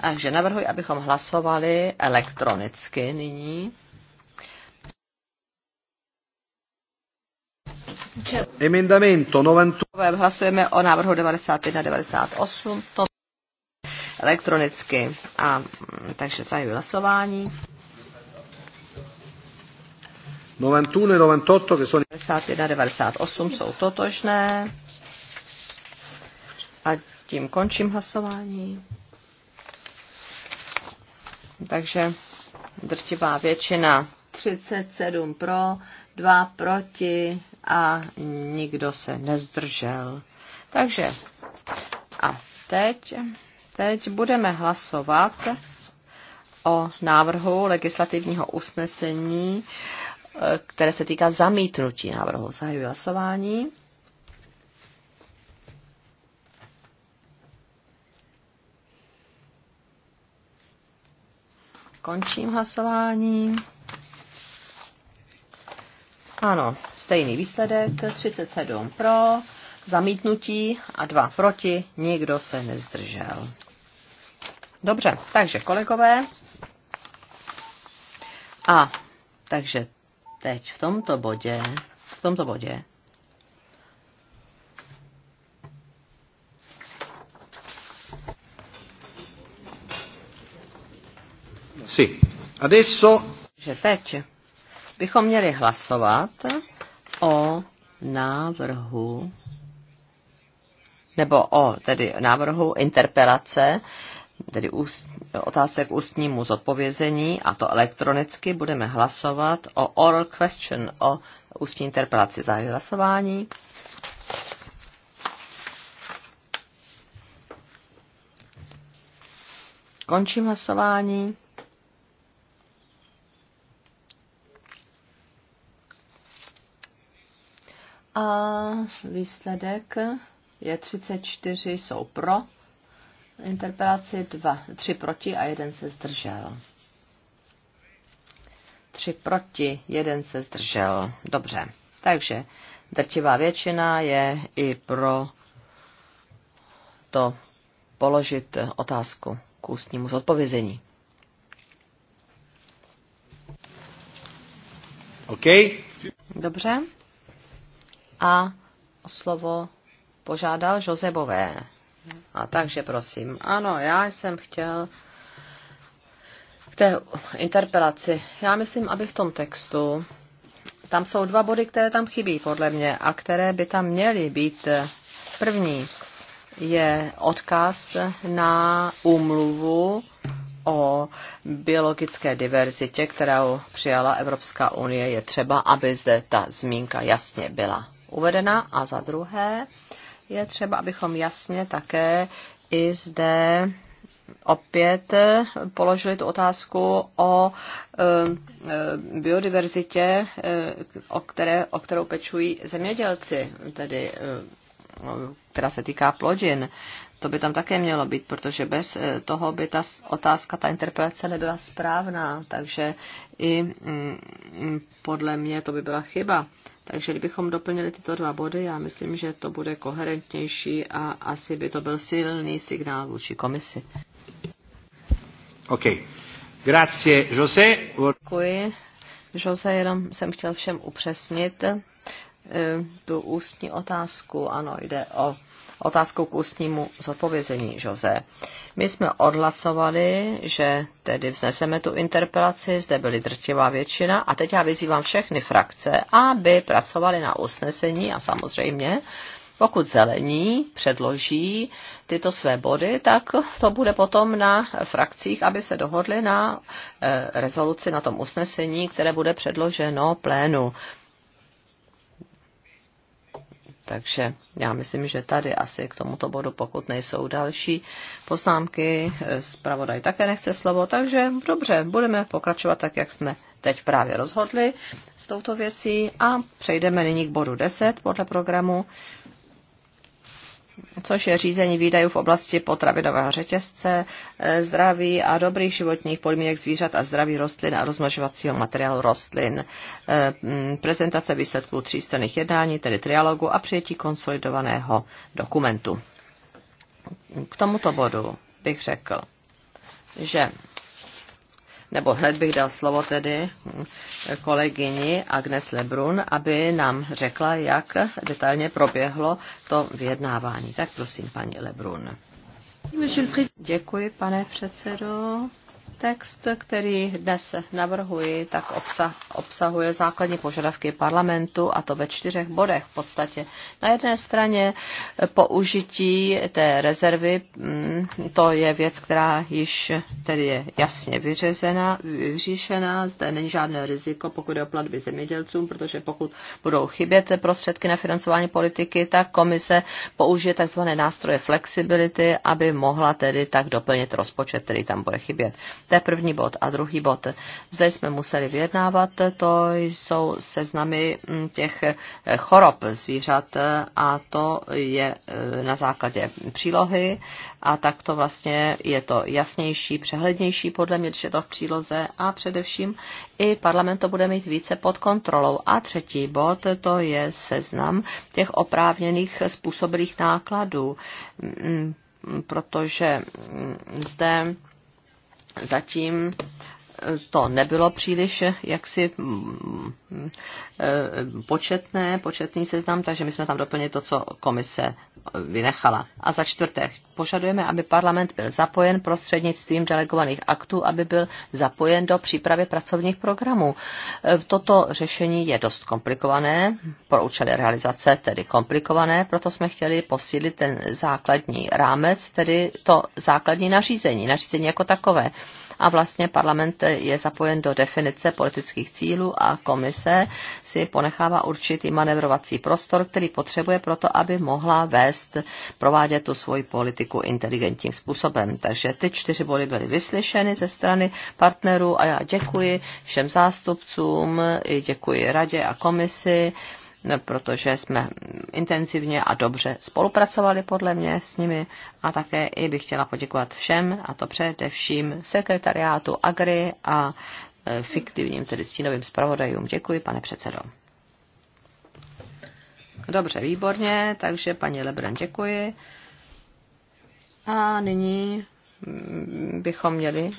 Takže navrhuji, abychom hlasovali elektronicky nyní. Emendamento 91. Hlasujeme o návrhu 91-98 elektronicky. A, mm, takže zahajuji hlasování. 91 98, e che jsou 91 98 jsou totožné. A tím končím hlasování. Takže drtivá většina 37 pro, 2 proti a nikdo se nezdržel. Takže a teď Teď budeme hlasovat o návrhu legislativního usnesení, které se týká zamítnutí návrhu. Zahajuji hlasování. Končím hlasování. Ano, stejný výsledek, 37 pro, zamítnutí a 2 proti, nikdo se nezdržel. Dobře, takže kolegové. A takže teď v tomto bodě, v tomto bodě Si, Adesso... Že teď bychom měli hlasovat o návrhu nebo o tedy návrhu interpelace tedy úst, otázce k ústnímu zodpovězení, a to elektronicky budeme hlasovat o oral question, o ústní interpelaci. Zahajuji hlasování. Končím hlasování. A výsledek je 34 jsou pro, interpelaci, dva, tři proti a jeden se zdržel. Tři proti, jeden se zdržel. Dobře, takže drtivá většina je i pro to položit otázku k ústnímu zodpovězení. OK. Dobře. A o slovo požádal Josebové. A takže prosím, ano, já jsem chtěl k té interpelaci. Já myslím, aby v tom textu, tam jsou dva body, které tam chybí, podle mě, a které by tam měly být. První je odkaz na úmluvu o biologické diverzitě, kterou přijala Evropská unie, je třeba, aby zde ta zmínka jasně byla uvedena. A za druhé, je třeba, abychom jasně také i zde opět položili tu otázku o eh, biodiverzitě, eh, o, které, o kterou pečují zemědělci, tedy eh, která se týká plodin to by tam také mělo být, protože bez eh, toho by ta otázka, ta interpelace nebyla správná, takže i mm, podle mě to by byla chyba. Takže kdybychom doplnili tyto dva body, já myslím, že to bude koherentnější a asi by to byl silný signál vůči komisi. OK. Grazie, Jose. Děkuji. Jose, jenom jsem chtěl všem upřesnit eh, tu ústní otázku. Ano, jde o otázkou k ústnímu zodpovězení, Jose. My jsme odhlasovali, že tedy vzneseme tu interpelaci, zde byly drtivá většina a teď já vyzývám všechny frakce, aby pracovali na usnesení a samozřejmě pokud zelení předloží tyto své body, tak to bude potom na frakcích, aby se dohodli na eh, rezoluci, na tom usnesení, které bude předloženo plénu. Takže já myslím, že tady asi k tomuto bodu, pokud nejsou další poznámky, eh, zpravodaj také nechce slovo, takže dobře, budeme pokračovat tak, jak jsme teď právě rozhodli s touto věcí a přejdeme nyní k bodu 10 podle programu, což je řízení výdajů v oblasti potravinového řetězce, eh, zdraví a dobrých životních podmínek zvířat a zdraví rostlin a rozmnožovacího materiálu rostlin, eh, mm, prezentace výsledků třístranných jednání, tedy trialogu a přijetí konsolidovaného dokumentu. K tomuto bodu bych řekl, že nebo hned bych dal slovo tedy kolegyni Agnes Lebrun, aby nám řekla, jak detailně proběhlo to vyjednávání. Tak prosím, paní Lebrun. Děkuji, pane předsedo. Text, který dnes navrhuji, tak obsah, obsahuje základní požadavky parlamentu, a to ve čtyřech bodech v podstatě. Na jedné straně použití té rezervy, mm, to je věc, která již tedy je jasně vyřezená, vyřešená, zde není žádné riziko, pokud je o platby zemědělcům, protože pokud budou chybět prostředky na financování politiky, tak komise použije tzv. nástroje flexibility, aby mohla tedy tak doplnit rozpočet, který tam bude chybět. To je první bod. A druhý bod. Zde jsme museli vyjednávat, to jsou seznamy mm, těch eh, chorob zvířat eh, a to je eh, na základě přílohy a tak to vlastně je to jasnější, přehlednější podle mě, když je to v příloze a především i parlament to bude mít více pod kontrolou. A třetí bod to je seznam těch oprávněných způsobilých nákladů, mm, mm, protože zde zatím to nebylo příliš jaksi mm, mm, početné, početný seznam, takže my jsme tam doplnili to, co komise vynechala. A za čtvrté, požadujeme, aby parlament byl zapojen prostřednictvím delegovaných aktů, aby byl zapojen do přípravy pracovních programů. Toto řešení je dost komplikované, pro účely realizace tedy komplikované, proto jsme chtěli posílit ten základní rámec, tedy to základní nařízení, nařízení jako takové a vlastně parlament je zapojen do definice politických cílů a komise si ponechává určitý manevrovací prostor, který potřebuje proto, aby mohla vést, provádět tu svoji politiku inteligentním způsobem. Takže ty čtyři body byly vyslyšeny ze strany partnerů a já děkuji všem zástupcům, děkuji radě a komisi protože jsme intenzivně a dobře spolupracovali podle mě s nimi a také i bych chtěla poděkovat všem, a to především sekretariátu Agri a e, fiktivním, tedy stínovým zpravodajům. Děkuji, pane předsedo. Dobře, výborně, takže paní Lebran děkuji. A nyní bychom měli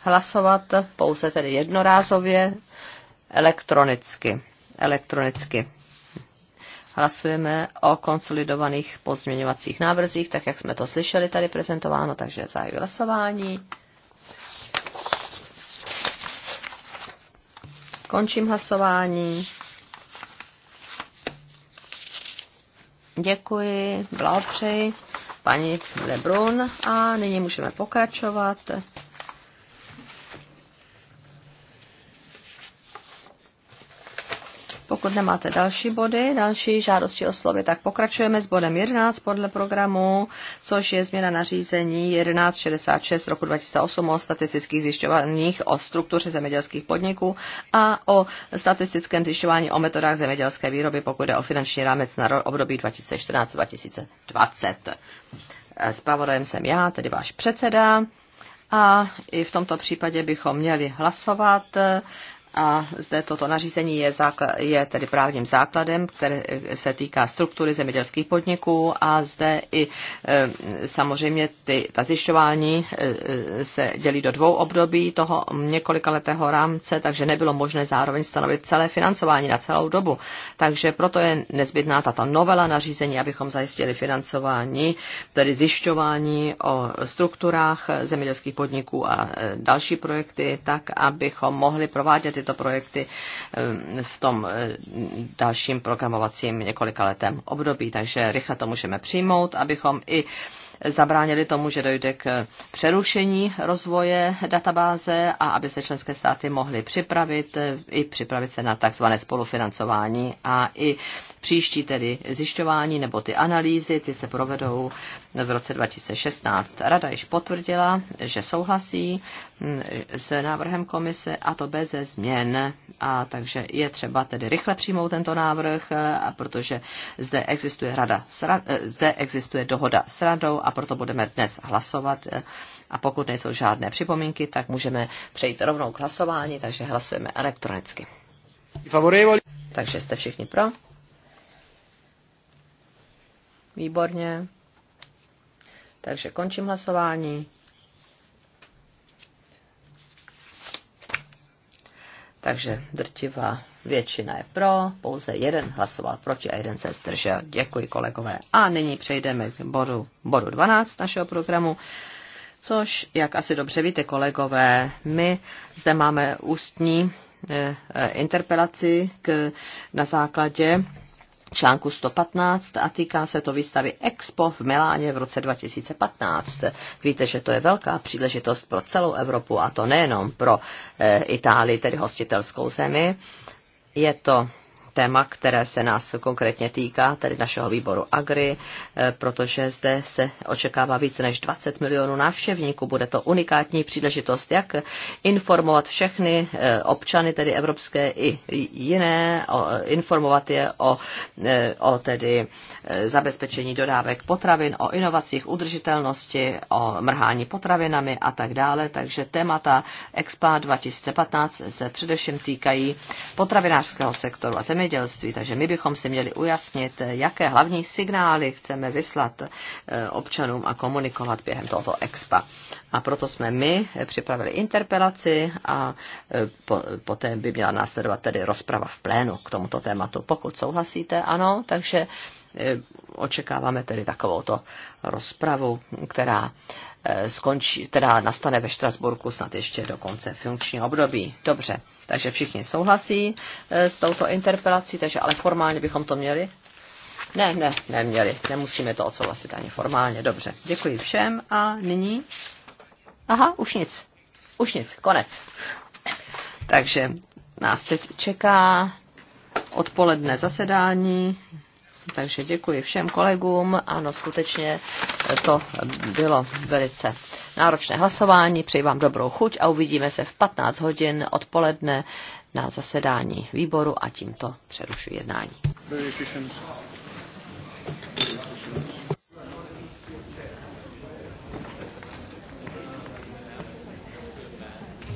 hlasovat pouze tedy jednorázově elektronicky elektronicky. Hlasujeme o konsolidovaných pozměňovacích návrzích, tak jak jsme to slyšeli tady prezentováno, takže zahajuji hlasování. Končím hlasování. Děkuji, blahopřeji paní Lebrun a nyní můžeme pokračovat. Pokud nemáte další body, další žádosti o slovy, tak pokračujeme s bodem 11 podle programu, což je změna nařízení 1166 roku 2008 o statistických zjišťováních o struktuře zemědělských podniků a o statistickém zjišťování o metodách zemědělské výroby, pokud jde o finanční rámec na období 2014-2020. Spravodajem jsem já, tedy váš předseda. A i v tomto případě bychom měli hlasovat a zde toto nařízení je, základ, je tedy právním základem, které se týká struktury zemědělských podniků a zde i e, samozřejmě ty, ta zjišťování e, e, se dělí do dvou období toho několikaletého rámce, takže nebylo možné zároveň stanovit celé financování na celou dobu. Takže proto je nezbytná tato novela nařízení, abychom zajistili financování, tedy zjišťování o strukturách zemědělských podniků a další projekty, tak abychom mohli provádět tyto projekty eh, v tom eh, dalším programovacím několika letem období. Takže rychle to můžeme přijmout, abychom i zabránili tomu, že dojde k přerušení rozvoje databáze a aby se členské státy mohly připravit eh, i připravit se na takzvané spolufinancování a i příští tedy zjišťování nebo ty analýzy, ty se provedou v roce 2016. Rada již potvrdila, že souhlasí s návrhem komise a to bez změn. A takže je třeba tedy rychle přijmout tento návrh, a protože zde existuje, rada, eh, zde existuje dohoda s radou a proto budeme dnes hlasovat. A pokud nejsou žádné připomínky, tak můžeme přejít rovnou k hlasování, takže hlasujeme elektronicky. Takže jste všichni pro? Výborně. Takže končím hlasování. Takže drtivá většina je pro, pouze jeden hlasoval proti a jeden se zdržel. Děkuji kolegové. A nyní přejdeme k bodu, bodu 12 našeho programu, což, jak asi dobře víte kolegové, my zde máme ústní eh, eh, interpelaci k, na základě článku 115 a týká se to výstavy Expo v Miláně v roce 2015. Víte, že to je velká příležitost pro celou Evropu a to nejenom pro eh, Itálii, tedy hostitelskou zemi. Je to téma, které se nás konkrétně týká, tedy našeho výboru Agri, eh, protože zde se očekává více než 20 milionů návštěvníků. Bude to unikátní příležitost, jak informovat všechny eh, občany, tedy evropské i jiné, informovat je o, eh, o tedy zabezpečení dodávek potravin, o inovacích, udržitelnosti, o mrhání potravinami a tak dále. Takže témata Expa 2015 se především týkají potravinářského sektoru a země zemědělství. Takže my bychom si měli ujasnit, jaké hlavní signály chceme vyslat eh, občanům a komunikovat během tohoto expa. A proto jsme my připravili interpelaci a eh, poté by měla následovat tedy rozprava v plénu k tomuto tématu. Pokud souhlasíte, ano, takže očekáváme tedy takovouto rozpravu, která eh, skončí, která nastane ve Štrasburku snad ještě do konce funkčního období. Dobře, takže všichni souhlasí eh, s touto interpelací, takže ale formálně bychom to měli? Ne, ne, neměli. Nemusíme to odsouhlasit ani formálně. Dobře, děkuji všem a nyní? Aha, už nic. Už nic, konec. Takže nás teď čeká odpoledne zasedání. Takže děkuji všem kolegům. Ano, skutečně to bylo velice náročné hlasování. Přeji vám dobrou chuť a uvidíme se v 15 hodin odpoledne na zasedání výboru a tímto přerušuji jednání.